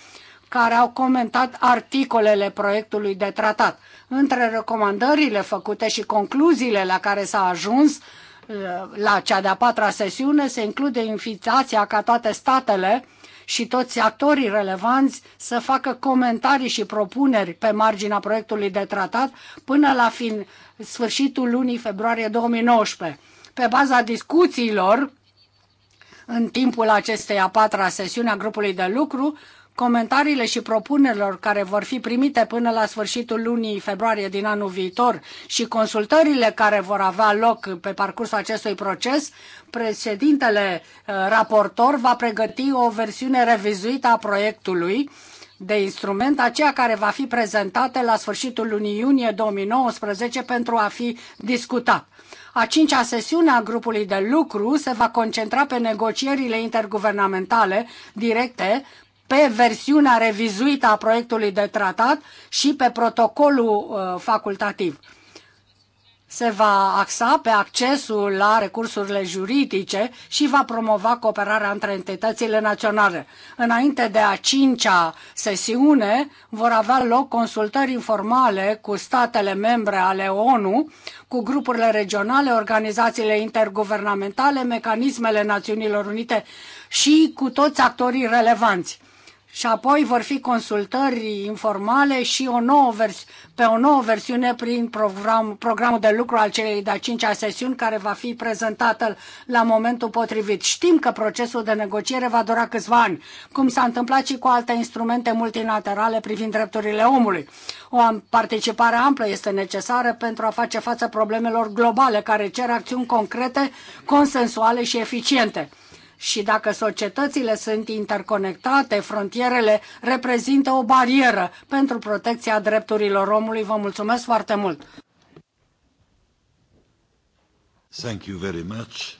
care au comentat articolele proiectului de tratat. Între recomandările făcute și concluziile la care s-a ajuns uh, la cea de-a patra sesiune se include invitația ca toate statele și toți actorii relevanți să facă comentarii și propuneri pe marginea proiectului de tratat până la fin, sfârșitul lunii februarie 2019. Pe baza discuțiilor în timpul acestei a patra sesiuni a grupului de lucru comentariile și propunerilor care vor fi primite până la sfârșitul lunii februarie din anul viitor și consultările care vor avea loc pe parcursul acestui proces, președintele eh, raportor va pregăti o versiune revizuită a proiectului de instrument, aceea care va fi prezentată la sfârșitul lunii iunie 2019 pentru a fi discutat. A cincea sesiune a grupului de lucru se va concentra pe negocierile interguvernamentale directe pe versiunea revizuită a proiectului de tratat și pe protocolul uh, facultativ. Se va axa pe accesul la recursurile juridice și va promova cooperarea între entitățile naționale. Înainte de a cincea sesiune vor avea loc consultări informale cu statele membre ale ONU cu grupurile regionale, organizațiile interguvernamentale, mecanismele Națiunilor Unite și cu toți actorii relevanți și apoi vor fi consultări informale și o nouă pe o nouă versiune prin program, programul de lucru al celei de-a cincea sesiuni care va fi prezentată la momentul potrivit. Știm că procesul de negociere va dura câțiva ani, cum s-a întâmplat și cu alte instrumente multilaterale privind drepturile omului. O participare amplă este necesară pentru a face față problemelor globale care cer acțiuni concrete, consensuale și eficiente. Și dacă societățile sunt interconectate, frontierele reprezintă o barieră pentru protecția drepturilor omului. Vă mulțumesc foarte mult! Thank you very much.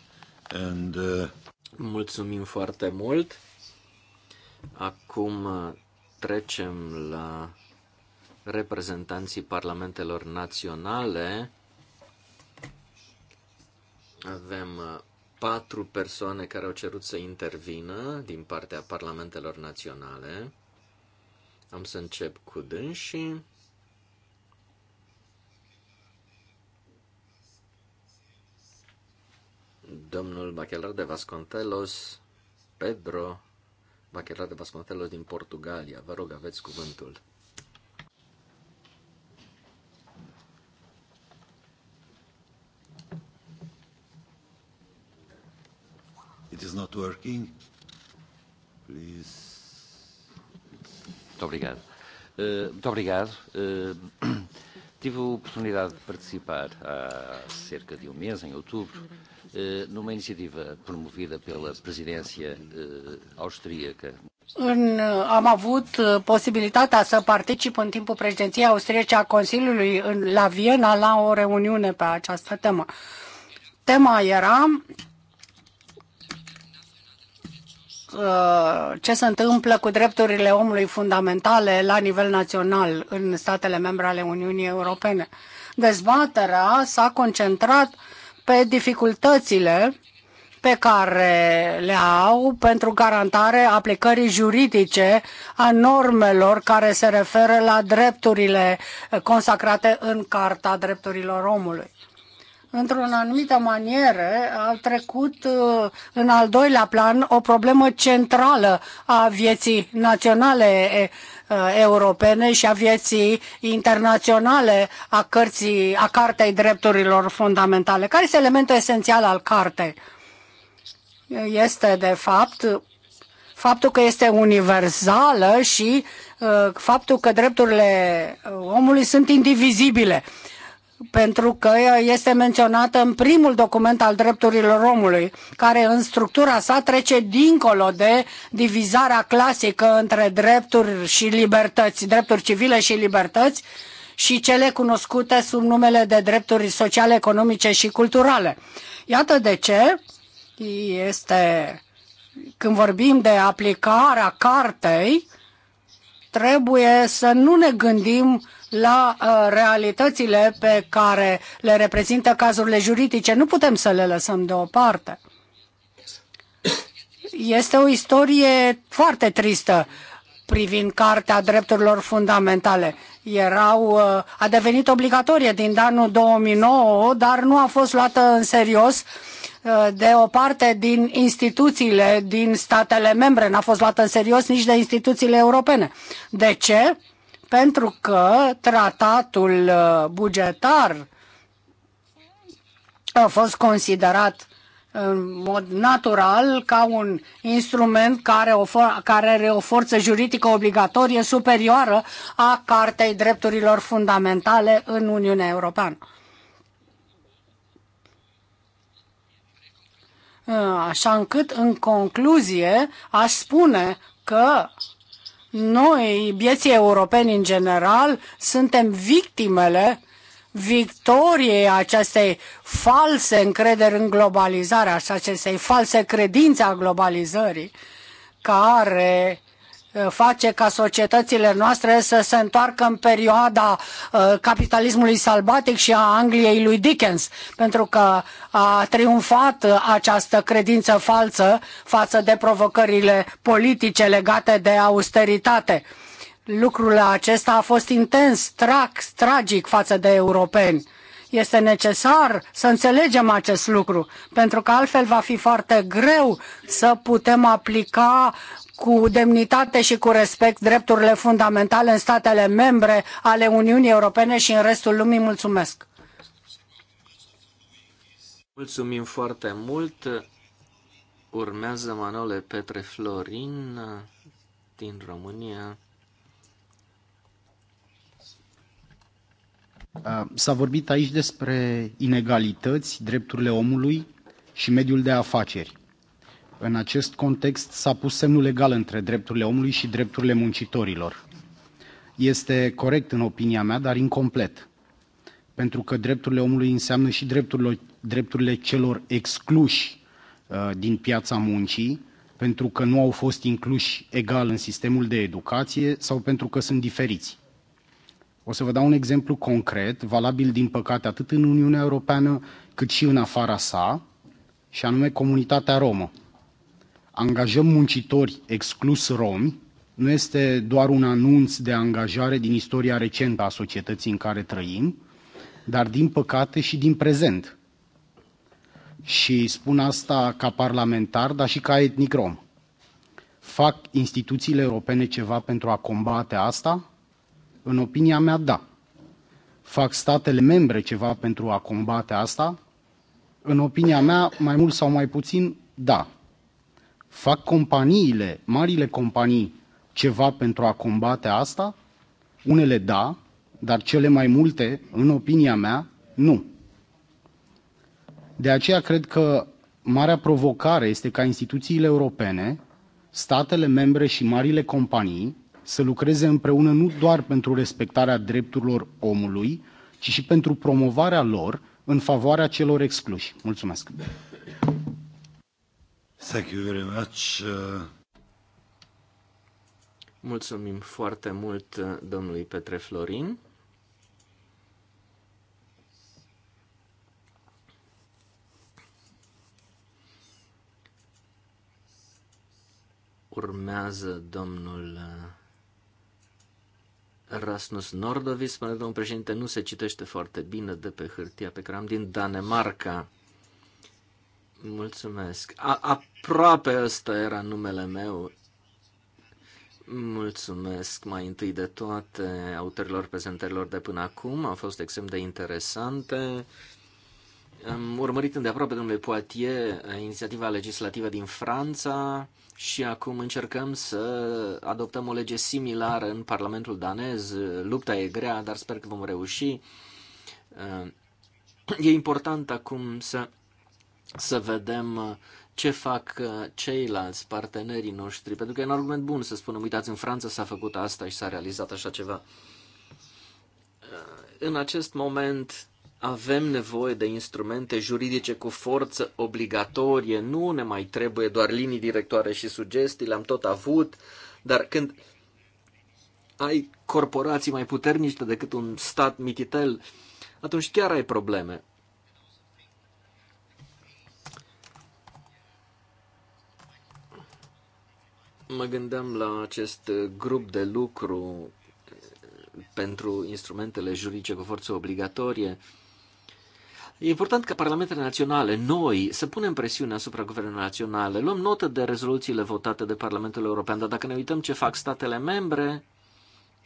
And, uh... Mulțumim foarte mult. Acum uh, trecem la reprezentanții parlamentelor naționale. Avem uh, patru persoane care au cerut să intervină din partea parlamentelor naționale. Am să încep cu dânsii. Domnul Bachelar de Vascontelos, Pedro Bachelar de Vascontelos din Portugalia. Vă rog, aveți cuvântul. It is not working. Please. Muito obrigado. Uh, muito obrigado. Uh, [clears throat] tive a oportunidade de participar há cerca de um mês, em outubro, uh, numa iniciativa promovida pela presidência uh, austríaca. În, am avut posibilitatea să particip în timpul președinției austriece a Consiliului în, la Viena la o reuniune pe această temă. Tema era Uh, ce se întâmplă cu drepturile omului fundamentale la nivel național în statele membre ale Uniunii Europene. Dezbaterea s-a concentrat pe dificultățile pe care le au pentru garantare aplicării juridice a normelor care se referă la drepturile consacrate în Carta Drepturilor Omului într-o anumită manieră, a trecut uh, în al doilea plan o problemă centrală a vieții naționale uh, europene și a vieții internaționale a, cărții, a Cartei Drepturilor Fundamentale. Care este elementul esențial al cartei? Este, de fapt, faptul că este universală și uh, faptul că drepturile uh, omului sunt indivizibile. Uh, pentru că este menționată în primul document al drepturilor omului, care în structura sa trece dincolo de divizarea clasică între drepturi și libertăți, drepturi civile și libertăți, și cele cunoscute sub numele de drepturi sociale, economice și culturale. Iată de ce este, când vorbim de aplicarea cartei, trebuie să nu ne gândim la uh, realitățile pe care le reprezintă cazurile juridice. Nu putem să le lăsăm deoparte. Este o istorie foarte tristă privind Cartea Drepturilor Fundamentale. Erau, uh, a devenit obligatorie din anul 2009, dar nu a fost luată în serios uh, de o parte din instituțiile din statele membre. N-a fost luată în serios nici de instituțiile europene. De ce? pentru că tratatul uh, bugetar a fost considerat uh, în mod natural ca un instrument care, ofer- care are o forță juridică obligatorie superioară a Cartei Drepturilor Fundamentale în Uniunea Europeană. Uh, așa încât, în concluzie, aș spune că noi, bieții europeni în general, suntem victimele victoriei acestei false încrederi în globalizare, acestei false credințe a globalizării, care Eh, face ca societățile noastre să se întoarcă în perioada eh, capitalismului salbatic și a Angliei lui Dickens, pentru că a triumfat eh, această credință falsă față de provocările politice legate de austeritate. Lucrul acesta a fost intens, trac, tragic față de europeni este necesar să înțelegem acest lucru, pentru că altfel va fi foarte greu să putem aplica cu demnitate și cu respect drepturile fundamentale în statele membre ale Uniunii Europene și în restul lumii. Mulțumesc! Mulțumim foarte mult! Urmează Manole Petre Florin din România. Uh, s-a vorbit aici despre inegalități, drepturile omului și mediul de afaceri. În acest context s-a pus semnul legal între drepturile omului și drepturile muncitorilor. Este corect în opinia mea, dar incomplet. Pentru că drepturile omului înseamnă și drepturile, drepturile celor excluși uh, din piața muncii, pentru că nu au fost incluși egal în sistemul de educație sau pentru că sunt diferiți. O să vă dau un exemplu concret, valabil din păcate atât în Uniunea Europeană cât și în afara sa, și anume comunitatea romă. Angajăm muncitori exclus romi, nu este doar un anunț de angajare din istoria recentă a societății în care trăim, dar din păcate și din prezent. Și spun asta ca parlamentar, dar și ca etnic rom. Fac instituțiile europene ceva pentru a combate asta? În opinia mea, da. Fac statele membre ceva pentru a combate asta? În opinia mea, mai mult sau mai puțin, da. Fac companiile, marile companii, ceva pentru a combate asta? Unele da, dar cele mai multe, în opinia mea, nu. De aceea cred că marea provocare este ca instituțiile europene, statele membre și marile companii să lucreze împreună nu doar pentru respectarea drepturilor omului, ci și pentru promovarea lor în favoarea celor excluși. Mulțumesc! Thank you very much. Uh, Mulțumim foarte mult uh, domnului Petre Florin. Urmează domnul uh, Rasmus Nordovis, spune domnul președinte, nu se citește foarte bine de pe hârtia pe care am din Danemarca. Mulțumesc. A, aproape ăsta era numele meu. Mulțumesc mai întâi de toate autorilor prezentărilor de până acum. Au fost extrem de interesante. Am urmărit îndeaproape, domnule Poitier, inițiativa legislativă din Franța și acum încercăm să adoptăm o lege similară în Parlamentul danez. Lupta e grea, dar sper că vom reuși. Uh, e important acum să, să vedem uh, ce fac uh, ceilalți partenerii noștri, pentru că e un argument bun să spunem, uitați, în Franța s-a făcut asta și s-a realizat așa ceva. În acest moment, avem nevoie de instrumente juridice cu forță obligatorie, nu ne mai trebuie doar linii directoare și sugestii, le-am tot avut, dar când ai corporații mai puternice decât un stat mititel, atunci chiar ai probleme. Mă gândeam la acest grup de lucru pentru instrumentele juridice cu forță obligatorie. E important ca parlamentele naționale, noi, să punem presiune asupra guvernelor naționale. Luăm notă de rezoluțiile votate de Parlamentul European, dar dacă ne uităm ce fac statele membre,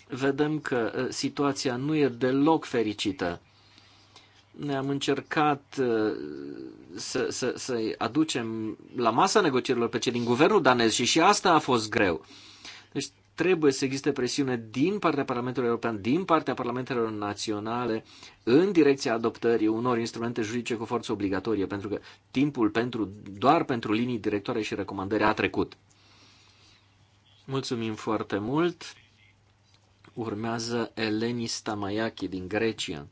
vedem că uh, situația nu e deloc fericită. Ne-am încercat uh, să, să, să aducem la masa negocierilor pe cei din guvernul danez și și asta a fost greu trebuie să existe presiune din partea Parlamentului European, din partea Parlamentelor Naționale, în direcția adoptării unor instrumente juridice cu forță obligatorie, pentru că timpul pentru, doar pentru linii directoare și recomandări a trecut. Mulțumim foarte mult. Urmează Eleni Stamayaki din Grecia.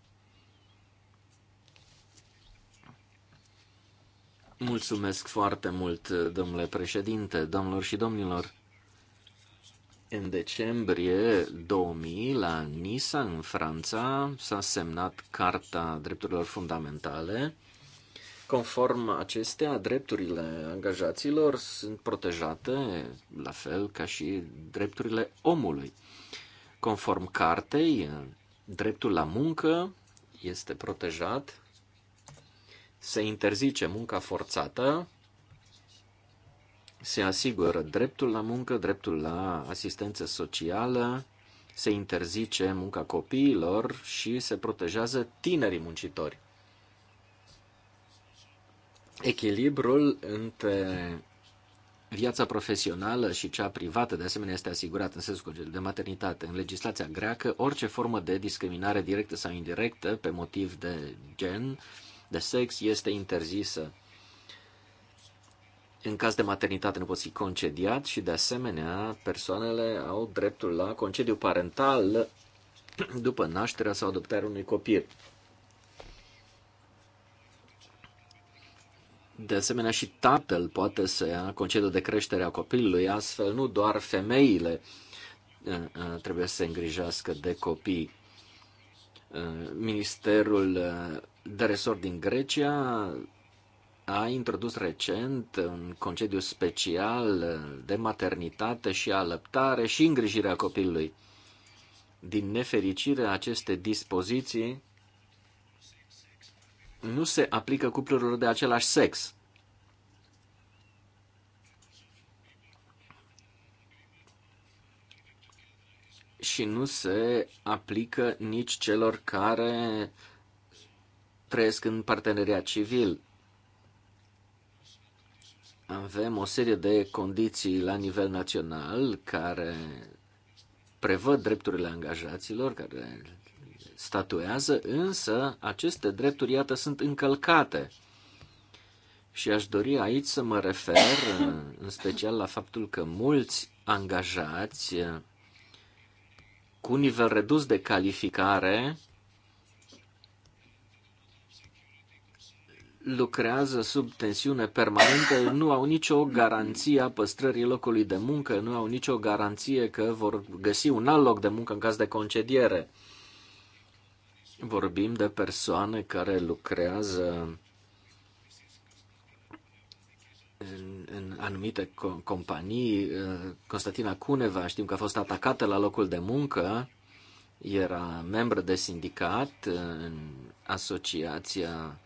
Mulțumesc foarte mult, domnule președinte, domnilor și domnilor. În decembrie 2000, la Nisa, în Franța, s-a semnat Carta Drepturilor Fundamentale. Conform acestea, drepturile angajaților sunt protejate la fel ca și drepturile omului. Conform cartei, dreptul la muncă este protejat, se interzice munca forțată, se asigură dreptul la muncă, dreptul la asistență socială, se interzice munca copiilor și se protejează tinerii muncitori. Echilibrul între viața profesională și cea privată, de asemenea, este asigurat în sensul de maternitate. În legislația greacă, orice formă de discriminare directă sau indirectă pe motiv de gen, de sex, este interzisă în caz de maternitate nu poți fi concediat și, de asemenea, persoanele au dreptul la concediu parental după nașterea sau adoptarea unui copil. De asemenea, și tatăl poate să ia concediu de creștere a copilului, astfel nu doar femeile uh, uh, trebuie să se îngrijească de copii. Uh, Ministerul de resort din Grecia a introdus recent un concediu special de maternitate și alăptare și îngrijirea copilului. Din nefericire, aceste dispoziții nu se aplică cuplurilor de același sex. Și nu se aplică nici celor care trăiesc în parteneriat civil avem o serie de condiții la nivel național care prevăd drepturile angajaților, care statuează, însă aceste drepturi, iată, sunt încălcate. Și aș dori aici să mă refer în special la faptul că mulți angajați cu nivel redus de calificare lucrează sub tensiune permanentă, nu au nicio garanție a păstrării locului de muncă, nu au nicio garanție că vor găsi un alt loc de muncă în caz de concediere. Vorbim de persoane care lucrează în, în anumite co- companii. Constantina Cuneva știm că a fost atacată la locul de muncă, era membru de sindicat în asociația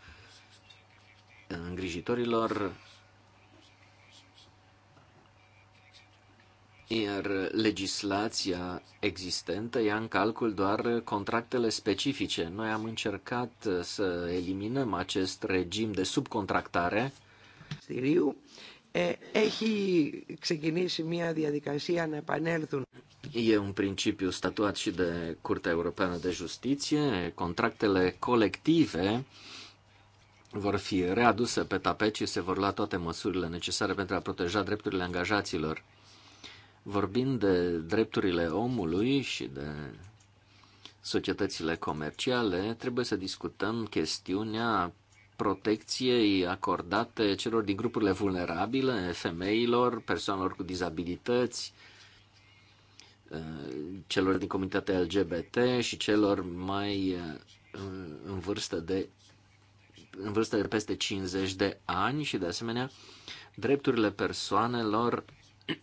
îngrijitorilor, iar legislația existentă ia în calcul doar contractele specifice. Noi am încercat să eliminăm acest regim de subcontractare. Stiriu, έχει ξεκινήσει μια διαδικασία να επανέλθουν. E un principiu statuat și de Curtea Europeană de Justiție. Contractele colective uh, vor fi readuse pe tapet și se vor lua toate măsurile necesare pentru a proteja drepturile angajaților. Vorbind de drepturile omului și de societățile comerciale, trebuie să discutăm chestiunea protecției acordate celor din grupurile vulnerabile, femeilor, persoanelor cu dizabilități, celor din comunitatea LGBT și celor mai uh, în vârstă de în vârstă de peste 50 de ani și, de asemenea, drepturile persoanelor [clears throat]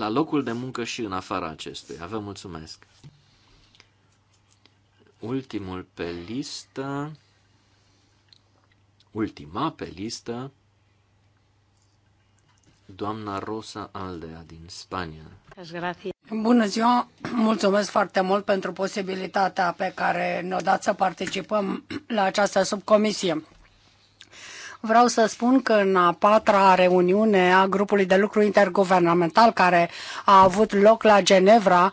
la locul de muncă și în afara acestuia. Vă mulțumesc! Ultimul pe listă, ultima pe listă, doamna Rosa Aldea din Spania. Grazie. Bună ziua! Mulțumesc foarte mult pentru posibilitatea pe care ne-o dați să participăm la această subcomisie. Vreau să spun că în a patra reuniune a grupului de lucru interguvernamental care a avut loc la Genevra,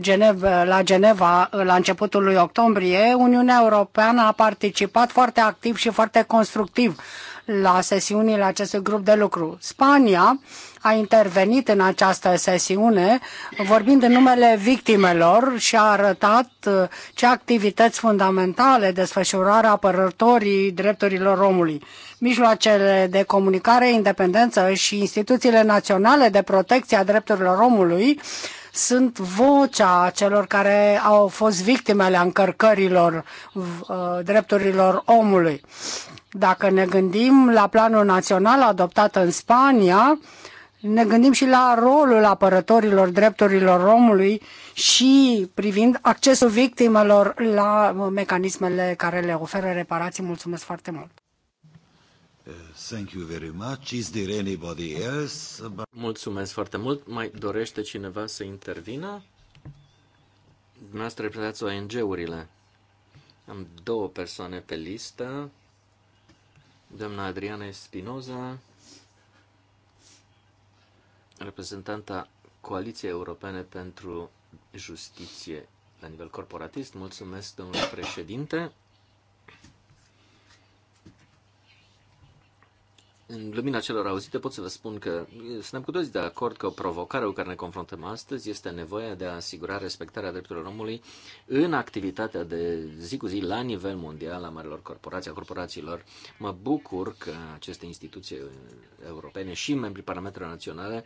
Geneva, la Geneva la începutul lui octombrie, Uniunea Europeană a participat foarte activ și foarte constructiv la sesiunile acestui grup de lucru. Spania a intervenit în această sesiune vorbind în numele victimelor și a arătat uh, ce activități fundamentale desfășurarea apărătorii drepturilor omului. Mijloacele de comunicare, independență și instituțiile naționale de protecție a drepturilor omului sunt vocea celor care au fost victimele încărcărilor uh, drepturilor omului. Dacă ne gândim la planul național adoptat în Spania, ne gândim și la rolul apărătorilor drepturilor omului și privind accesul victimelor la uh, mecanismele care le oferă reparații. Mulțumesc foarte mult! Uh, thank you very much. Is there anybody else? Mulțumesc foarte mult. Mai dorește cineva să intervină? Dumneavoastră reprezentați ONG-urile. Am două persoane pe listă. Doamna Adriana Espinoza reprezentanta Coaliției Europene pentru Justiție la nivel corporatist. Mulțumesc, domnule președinte. În lumina celor auzite pot să vă spun că suntem cu toți de acord că o provocare cu care ne confruntăm astăzi este nevoia de a asigura respectarea drepturilor omului în activitatea de zi cu zi la nivel mondial a marilor corporații, a corporațiilor. Mă bucur că aceste instituții europene și membrii parametrilor Naționale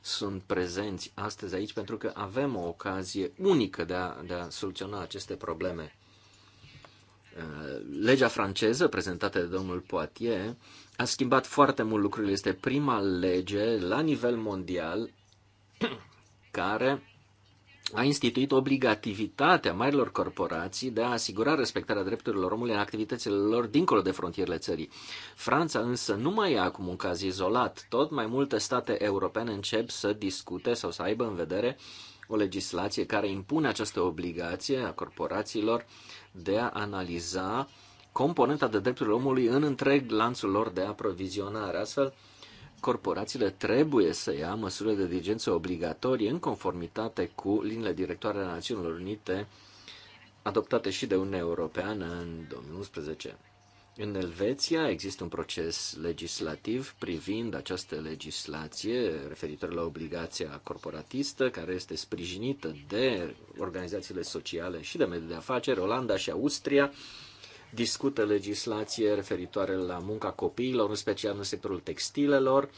sunt prezenți astăzi aici pentru că avem o ocazie unică de a, de a soluționa aceste probleme. Legea franceză prezentată de domnul Poitier a schimbat foarte mult lucrurile. Este prima lege la nivel mondial [clears throat] care a instituit obligativitatea marilor corporații de a asigura respectarea drepturilor omului în activitățile lor dincolo de frontierele țării. Franța însă nu mai e acum un caz izolat. Tot mai multe state europene încep să discute sau să aibă în vedere o legislație care impune această obligație a corporațiilor de a analiza componenta de drepturile omului în întreg lanțul lor de aprovizionare. Astfel, corporațiile trebuie să ia măsurile de dirigență obligatorie în conformitate cu liniile directoare ale Națiunilor Unite adoptate și de Uniunea Europeană în 2011. În Elveția există un proces legislativ privind această legislație referitor la obligația corporatistă, care este sprijinită de organizațiile sociale și de mediul de afaceri. Olanda și Austria discută legislație referitoare la munca copiilor, în special în sectorul textilelor.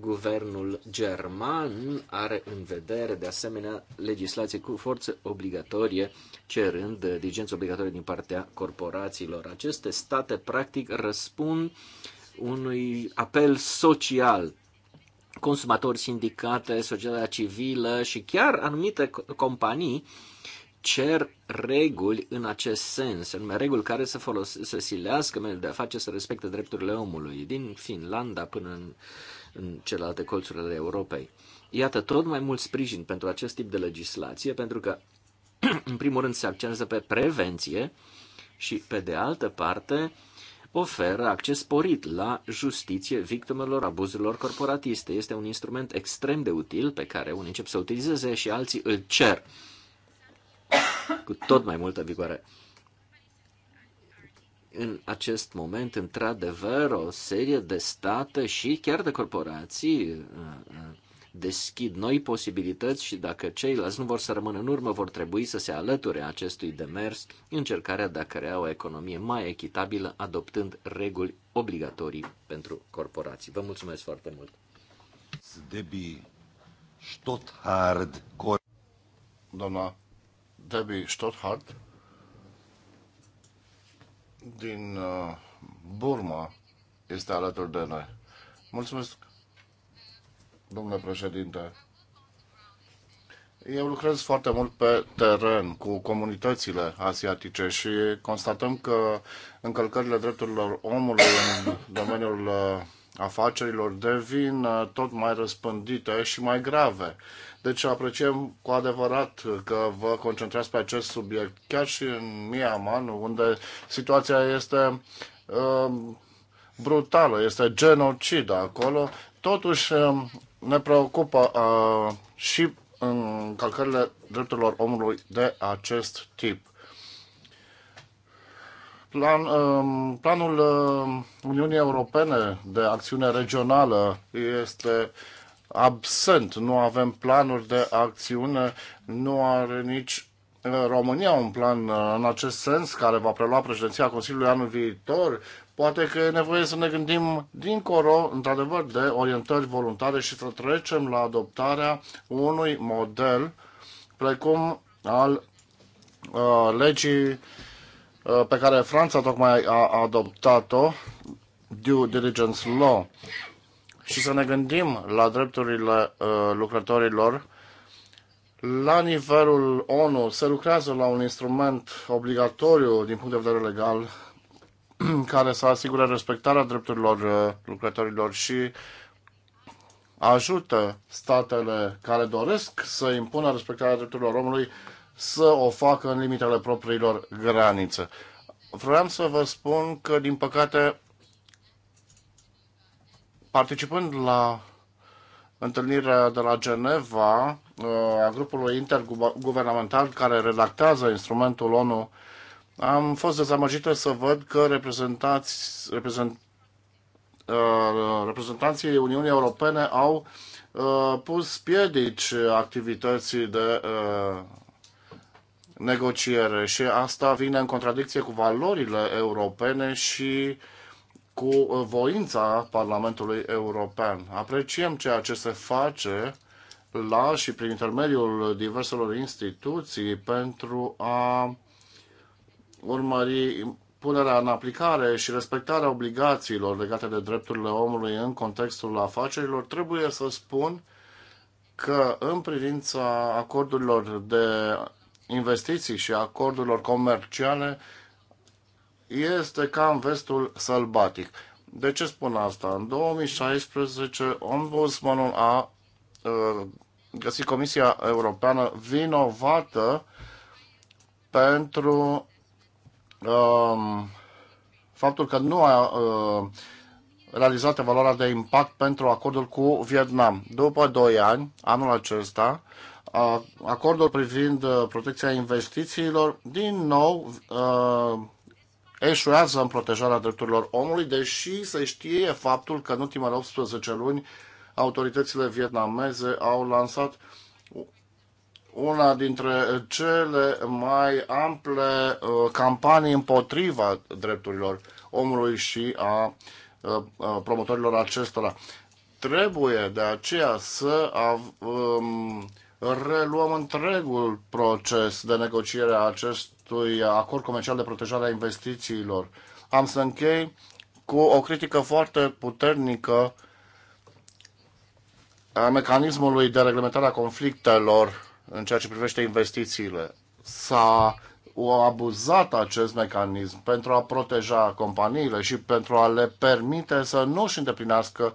Guvernul german are în vedere, de asemenea, legislație cu forță obligatorie, cerând diligență obligatorie din partea corporațiilor. Aceste state, practic, răspund unui apel social consumatori, sindicate, societatea civilă și chiar anumite companii uh, cer reguli în acest sens, anume reguli care să, folose, să silească mediul de afaceri să respecte drepturile omului, din Finlanda până în, în celelalte colțuri ale Europei. Iată, tot mai mult sprijin pentru acest tip de legislație, pentru că, [clears throat] în primul rând, se accentează pe prevenție și, pe de altă parte, oferă acces sporit la justiție victimelor abuzurilor corporatiste. Este un instrument extrem de util pe care unii încep să utilizeze și alții îl cer cu tot mai multă vigoare. În acest moment, într-adevăr, o serie de state și chiar de corporații uh, uh, deschid noi posibilități și dacă ceilalți nu vor să rămână în urmă, vor trebui să se alăture acestui demers încercarea de a crea o economie mai echitabilă, adoptând reguli obligatorii pentru corporații. Vă mulțumesc foarte mult! doamna Debbie Stothard din uh, Burma este alături de noi. Mulțumesc, domnule președinte. Eu lucrez foarte mult pe teren cu comunitățile asiatice și constatăm că încălcările drepturilor omului în domeniul uh, afacerilor devin uh, tot mai răspândite și mai grave. Deci apreciem cu adevărat că vă concentrați pe acest subiect, chiar și în Myanmar, unde situația este uh, brutală, este genocidă acolo. Totuși uh, ne preocupă uh, și încălcările drepturilor omului de acest tip. Plan, um, planul um, Uniunii Europene de acțiune regională este absent, nu avem planuri de acțiune, nu are nici uh, România un plan uh, în acest sens care va prelua președinția Consiliului anul viitor. Poate că e nevoie să ne gândim dincolo, într-adevăr, de orientări voluntare și să trecem la adoptarea unui model precum al uh, legii Uh, pe care Franța tocmai a adoptat-o, Due Diligence Law, și să ne gândim la drepturile uh, lucrătorilor la nivelul ONU se lucrează la un instrument obligatoriu din punct de vedere legal [clears throat] care să asigure respectarea drepturilor uh, lucrătorilor și ajută statele care doresc să impună respectarea drepturilor omului să o facă în limitele propriilor granițe. Vreau să vă spun că, din păcate, participând la întâlnirea de la Geneva uh, a grupului interguvernamental care redactează instrumentul ONU, am fost dezamăgită să văd că reprezentați, reprezent, uh, reprezentanții Uniunii Europene au uh, pus piedici activității de negociere și asta vine în contradicție cu valorile europene și cu uh, voința Parlamentului European. Apreciem ceea ce se face la și prin intermediul diverselor instituții pentru a urmări punerea în aplicare și respectarea obligațiilor legate de drepturile omului în contextul afacerilor, trebuie să spun că în privința acordurilor de investiții și acordurilor comerciale este ca în vestul sălbatic. De ce spun asta? În 2016, ombudsmanul a uh, găsit Comisia Europeană vinovată pentru um, faptul că nu a uh, realizat valoarea de impact pentru acordul cu Vietnam. După 2 ani, anul acesta, acordul privind uh, protecția investițiilor, din nou uh, eșuează în protejarea drepturilor omului, deși se știe faptul că în ultimele 18 luni autoritățile vietnameze au lansat una dintre cele mai ample uh, campanii împotriva drepturilor omului și a promotorilor acestora. Trebuie de aceea să av, um, reluăm întregul proces de negociere a acestui acord comercial de protejare a investițiilor. Am să închei cu o critică foarte puternică a mecanismului de reglementare a conflictelor în ceea ce privește investițiile. S-a abuzat acest mecanism pentru a proteja companiile și pentru a le permite să nu își îndeplinească uh,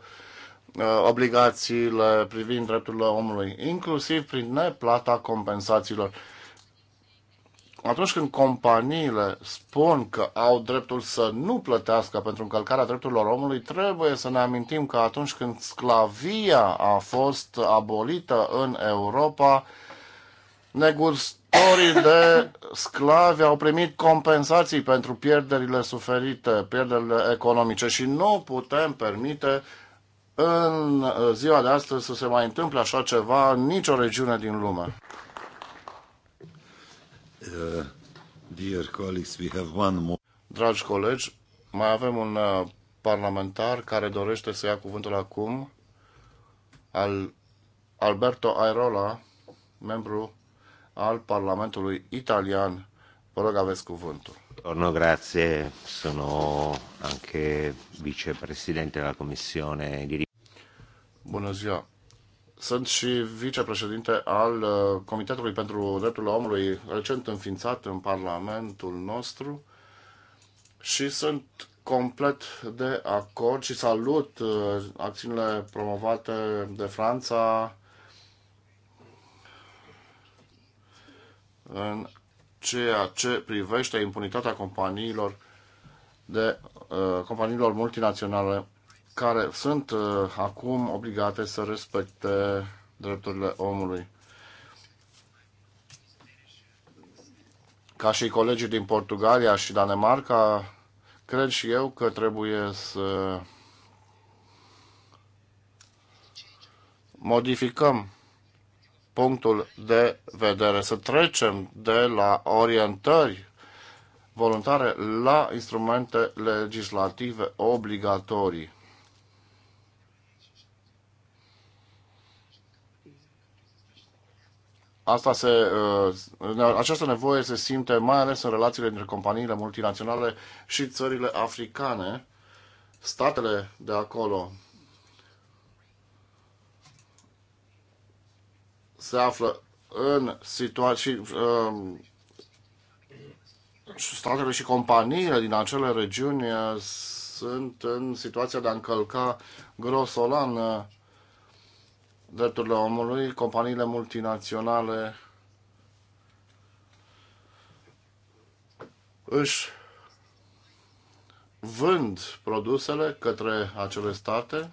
Uh, obligațiile privind drepturile omului, inclusiv prin neplata compensațiilor. Atunci când companiile spun că au dreptul să nu plătească pentru încălcarea drepturilor omului, trebuie să ne amintim că atunci când sclavia a fost abolită în Europa, negustorii de sclavi au primit compensații pentru pierderile suferite, pierderile economice și nu putem permite în uh, ziua de astăzi să se mai întâmple așa ceva în nicio regiune din lume. Uh, Dragi colegi, mai avem un uh, parlamentar care dorește să ia cuvântul acum, al Alberto Airola, membru al Parlamentului Italian. Vă rog, aveți cuvântul. Buongiorno, grazie. Sono anche vicepresidente della Commissione di Bună ziua! Sunt și vicepreședinte al uh, Comitetului pentru Drepturile Omului, recent înființat în Parlamentul nostru și sunt complet de acord și salut uh, acțiunile promovate de Franța în ceea ce privește impunitatea companiilor de uh, companiilor multinaționale care sunt uh, acum obligate să respecte drepturile omului. Ca și colegii din Portugalia și Danemarca, cred și eu că trebuie să modificăm punctul de vedere, să trecem de la orientări voluntare la instrumente legislative obligatorii. Asta se, uh, această nevoie se simte mai ales în relațiile dintre companiile multinaționale și țările africane, statele de acolo. se află în situații um, uh, statele și companiile din acele regiuni uh, sunt în situația de a încălca grosolan drepturile omului, companiile multinaționale își vând produsele către acele state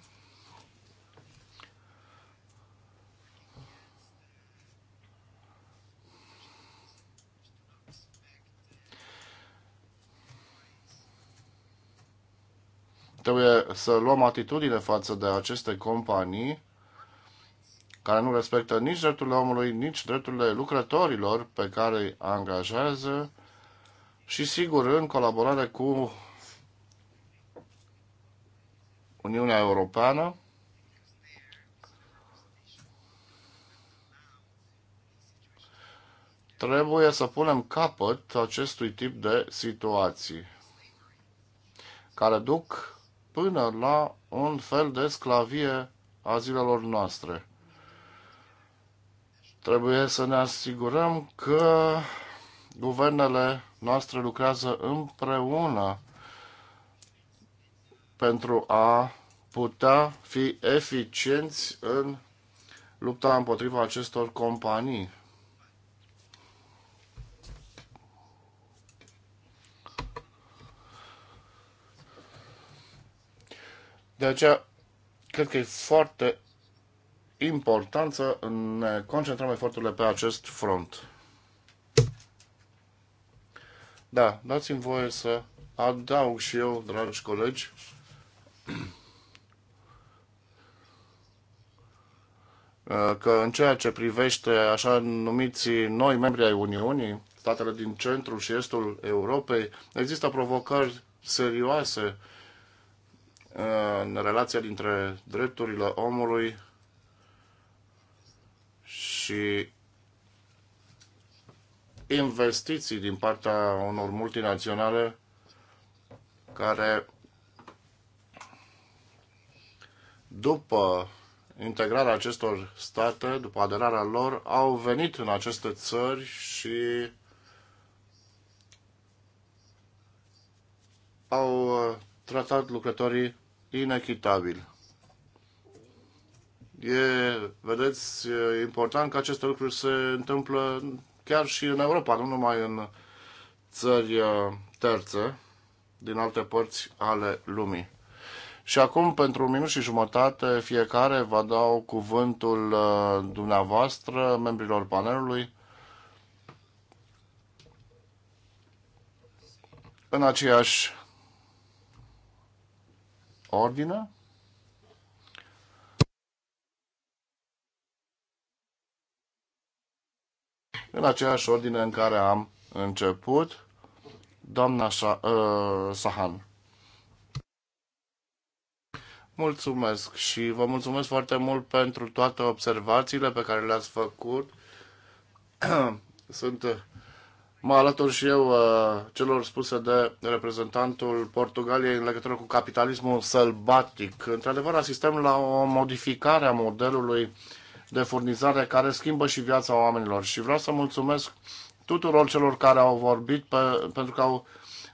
trebuie să luăm atitudine față de aceste companii care nu respectă nici drepturile omului, nici drepturile lucrătorilor pe care îi angajează și, sigur, în colaborare cu Uniunea Europeană, trebuie să punem capăt acestui tip de situații care duc până la un fel de sclavie a zilelor noastre. Trebuie să ne asigurăm că guvernele noastre lucrează împreună pentru a putea fi eficienți în lupta împotriva acestor companii. De aceea, cred că e foarte important să ne concentrăm eforturile pe acest front. Da, dați-mi voie să adaug și eu, dragi colegi, [clears throat] că în ceea ce privește așa numiți noi membri ai Uniunii, statele din centrul și estul Europei, există provocări serioase uh, în relația dintre drepturile omului și investiții din partea unor multinaționale care după integrarea acestor state, după aderarea lor, au venit în aceste țări și au uh, tratat lucrătorii inechitabil. E, vedeți, e important că aceste lucruri se întâmplă chiar și în Europa, nu numai în țări terțe, din alte părți ale lumii. Și acum, pentru un minut și jumătate, fiecare va dau cuvântul dumneavoastră, membrilor panelului. În aceeași ordine. în aceeași ordine în care am început. Doamna Sha- uh, Sahan. Mulțumesc și vă mulțumesc foarte mult pentru toate observațiile pe care le-ați făcut. [clears throat] Sunt mă alătur și eu uh, celor spuse de reprezentantul Portugaliei în legătură cu capitalismul sălbatic. Într-adevăr, asistăm la o modificare a modelului uh, de furnizare care schimbă și viața oamenilor. Și vreau să mulțumesc tuturor celor care au vorbit pe, pentru că au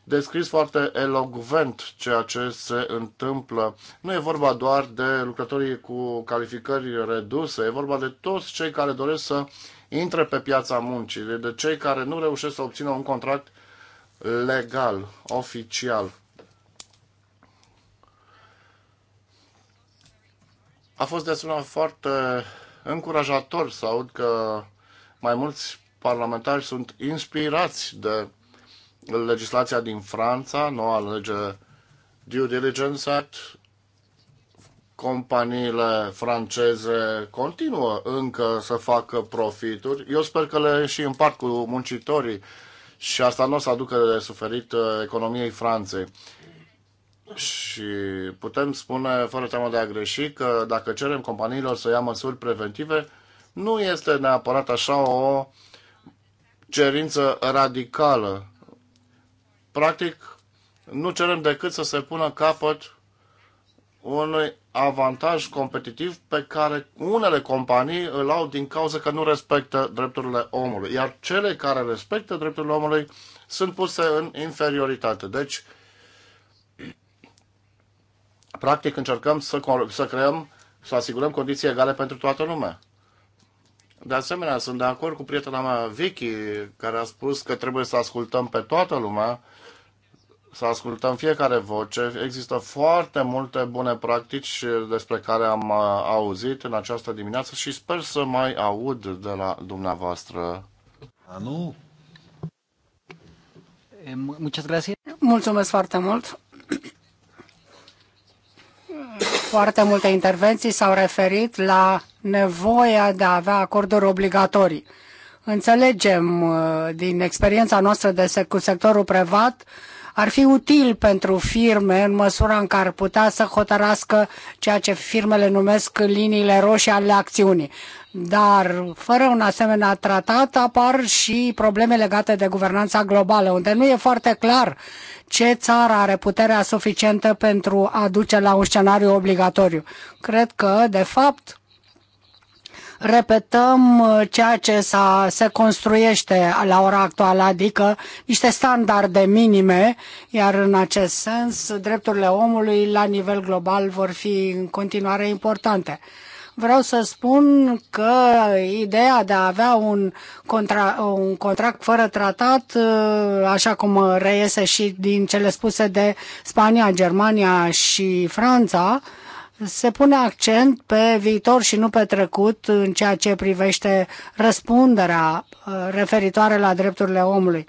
descris foarte elogvent ceea ce se întâmplă. Nu e vorba doar de lucrătorii cu calificări reduse, e vorba de toți cei care doresc să intre pe piața muncii, de cei care nu reușesc să obțină un contract legal, oficial. A fost de asemenea foarte încurajator să aud că mai mulți parlamentari sunt inspirați de legislația din Franța, noua lege Due Diligence Act. Companiile franceze continuă încă să facă profituri. Eu sper că le și împart cu muncitorii și asta nu o să aducă de suferit uh, economiei Franței. Și putem spune, fără teamă de a greși, că dacă cerem companiilor să ia măsuri preventive, nu este neapărat așa o cerință radicală. Practic, nu cerem decât să se pună capăt unui avantaj competitiv pe care unele companii îl au din cauza că nu respectă drepturile omului, iar cele care respectă drepturile omului sunt puse în inferioritate. Deci, Practic încercăm să, să creăm, să asigurăm condiții egale pentru toată lumea. De asemenea, sunt de acord cu prietena mea, Vicky, care a spus că trebuie să ascultăm pe toată lumea, să ascultăm fiecare voce. Există foarte multe bune practici despre care am uh, auzit în această dimineață și sper să mai aud de la dumneavoastră. Anu? Nu. Eh, Mulțumesc foarte mult. Foarte multe intervenții s-au referit la nevoia de a avea acorduri obligatorii. Înțelegem uh, din experiența noastră de sec- cu sectorul privat ar fi util pentru firme în măsura în care ar putea să hotărască ceea ce firmele numesc liniile roșii ale acțiunii. Dar fără un asemenea tratat apar și probleme legate de guvernanța globală, unde nu e foarte clar ce țară are puterea suficientă pentru a duce la un scenariu obligatoriu. Cred că, de fapt, repetăm uh, ceea ce se construiește la ora actuală, adică niște standarde minime, iar în acest sens drepturile omului la nivel global vor fi în continuare importante. Vreau să spun că ideea de a avea un, contra, un contract fără tratat, uh, așa cum reiese și din cele spuse de Spania, Germania și Franța, se pune accent pe viitor și nu pe trecut în ceea ce privește răspunderea uh, referitoare la drepturile omului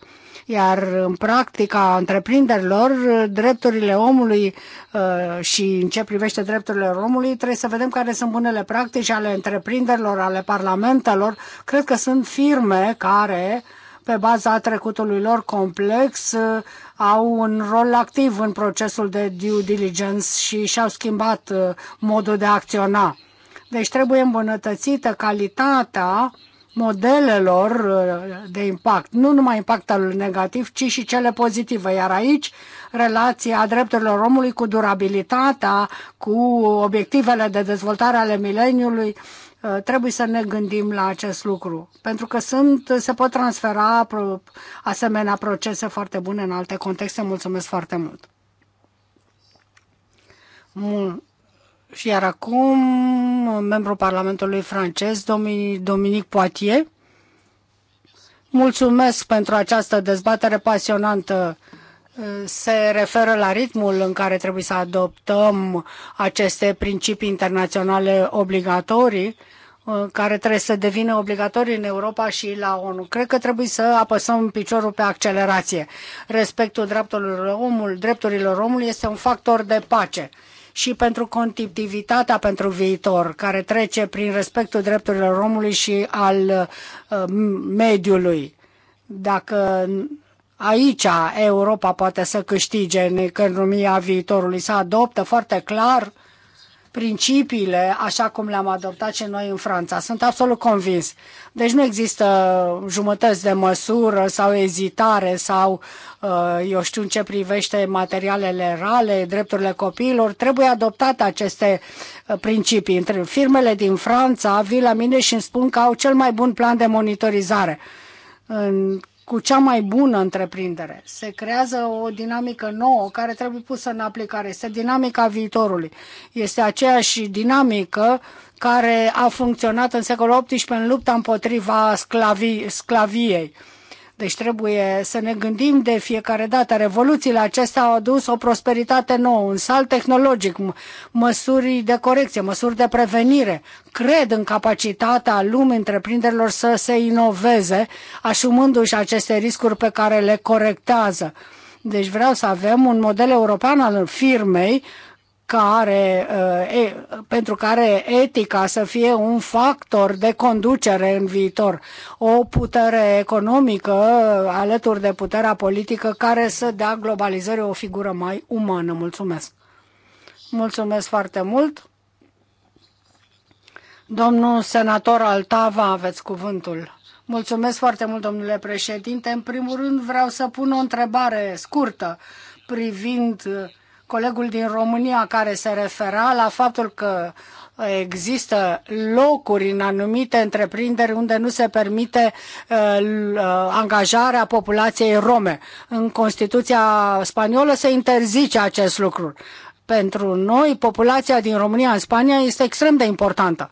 iar în practica întreprinderilor, drepturile omului uh, și în ce privește drepturile omului, trebuie să vedem care sunt bunele practici ale întreprinderilor, ale parlamentelor. Cred că sunt firme care pe baza trecutului lor complex, uh, au un rol activ în procesul de due diligence și și-au schimbat uh, modul de a acționa. Deci trebuie îmbunătățită calitatea modelelor uh, de impact, nu numai impactul negativ, ci și cele pozitive. Iar aici, relația drepturilor omului cu durabilitatea, cu obiectivele de dezvoltare ale mileniului, uh, trebuie să ne gândim la acest lucru, pentru că sunt, se pot transfera asemenea procese foarte bune în alte contexte. Mulțumesc foarte mult! Iar acum, membru Parlamentului francez, Dominic Poitier. Mulțumesc pentru această dezbatere pasionantă se referă la ritmul în care trebuie să adoptăm aceste principii internaționale obligatorii, care trebuie să devină obligatorii în Europa și la ONU. Cred că trebuie să apăsăm piciorul pe accelerație. Respectul drepturilor omului, drepturilor omului este un factor de pace și pentru continuitatea pentru viitor, care trece prin respectul drepturilor omului și al uh, mediului. Dacă aici Europa poate să câștige în economia viitorului, să adoptă foarte clar principiile așa cum le-am adoptat și noi în Franța. Sunt absolut convins. Deci nu există jumătăți de măsură sau ezitare sau uh, eu știu în ce privește materialele rale, drepturile copiilor. Trebuie adoptate aceste uh, principii. Între firmele din Franța vin la mine și îmi spun că au cel mai bun plan de monitorizare în cu cea mai bună întreprindere. Se creează o dinamică nouă care trebuie pusă în aplicare. Este dinamica viitorului. Este aceeași dinamică care a funcționat în secolul XVIII în lupta împotriva sclavii, sclaviei deci trebuie să ne gândim de fiecare dată. Revoluțiile acestea au adus o prosperitate nouă, un salt tehnologic, măsuri de corecție, măsuri de prevenire. Cred în capacitatea lumii întreprinderilor să se inoveze, asumându-și aceste riscuri pe care le corectează. Deci vreau să avem un model european al firmei care, uh, e, pentru care etica să fie un factor de conducere în viitor, o putere economică uh, alături de puterea politică care să dea globalizării o figură mai umană. Mulțumesc! Mulțumesc foarte mult! Domnul senator Altava, aveți cuvântul. Mulțumesc foarte mult, domnule președinte. În primul rând vreau să pun o întrebare scurtă privind uh, colegul din România care se refera la faptul că există locuri în anumite întreprinderi unde nu se permite uh, uh, angajarea populației rome. În Constituția spaniolă se interzice acest lucru. Pentru noi, populația din România în Spania este extrem de importantă.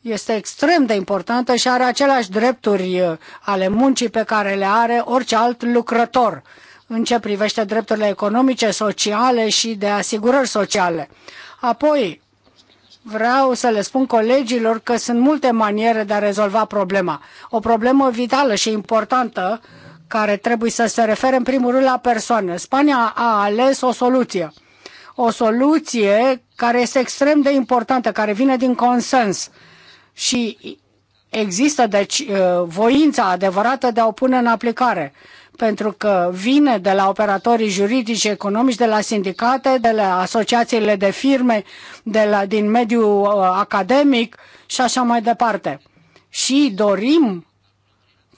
Este extrem de importantă și are aceleași drepturi uh, ale muncii pe care le are orice alt lucrător în ce privește drepturile economice, sociale și de asigurări sociale. Apoi, vreau să le spun colegilor că sunt multe maniere de a rezolva problema. O problemă vitală și importantă care trebuie să se refere în primul rând la persoane. Spania a ales o soluție. O soluție care este extrem de importantă, care vine din consens și există deci uh, voința adevărată de a o pune în aplicare pentru că vine de la operatorii juridici economici, de la sindicate, de la asociațiile de firme, de la, din mediul uh, academic și așa mai departe. Și dorim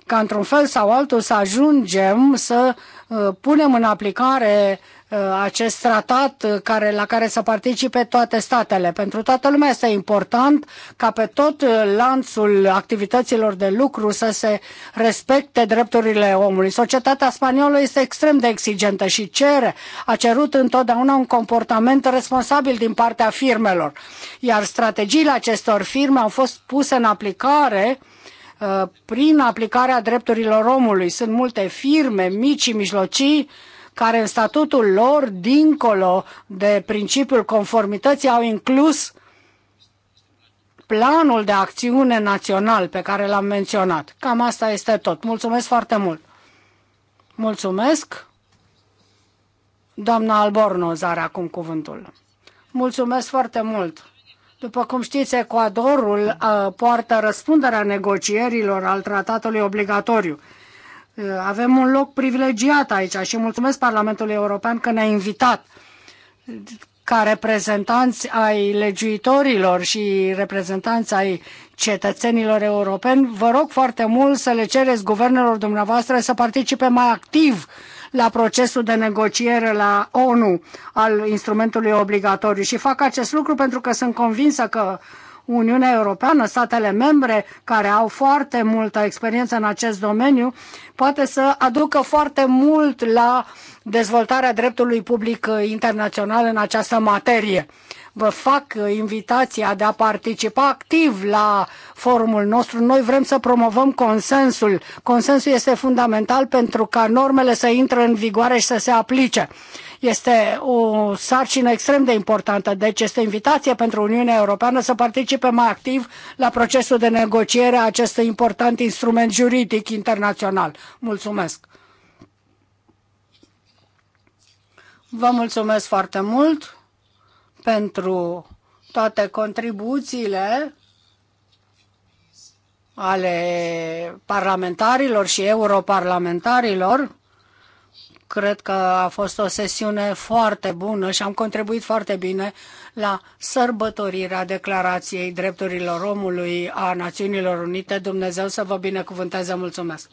ca într-un fel sau altul să ajungem să uh, punem în aplicare Uh, acest tratat uh, care, la care să participe toate statele. Pentru toată lumea este important ca pe tot uh, lanțul activităților de lucru să se respecte drepturile omului. Societatea spaniolă este extrem de exigentă și cere, a cerut întotdeauna un comportament responsabil din partea firmelor. Iar strategiile acestor firme au fost puse în aplicare prin aplicarea drepturilor omului. Sunt multe firme mici și mijlocii care în statutul lor, dincolo de principiul conformității, au inclus planul de acțiune național pe care l-am menționat. Cam asta este tot. Mulțumesc foarte mult! Mulțumesc! Doamna Albornoz are acum cuvântul. Mulțumesc foarte mult! După cum știți, Ecuadorul uh, poartă răspunderea negocierilor al tratatului obligatoriu Eh, avem un loc privilegiat aici și mulțumesc Parlamentului European că ne-a invitat ca reprezentanți ai legiuitorilor și reprezentanți ai cetățenilor europeni, vă rog foarte mult să le cereți guvernelor dumneavoastră să participe mai activ la procesul de negociere la ONU al instrumentului obligatoriu și fac acest lucru pentru că sunt convinsă că Uniunea Europeană, statele membre care au foarte multă experiență în acest domeniu, poate să aducă foarte mult la dezvoltarea dreptului public uh, internațional în această materie. Vă fac uh, invitația de a participa activ la forumul nostru. Noi vrem să promovăm consensul. Consensul este fundamental pentru ca normele să intre în vigoare și să se aplice. Este o sarcină extrem de importantă, deci este invitație pentru Uniunea Europeană să participe mai activ la procesul de negociere a acestui important instrument juridic internațional. Mulțumesc! Vă mulțumesc foarte mult pentru toate contribuțiile ale parlamentarilor și europarlamentarilor. Cred că a fost o sesiune foarte bună și am contribuit foarte bine la sărbătorirea Declarației Drepturilor Omului a Națiunilor Unite. Dumnezeu să vă binecuvânteze. Mulțumesc!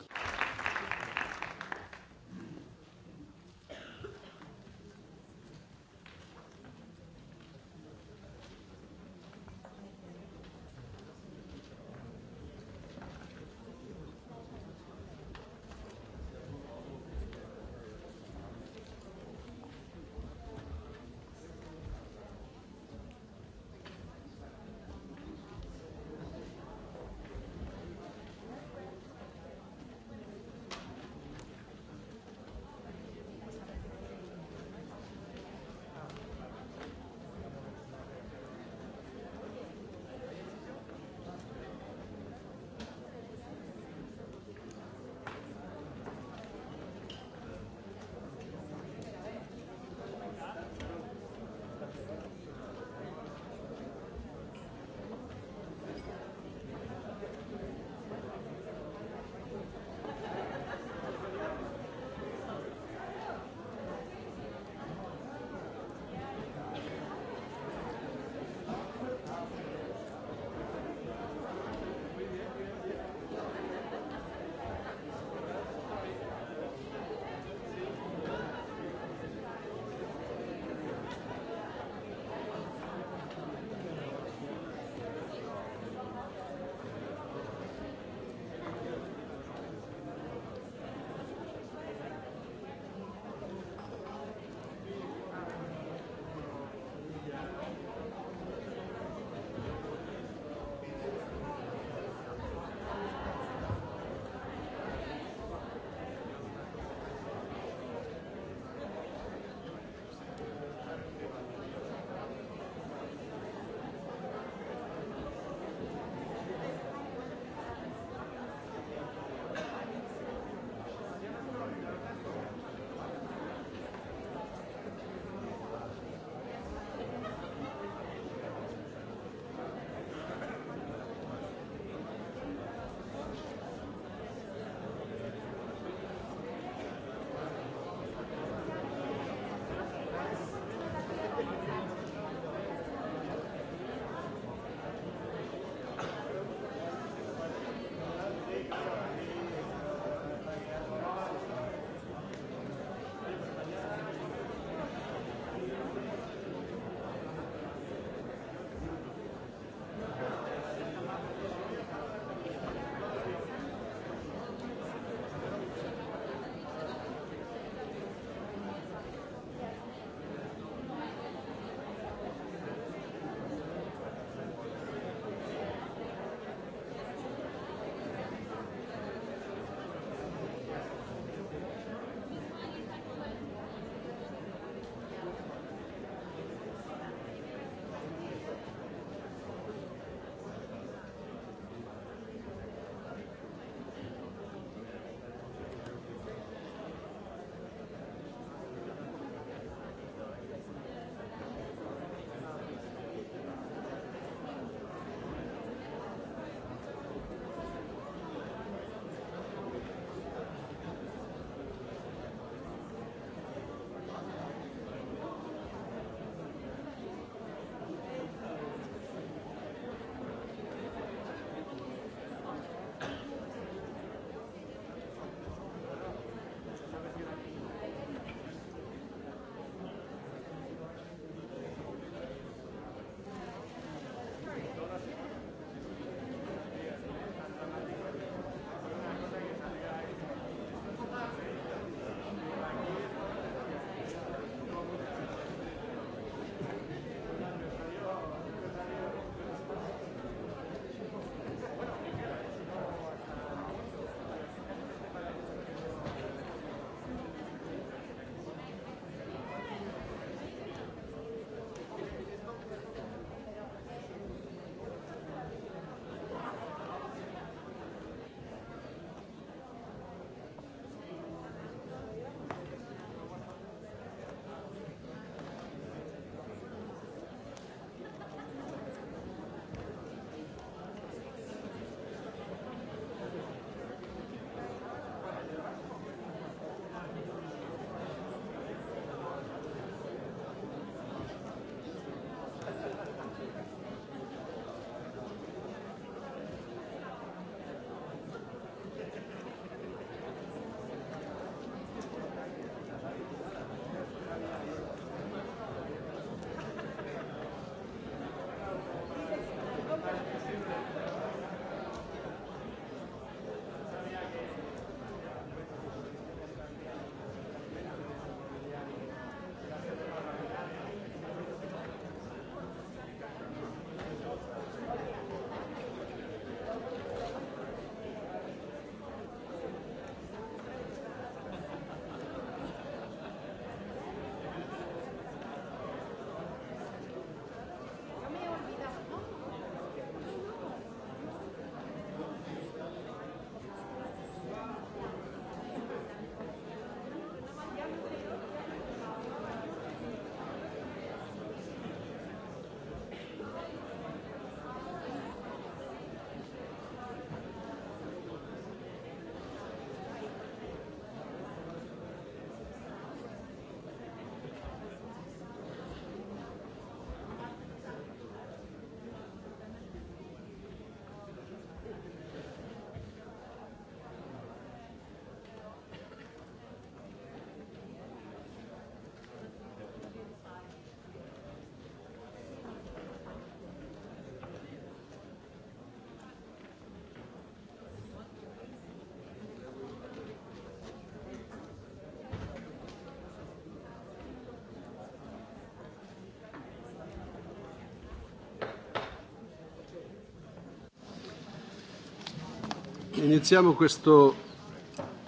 iniziamo questo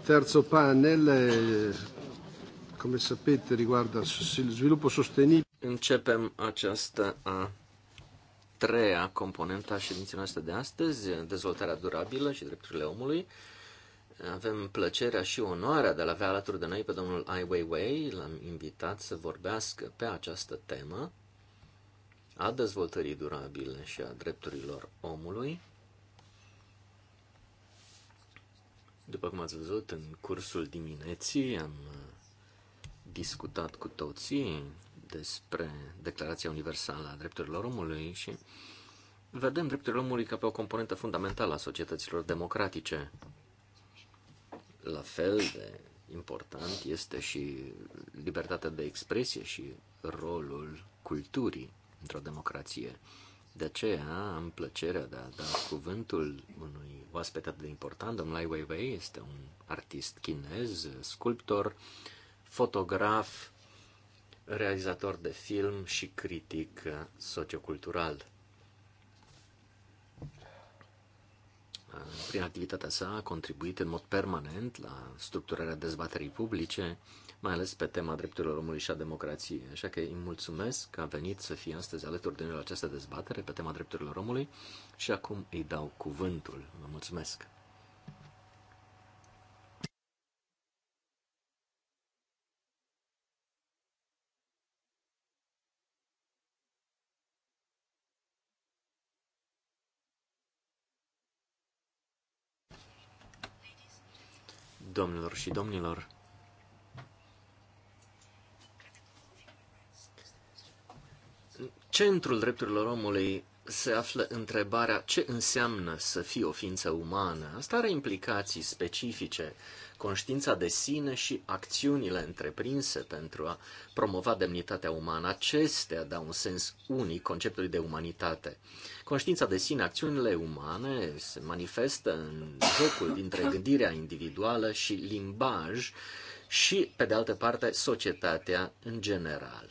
terzo panel, eh, come sapete riguarda il sviluppo sostenibile. Începem această a treia componentă a ședinței noastre de astăzi, dezvoltarea durabilă și drepturile omului. Avem plăcerea și onoarea de a avea alături de noi pe domnul Ai Weiwei. L-am invitat să vorbească pe această temă a dezvoltării durabile și a drepturilor omului. După cum ați văzut, în cursul dimineții am uh, discutat cu toții despre Declarația Universală a Drepturilor Omului și vedem drepturile omului ca pe o componentă fundamentală a societăților democratice. La fel de important este și libertatea de expresie și rolul culturii într-o democrație. De aceea am plăcerea de a da cuvântul unui oaspet atât de important, domnul Ai Weiwei, este un artist chinez, sculptor, fotograf, realizator de film și critic sociocultural. Prin activitatea sa a contribuit în mod permanent la structurarea dezbaterii publice, mai ales pe tema drepturilor omului și a democrației. Așa că îi mulțumesc că a venit să fie astăzi alături de noi la această dezbatere pe tema drepturilor omului și acum îi dau cuvântul. Vă mulțumesc! Domnilor și domnilor, centrul drepturilor omului se află întrebarea ce înseamnă să fii o ființă umană. Asta are implicații specifice, conștiința de sine și acțiunile întreprinse pentru a promova demnitatea umană. Acestea dau un sens unic conceptului de umanitate. Conștiința de sine, acțiunile umane se manifestă în jocul dintre gândirea individuală și limbaj și, pe de altă parte, societatea în general.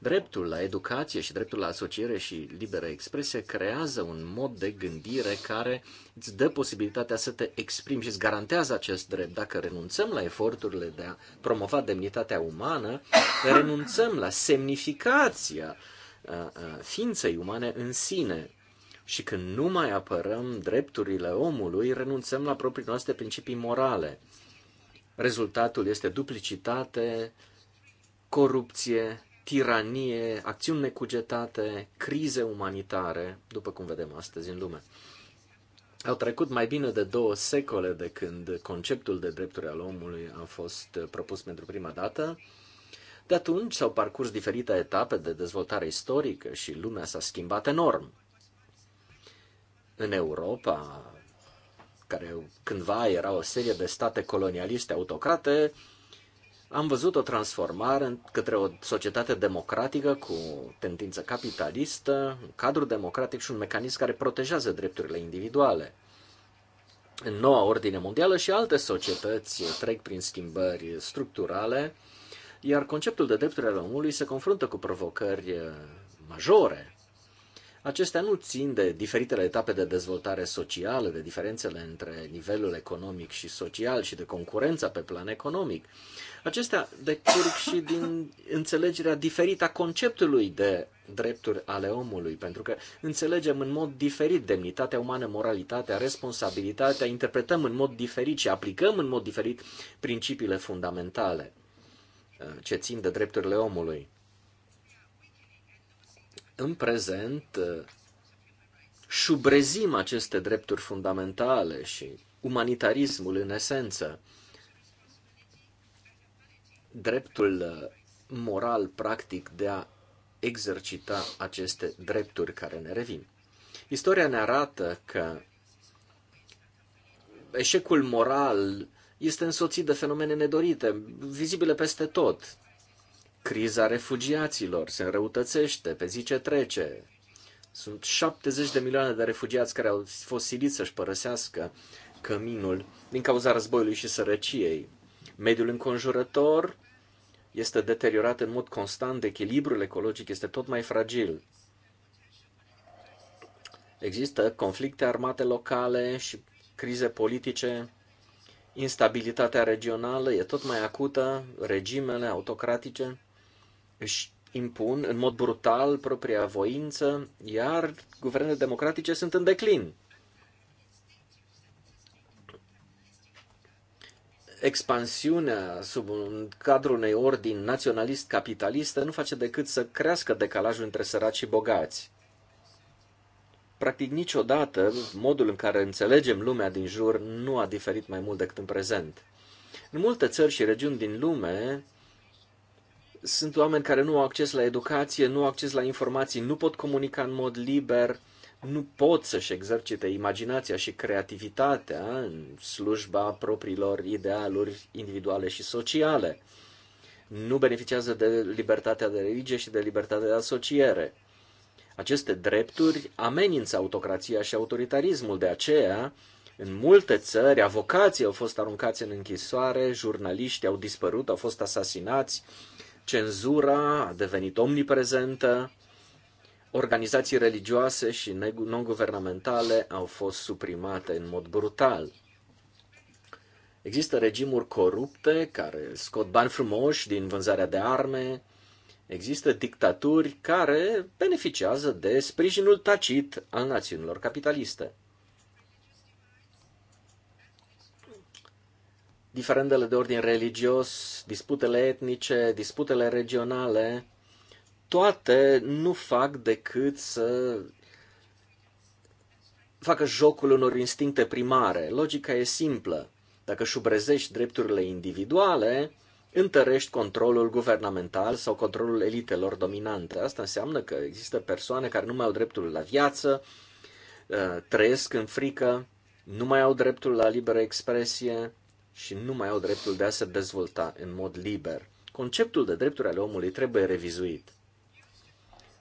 Dreptul la educație și dreptul la asociere și liberă expresie creează un mod de gândire care îți dă posibilitatea să te exprimi și îți garantează acest drept. Dacă renunțăm la eforturile de a promova demnitatea umană, renunțăm la semnificația uh, uh, ființei umane în sine, și când nu mai apărăm drepturile omului, renunțăm la propriile noastre principii morale. Rezultatul este duplicitate, corupție tiranie, acțiuni necugetate, crize umanitare, după cum vedem astăzi în lume. Au trecut mai bine de două secole de când conceptul de drepturi al omului a fost propus pentru prima dată. De atunci s-au parcurs diferite etape de dezvoltare istorică și lumea s-a schimbat enorm. În Europa, care cândva era o serie de state colonialiste autocrate, am văzut o transformare către o societate democratică cu tendință capitalistă, un cadru democratic și un mecanism care protejează drepturile individuale. În noua ordine mondială și alte societăți uh, trec prin schimbări structurale, iar conceptul de drepturile omului se confruntă cu provocări uh, majore. Acestea nu țin de diferitele etape de dezvoltare socială, de diferențele între nivelul economic și social și de concurența pe plan economic. Acestea decurg și din înțelegerea diferită a conceptului de drepturi ale omului, pentru că înțelegem în mod diferit demnitatea umană, moralitatea, responsabilitatea, interpretăm în mod diferit și aplicăm în mod diferit principiile fundamentale uh, ce țin de drepturile omului. În prezent, eh, șubrezim aceste drepturi fundamentale și umanitarismul în esență. Dreptul eh, moral, practic, de a exercita aceste drepturi care ne revin. Istoria ne arată că eșecul moral este însoțit de fenomene nedorite, vizibile peste tot. Criza refugiaților se înrăutățește pe zi ce trece. Sunt 70 de milioane de refugiați care au fost siliți să-și părăsească căminul din cauza războiului și sărăciei. Mediul înconjurător este deteriorat în mod constant, echilibrul ecologic este tot mai fragil. Există conflicte armate locale și crize politice, instabilitatea regională e tot mai acută, regimele autocratice își impun în mod brutal propria voință, iar guvernele democratice sunt în declin. Expansiunea sub un cadru unei ordini naționalist-capitalistă nu face decât să crească decalajul între săraci și bogați. Practic niciodată modul în care înțelegem lumea din jur nu a diferit mai mult decât în prezent. În multe țări și regiuni din lume, sunt oameni care nu au acces la educație, nu au acces la informații, nu pot comunica în mod liber, nu pot să-și exercite imaginația și creativitatea în slujba propriilor idealuri individuale și sociale. Nu beneficiază de libertatea de religie și de libertatea de asociere. Aceste drepturi amenință autocrația și autoritarismul, de aceea, în multe țări, avocații au fost aruncați în închisoare, jurnaliștii au dispărut, au fost asasinați, Cenzura a devenit omniprezentă, organizații religioase și non-guvernamentale au fost suprimate în mod brutal. Există regimuri corupte care scot bani frumoși din vânzarea de arme, există dictaturi care beneficiază de sprijinul tacit al națiunilor capitaliste. diferendele de ordin religios, disputele etnice, disputele regionale, toate nu fac decât să facă jocul unor instincte primare. Logica e simplă. Dacă șubrezești drepturile individuale, întărești controlul guvernamental sau controlul elitelor dominante. Asta înseamnă că există persoane care nu mai au dreptul la viață, uh, trăiesc în frică, nu mai au dreptul la liberă expresie, și nu mai au dreptul de a se dezvolta în mod liber. Conceptul de drepturi ale omului trebuie revizuit.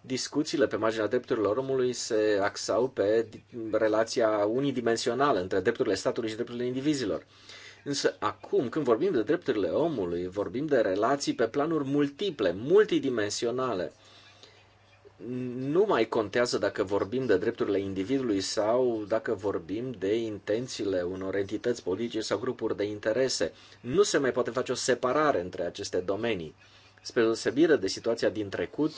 Discuțiile pe marginea drepturilor omului se axau pe relația unidimensională între drepturile statului și drepturile indivizilor. Însă acum, când vorbim de drepturile omului, vorbim de relații pe planuri multiple, multidimensionale nu mai contează dacă vorbim de drepturile individului sau dacă vorbim de intențiile unor entități politice sau grupuri de interese. Nu se mai poate face o separare între aceste domenii. Spre deosebire de situația din trecut,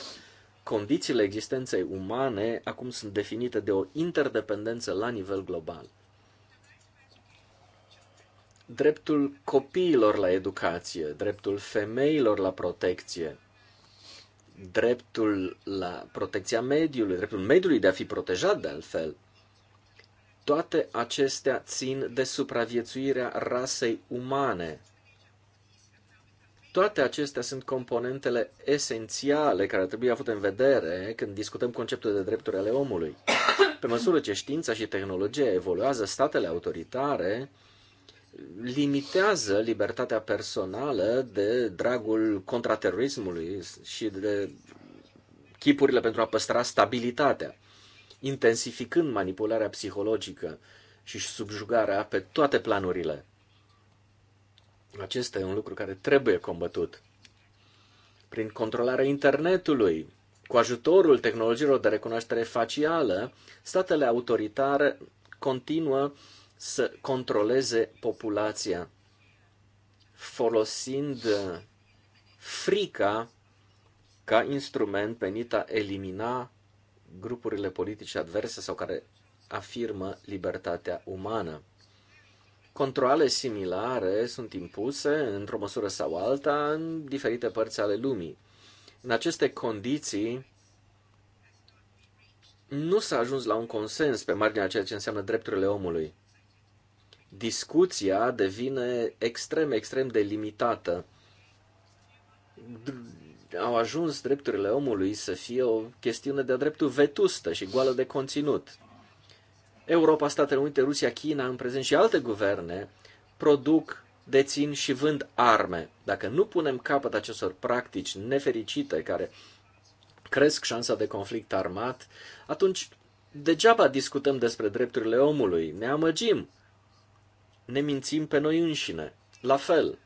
condițiile existenței umane acum sunt definite de o interdependență la nivel global. Dreptul copiilor la educație, dreptul femeilor la protecție, dreptul la protecția mediului, dreptul mediului de a fi protejat de altfel, toate acestea țin de supraviețuirea rasei umane. Toate acestea sunt componentele esențiale care trebuie avute în vedere când discutăm conceptul de drepturi ale omului. Pe măsură ce știința și tehnologia evoluează, statele autoritare limitează libertatea personală de dragul contraterorismului și de chipurile pentru a păstra stabilitatea, intensificând manipularea psihologică și subjugarea pe toate planurile. Acesta e un lucru care trebuie combătut. Prin controlarea internetului, cu ajutorul tehnologiilor de recunoaștere facială, statele autoritare continuă să controleze populația, folosind uh, frica ca instrument venit a elimina grupurile politice adverse sau care afirmă libertatea umană. Controle similare sunt impuse, într-o măsură sau alta, în diferite părți ale lumii. În aceste condiții, nu s-a ajuns la un consens pe marginea ceea ce înseamnă drepturile omului discuția devine extrem, extrem de limitată. Au ajuns drepturile omului să fie o chestiune de-a dreptul vetustă și goală de conținut. Europa, Statele Unite, Rusia, China, în prezent și alte guverne produc, dețin și vând arme. Dacă nu punem capăt acestor practici nefericite care cresc șansa de conflict armat, atunci degeaba discutăm despre drepturile omului, ne amăgim ne mințim pe noi înșine. La fel,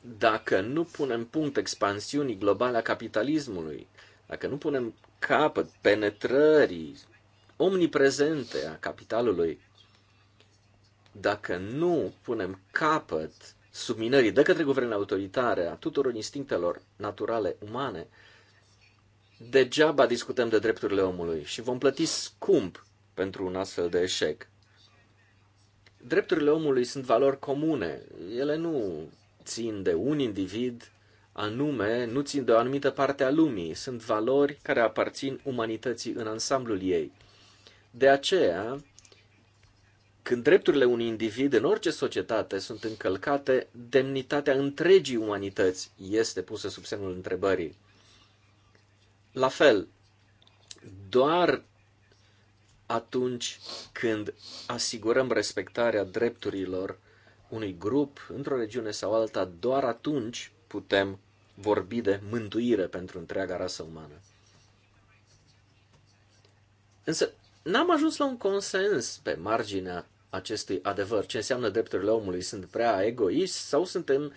dacă nu punem punct expansiunii globale a capitalismului, dacă nu punem capăt penetrării omniprezente a capitalului, dacă nu punem capăt subminării de către guvernul autoritare a tuturor instinctelor naturale umane, degeaba discutăm de drepturile omului și vom plăti scump pentru un astfel de eșec. Drepturile omului sunt valori comune. Ele nu țin de un individ anume, nu țin de o anumită parte a lumii. Sunt valori care aparțin umanității în ansamblul ei. De aceea, când drepturile unui individ în orice societate sunt încălcate, demnitatea întregii umanități este pusă sub semnul întrebării. La fel, doar atunci când asigurăm respectarea drepturilor unui grup într-o regiune sau alta, doar atunci putem vorbi de mântuire pentru întreaga rasă umană. Însă n-am ajuns la un consens pe marginea acestui adevăr. Ce înseamnă drepturile omului? Sunt prea egoiști sau suntem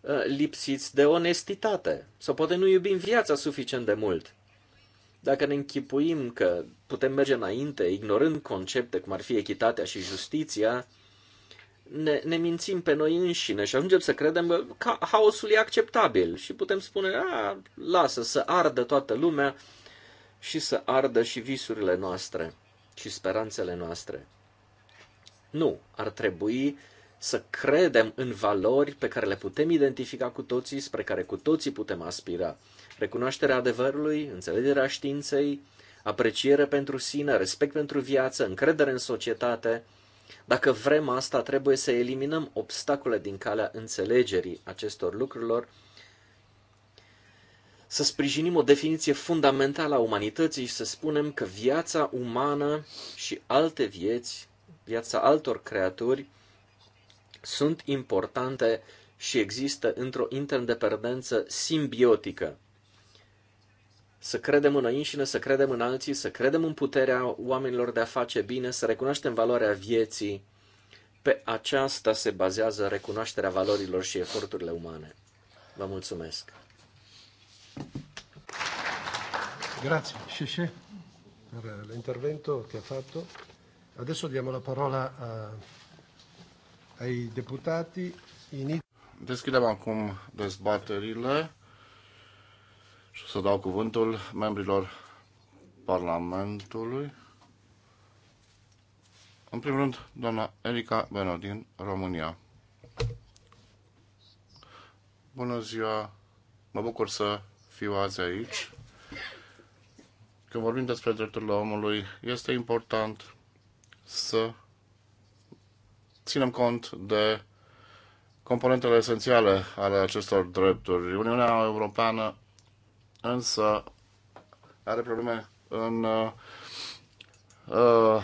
uh, lipsiți de onestitate? Sau poate nu iubim viața suficient de mult? Dacă ne închipuim că putem merge înainte, ignorând concepte cum ar fi echitatea și justiția, ne, ne mințim pe noi înșine și ajungem să credem că haosul e acceptabil și putem spune, a, lasă să ardă toată lumea și să ardă și visurile noastre și speranțele noastre. Nu, ar trebui să credem în valori pe care le putem identifica cu toții, spre care cu toții putem aspira recunoașterea adevărului, înțelegerea științei, apreciere pentru sine, respect pentru viață, încredere în societate. Dacă vrem asta, trebuie să eliminăm obstacole din calea înțelegerii acestor lucrurilor, să sprijinim o definiție fundamentală a umanității și să spunem că viața umană și alte vieți, viața altor creaturi, sunt importante și există într-o interdependență simbiotică să credem în noi înșine, să credem în alții, să credem în puterea oamenilor de a face bine, să recunoaștem valoarea vieții. Pe aceasta se bazează recunoașterea valorilor și eforturile umane. Vă mulțumesc! Grazie, Șeșe, per l'intervento che ha fatto. Adesso diamo la parola a, ai deputati. Deschidem acum dezbaterile. Și o să dau cuvântul membrilor Parlamentului. În primul rând, doamna Erika Beno din România. Bună ziua! Mă bucur să fiu azi aici. Când vorbim despre drepturile omului, este important să ținem cont de componentele esențiale ale acestor drepturi. Uniunea Europeană însă are probleme în uh, uh,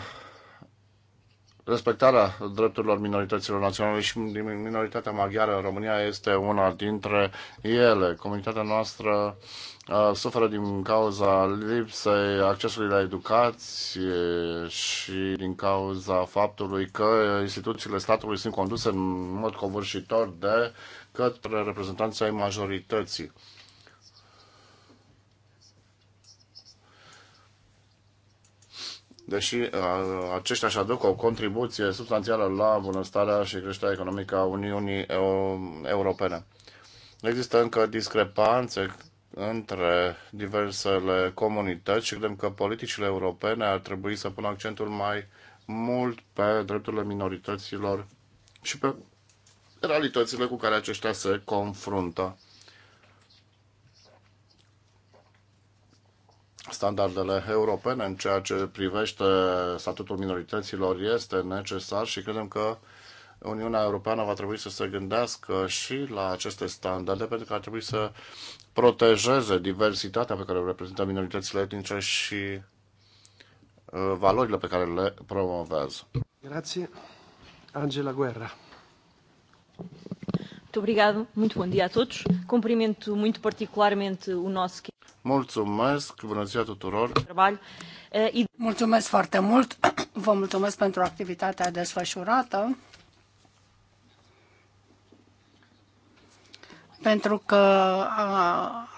respectarea drepturilor minorităților naționale și minoritatea maghiară în România este una dintre ele. Comunitatea noastră uh, suferă din cauza lipsei accesului la educație și din cauza faptului că instituțiile statului sunt conduse în mod covârșitor de către reprezentanții ai majorității. deși uh, aceștia își aduc o contribuție substanțială la bunăstarea și creșterea economică a Uniunii Europene. Există încă discrepanțe între diversele comunități și credem că politicile europene ar trebui să pună accentul mai mult pe drepturile minorităților și pe realitățile cu care aceștia se confruntă. standardele europene în ceea ce privește statutul minorităților este necesar și credem că Uniunea Europeană va trebui să se gândească și la aceste standarde pentru că ar trebui să protejeze diversitatea pe care o reprezintă minoritățile etnice și uh, valorile pe care le promovează. Grazie. Angela Guerra. Muito obrigado, muito bom dia a todos. Cumprimento muito particularmente o nosso... Mulțumesc, bună ziua tuturor. Trabalho. Eh, mulțumesc foarte mult. [clears throat] Vă mulțumesc pentru activitatea desfășurată. pentru că a,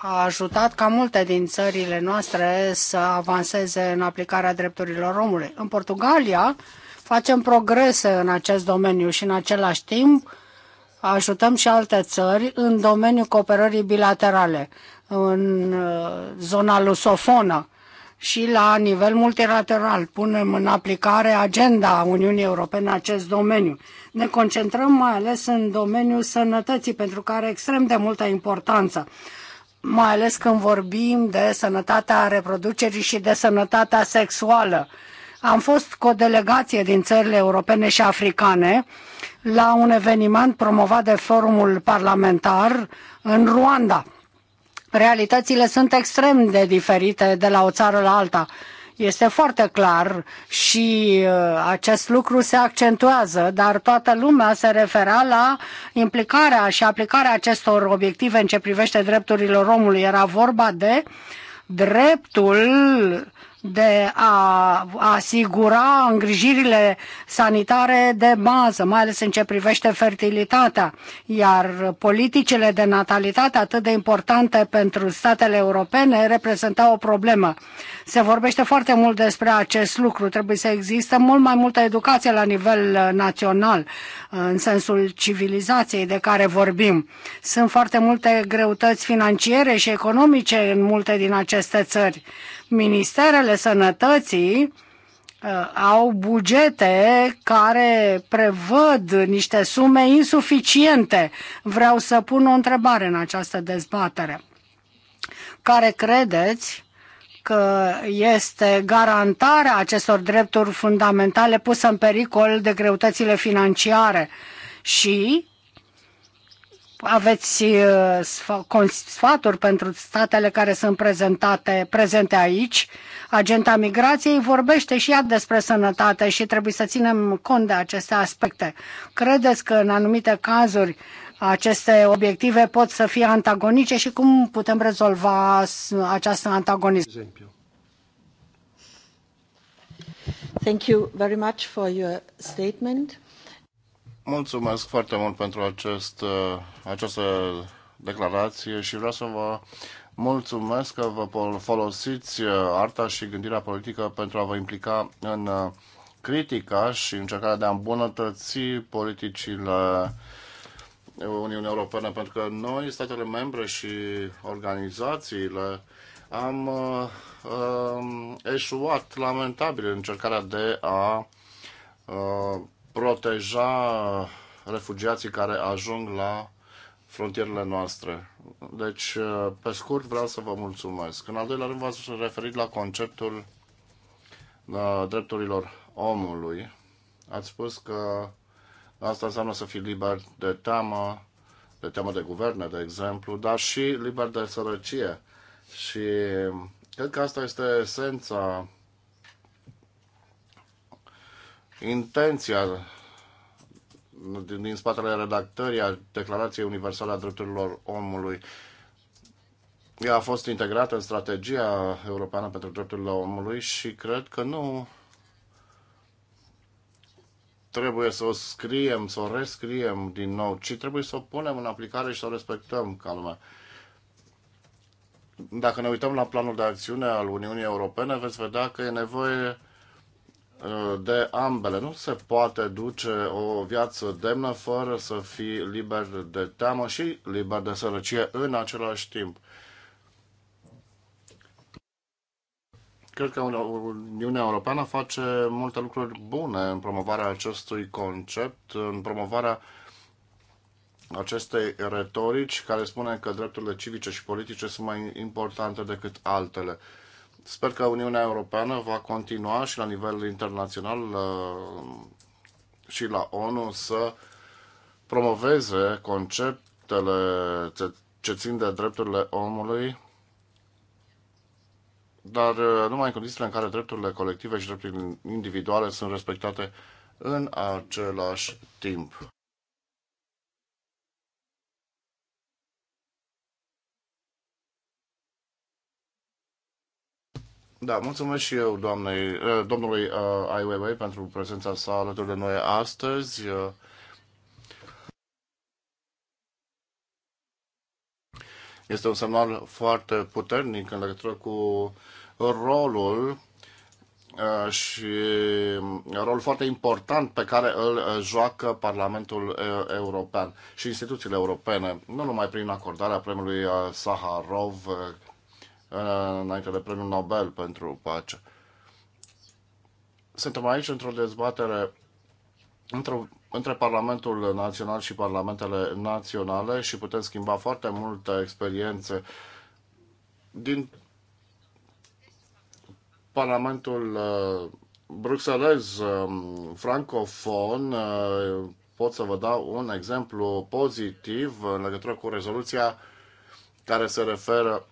a ajutat ca multe din țările noastre să avanseze în aplicarea drepturilor omului. În Portugalia facem progrese în acest domeniu și în același timp ajutăm și alte țări în domeniul cooperării bilaterale, în uh, zona lusofonă și la nivel multilateral. Punem în aplicare agenda Uniunii Europene în acest domeniu. Ne concentrăm mai ales în domeniul sănătății, pentru care are extrem de multă importanță mai ales când vorbim de sănătatea reproducerii și de sănătatea sexuală. Am fost cu o delegație din țările europene și africane la un eveniment promovat de forumul parlamentar în Ruanda. Realitățile sunt extrem de diferite de la o țară la alta. Este foarte clar și uh, acest lucru se accentuează, dar toată lumea se refera la implicarea și aplicarea acestor obiective în ce privește drepturile omului. Era vorba de dreptul de a asigura îngrijirile sanitare de bază, mai ales în ce privește fertilitatea, iar politicile de natalitate atât de importante pentru statele europene reprezentau o problemă. Se vorbește foarte mult despre acest lucru, trebuie să existe mult mai multă educație la nivel național, în sensul civilizației de care vorbim. Sunt foarte multe greutăți financiare și economice în multe din aceste țări Ministerele Sănătății uh, au bugete care prevăd niște sume insuficiente. Vreau să pun o întrebare în această dezbatere. Care credeți că este garantarea acestor drepturi fundamentale pusă în pericol de greutățile financiare și aveți uh, sfaturi pentru statele care sunt prezentate, prezente aici. Agenda migrației vorbește și ea despre sănătate și trebuie să ținem cont de aceste aspecte. Credeți că în anumite cazuri aceste obiective pot să fie antagonice și cum putem rezolva această antagonism? Thank you very much for your statement. Mulțumesc foarte mult pentru acest, uh, această declarație și vreau să vă mulțumesc că vă folosiți uh, arta și gândirea politică pentru a vă implica în uh, critica și încercarea de a îmbunătăți politicile Uniunii Europene, pentru că noi, statele membre și organizațiile, am uh, uh, eșuat lamentabil în încercarea de a uh, proteja refugiații care ajung la frontierele noastre. Deci, pe scurt, vreau să vă mulțumesc. În al doilea rând, v-ați referit la conceptul da, drepturilor omului. Ați spus că asta înseamnă să fii liber de teamă, de teamă de guverne, de exemplu, dar și liber de sărăcie. Și cred că asta este esența intenția din spatele redactării a Declarației Universale a Drepturilor Omului. Ea a fost integrată în strategia europeană pentru drepturile omului și cred că nu trebuie să o scriem, să o rescriem din nou, ci trebuie să o punem în aplicare și să o respectăm ca lumea. Dacă ne uităm la planul de acțiune al Uniunii Europene, veți vedea că e nevoie Uh, de ambele. Nu se poate duce o viață demnă fără să fii liber de teamă și liber de sărăcie în același timp. Cred că Uniunea Europeană face multe lucruri bune în promovarea acestui concept, în promovarea acestei retorici care spune că drepturile civice și politice sunt mai importante decât altele. Sper că Uniunea Europeană va continua și la nivel internațional uh, și la ONU să promoveze conceptele ce țin de drepturile omului, dar uh, numai în condițiile în care drepturile colective și drepturile individuale sunt respectate în același timp. Da, mulțumesc și eu doamnei, uh, domnului uh, Ai Weiwei pentru prezența sa alături de noi astăzi. Uh. Este un semnal foarte puternic în legătură cu rolul și rol foarte important pe care îl joacă Parlamentul European și instituțiile europene, nu numai prin acordarea premiului Saharov Uh, înainte de premiul Nobel pentru pace. Suntem aici într-o dezbatere într-o, între Parlamentul Național și Parlamentele Naționale și putem schimba foarte multe experiențe din Parlamentul uh, bruxelez um, francofon, uh, pot să vă dau un exemplu pozitiv în legătură cu rezoluția care se referă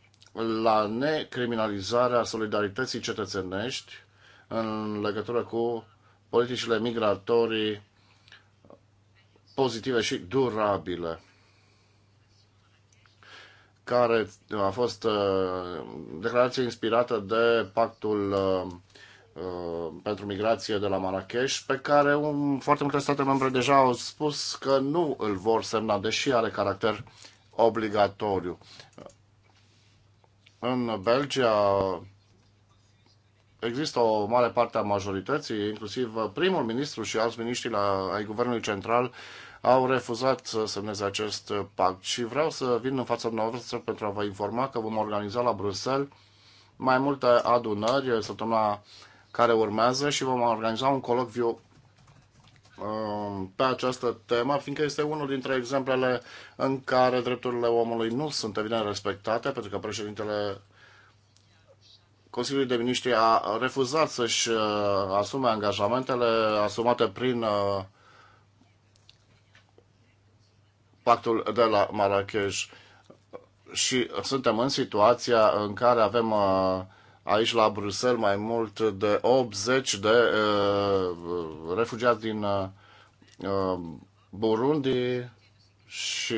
la necriminalizarea solidarității cetățenești în legătură cu politicile migratorii pozitive și durabile care a fost uh, declarație inspirată de pactul uh, uh, pentru migrație de la Marrakesh, pe care un, foarte multe state membre deja au spus că nu îl vor semna, deși are caracter obligatoriu. În Belgia există o mare parte a majorității, inclusiv primul ministru și alți miniștri la, ai Guvernului Central au refuzat să semneze acest pact și vreau să vin în fața dumneavoastră pentru a vă informa că vom organiza la Bruxelles mai multe adunări săptămâna care urmează și vom organiza un coloc Um, pe această temă, fiindcă este unul dintre exemplele în care drepturile omului nu sunt evident respectate, pentru că președintele Consiliului de Ministri a refuzat să-și uh, asume angajamentele asumate prin uh, pactul de la Marrakech. Și suntem în situația în care avem uh, aici la Bruxelles mai mult de 80 de uh, refugiați din uh, uh, Burundi și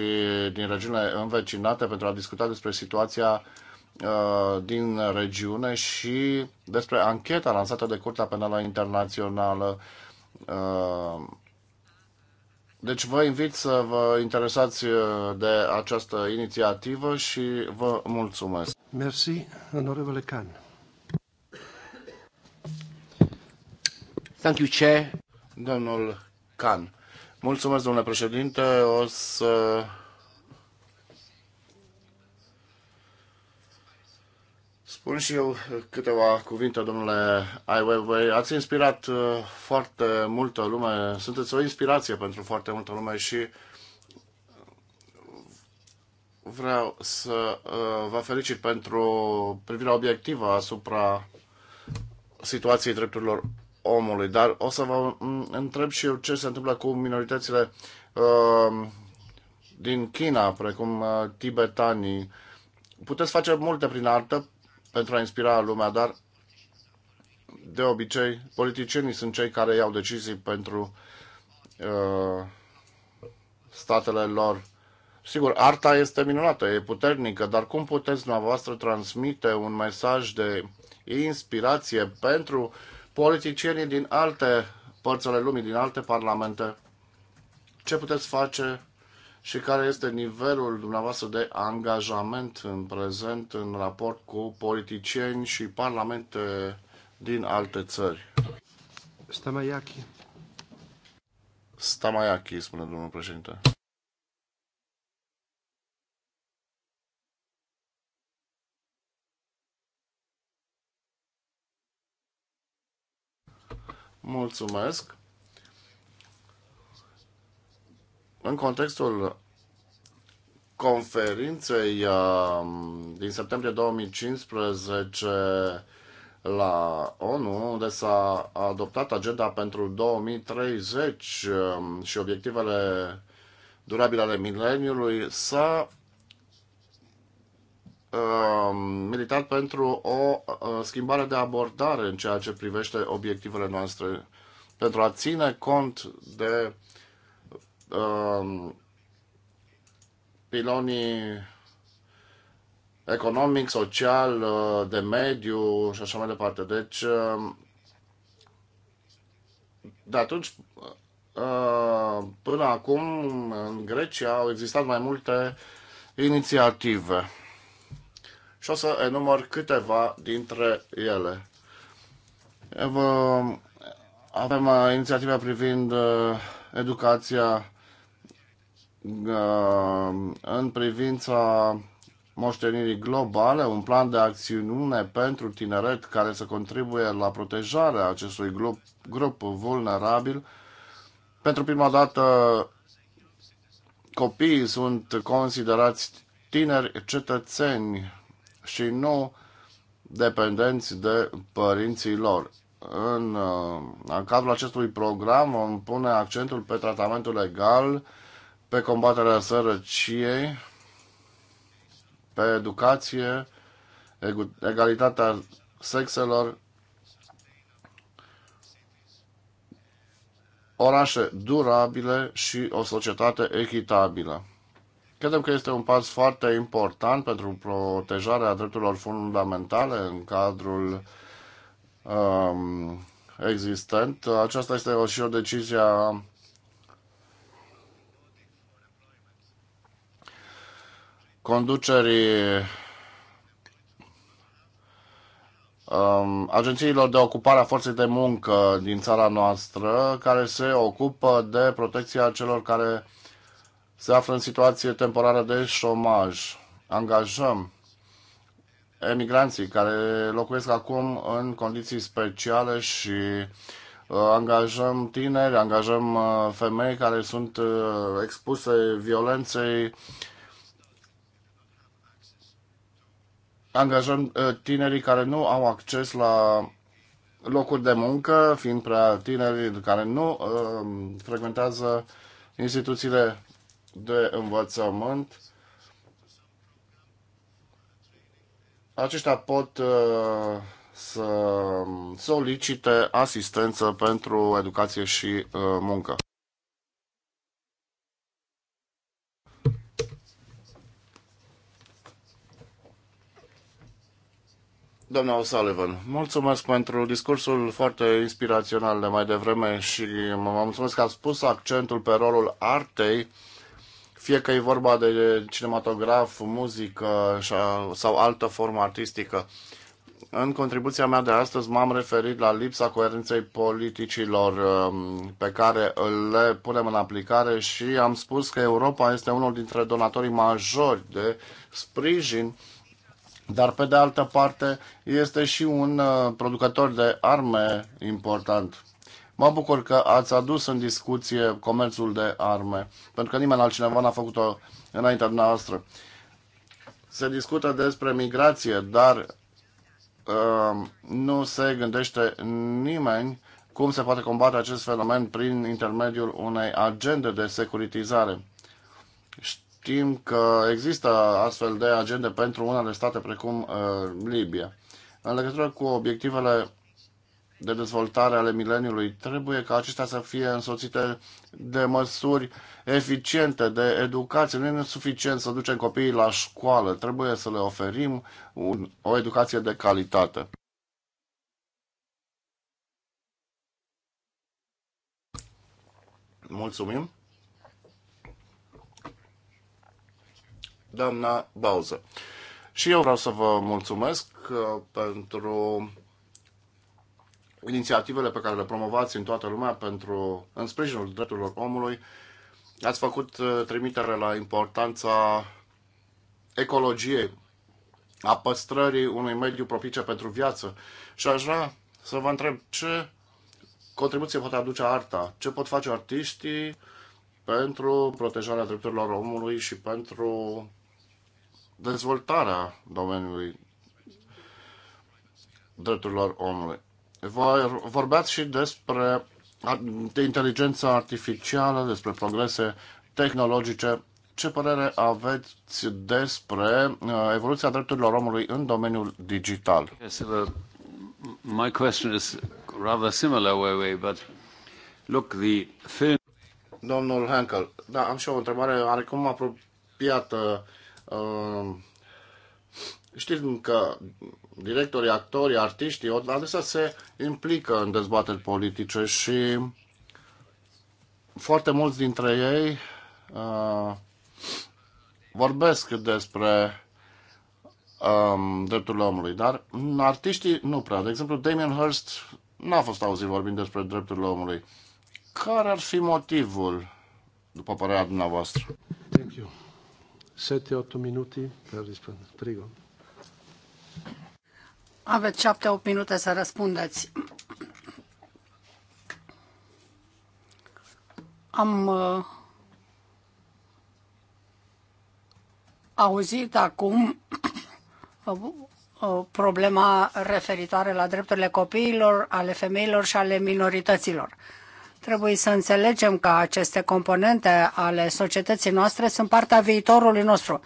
din regiunile învecinate pentru a discuta despre situația uh, din regiune și despre ancheta lansată de Curtea Penală Internațională. Uh, deci vă invit să vă interesați uh, de această inițiativă și vă mulțumesc. Merci, onorevole Can. Thank you, Chair. Domnul Can. Mulțumesc, domnule președinte. O să spun și eu câteva cuvinte, domnule Ai Weiwei. Ați inspirat uh, foarte multă lume, sunteți o inspirație pentru foarte multă lume și vreau să uh, vă felicit pentru privirea obiectivă asupra situației drepturilor omului. Dar o să vă întreb și eu ce se întâmplă cu minoritățile uh, din China, precum uh, tibetanii. Puteți face multe prin artă pentru a inspira lumea, dar de obicei politicienii sunt cei care iau decizii pentru uh, statele lor. Sigur, arta este minunată, e puternică, dar cum puteți dumneavoastră transmite un mesaj de inspirație pentru politicienii din alte părți ale lumii, din alte parlamente, ce puteți face și care este nivelul dumneavoastră de angajament în prezent în raport cu politicieni și parlamente din alte țări. Stamaiaki. Stamaiaki, spune domnul președinte. Mulțumesc. În contextul conferinței um, din septembrie 2015 la ONU, unde s-a adoptat agenda pentru 2030 um, și obiectivele durabile ale mileniului, s-a Um, militat pentru o uh, schimbare de abordare în ceea ce privește obiectivele noastre, pentru a ține cont de um, pilonii economic, social, uh, de mediu și așa mai departe. Deci, um, de atunci uh, până acum, în Grecia au existat mai multe inițiative și o să enumăr câteva dintre ele. Avem uh, inițiativa privind uh, educația uh, în privința moștenirii globale, un plan de acțiune pentru tineret care să contribuie la protejarea acestui grup, grup vulnerabil. Pentru prima dată, copiii sunt considerați tineri cetățeni și nu dependenți de părinții lor. În, uh, în cadrul acestui program vom pune accentul pe tratamentul legal, pe combaterea sărăciei, pe educație, egalitatea sexelor, orașe durabile și o societate echitabilă. Credem că este un pas foarte important pentru protejarea drepturilor fundamentale în cadrul um, existent. Aceasta este o, și o decizie conducerii um, agențiilor de ocupare a forței de muncă din țara noastră, care se ocupă de protecția celor care se află în situație temporară de șomaj. Angajăm emigranții care locuiesc acum în condiții speciale și uh, angajăm tineri, angajăm uh, femei care sunt uh, expuse violenței, angajăm tinerii care nu au acces la locuri de muncă, fiind prea tineri care nu frecventează instituțiile de învățământ, aceștia pot uh, să solicite asistență pentru educație și uh, muncă. Doamna O'Sullivan, mulțumesc pentru discursul foarte inspirațional de mai devreme și mă mulțumesc că a pus accentul pe rolul artei fie că e vorba de cinematograf, muzică sau altă formă artistică. În contribuția mea de astăzi m-am referit la lipsa coerenței politicilor um, pe care le punem în aplicare și am spus că Europa este unul dintre donatorii majori de sprijin, dar pe de altă parte este și un uh, producător de arme important Mă bucur că ați adus în discuție comerțul de arme, pentru că nimeni altcineva n-a făcut-o înaintea noastră. Se discută despre migrație, dar uh, nu se gândește nimeni cum se poate combate acest fenomen prin intermediul unei agende de securitizare. Știm că există astfel de agende pentru unele state precum uh, Libia. În legătură cu obiectivele de dezvoltare ale mileniului, trebuie ca acestea să fie însoțite de măsuri eficiente, de educație. Nu e suficient să ducem copiii la școală, trebuie să le oferim un, o educație de calitate. Mulțumim. Doamna Bauză. Și eu vreau să vă mulțumesc uh, pentru inițiativele pe care le promovați în toată lumea pentru, în sprijinul drepturilor omului. Ați făcut uh, trimitere la importanța ecologiei, a păstrării unui mediu propice pentru viață. Și aș vrea să vă întreb ce contribuție poate aduce arta, ce pot face artiștii pentru protejarea drepturilor omului și pentru dezvoltarea domeniului drepturilor omului vorbeați și despre inteligența artificială, despre progrese tehnologice. Ce părere aveți despre uh, evoluția drepturilor omului în domeniul digital? Yes, my question is rather similar way, but look, the film... Domnul Henkel, da, am și o întrebare oarecum apropiată. Uh, știm că directorii, actorii, artiștii, adesea se implică în dezbateri politice și foarte mulți dintre ei uh, vorbesc despre um, drepturile omului, dar artiștii nu prea. De exemplu, Damien Hirst n-a fost auzit vorbind despre drepturile omului. Care ar fi motivul, după părerea dumneavoastră? Thank you. 7-8 minute per rispondere. Prego. Aveți șapte-opt minute să răspundeți. Am uh, auzit acum [coughs] uh, uh, problema referitoare la drepturile copiilor, ale femeilor și ale minorităților. Trebuie să înțelegem că aceste componente ale societății noastre sunt partea viitorului nostru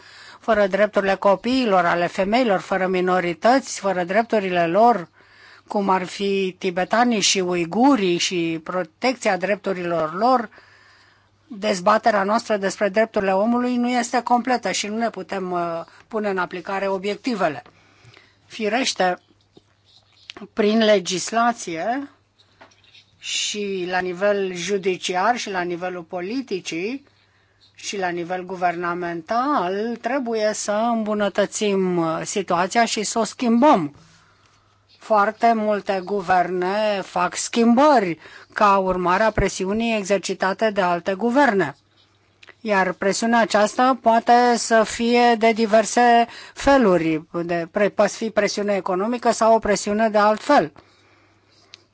fără drepturile copiilor, ale femeilor, fără minorități, fără drepturile lor, cum ar fi tibetanii și uigurii și protecția drepturilor lor, dezbaterea noastră despre drepturile omului nu este completă și nu ne putem uh, pune în aplicare obiectivele. Firește, prin legislație și la nivel judiciar și la nivelul politicii, și la nivel guvernamental trebuie să îmbunătățim uh, situația și să o schimbăm. Foarte multe guverne fac schimbări ca urmare a presiunii exercitate de alte guverne. Iar presiunea aceasta poate să fie de diverse feluri, de, poate fi presiune economică sau o presiune de alt fel.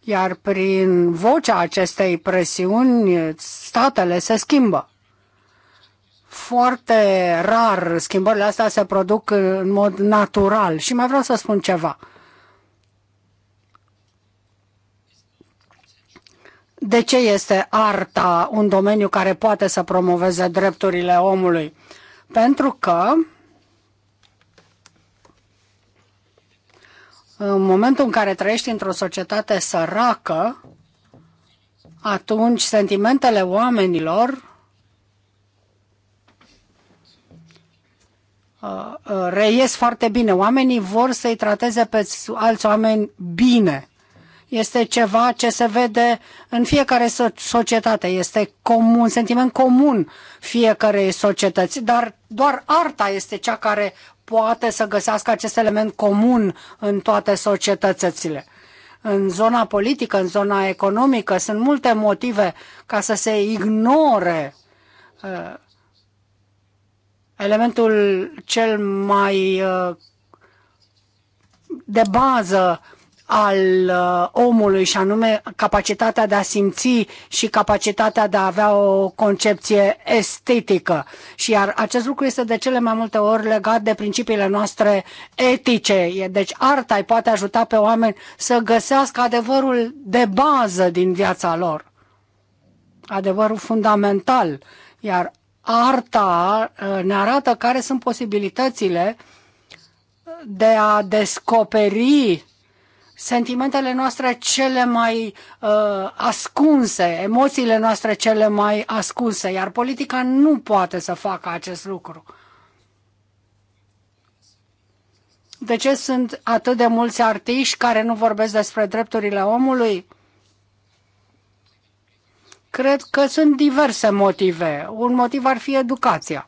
Iar prin vocea acestei presiuni, statele se schimbă. Foarte rar schimbările astea se produc în mod natural. Și mai vreau să spun ceva. De ce este arta un domeniu care poate să promoveze drepturile omului? Pentru că în momentul în care trăiești într-o societate săracă, atunci sentimentele oamenilor Uh, uh, reies foarte bine. Oamenii vor să-i trateze pe alți oameni bine. Este ceva ce se vede în fiecare societate. Este comun, un sentiment comun fiecarei societăți, dar doar arta este cea care poate să găsească acest element comun în toate societățile. În zona politică, în zona economică, sunt multe motive ca să se ignore uh, elementul cel mai uh, de bază al uh, omului și anume capacitatea de a simți și capacitatea de a avea o concepție estetică. Și iar acest lucru este de cele mai multe ori legat de principiile noastre etice. Deci arta îi poate ajuta pe oameni să găsească adevărul de bază din viața lor. Adevărul fundamental. Iar arta uh, ne arată care sunt posibilitățile de a descoperi sentimentele noastre cele mai uh, ascunse, emoțiile noastre cele mai ascunse, iar politica nu poate să facă acest lucru. De ce sunt atât de mulți artiști care nu vorbesc despre drepturile omului? Cred că sunt diverse motive. Un motiv ar fi educația.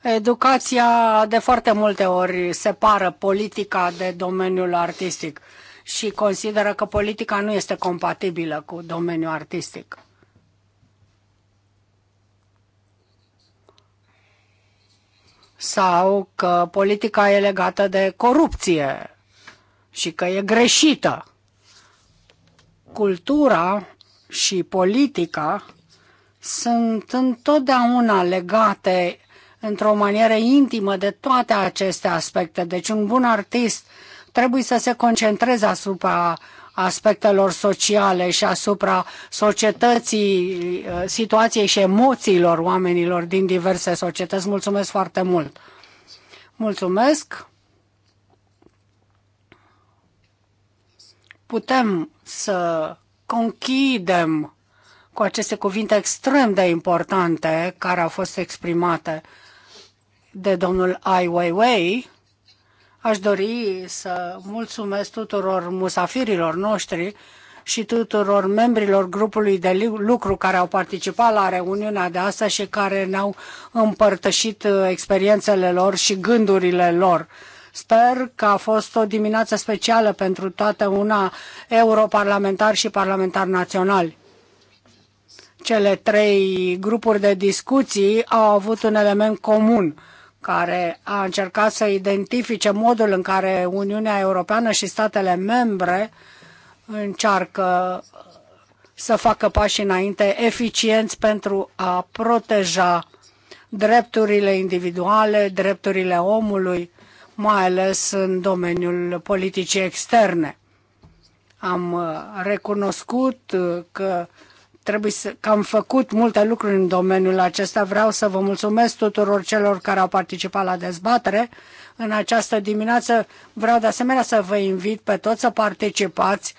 Educația de foarte multe ori separă politica de domeniul artistic și consideră că politica nu este compatibilă cu domeniul artistic. Sau că politica e legată de corupție și că e greșită. Cultura și politica sunt întotdeauna legate într-o manieră intimă de toate aceste aspecte. Deci un bun artist trebuie să se concentreze asupra aspectelor sociale și asupra societății, situației și emoțiilor oamenilor din diverse societăți. Mulțumesc foarte mult! Mulțumesc! putem să conchidem cu aceste cuvinte extrem de importante care au fost exprimate de domnul Ai Weiwei, aș dori să mulțumesc tuturor musafirilor noștri și tuturor membrilor grupului de lucru care au participat la reuniunea de astăzi și care ne-au împărtășit uh, experiențele lor și gândurile lor Sper că a fost o dimineață specială pentru toată una europarlamentar și parlamentar național cele trei grupuri de discuții au avut un element comun care a încercat să identifice modul în care Uniunea Europeană și statele membre încearcă să facă pași înainte eficienți pentru a proteja drepturile individuale, drepturile omului mai ales în domeniul politicii externe. Am uh, recunoscut uh, că trebuie să, că am făcut multe lucruri în domeniul acesta. Vreau să vă mulțumesc tuturor celor care au participat la dezbatere. În această dimineață vreau de asemenea să vă invit pe toți să participați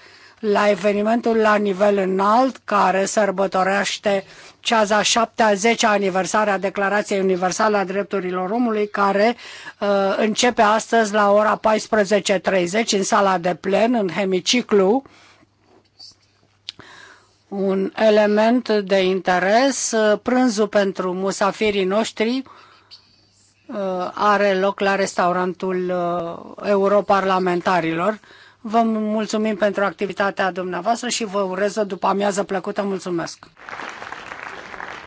la evenimentul la nivel înalt care sărbătorește ceaza 70-a aniversare a Declarației Universale a Drepturilor Omului, care uh, începe astăzi la ora 14.30 în sala de plen, în hemiciclu. Un element de interes, uh, prânzul pentru musafirii noștri, uh, are loc la restaurantul uh, europarlamentarilor Vă mulțumim pentru activitatea dumneavoastră și vă urez o după amiază plăcută. Mulțumesc!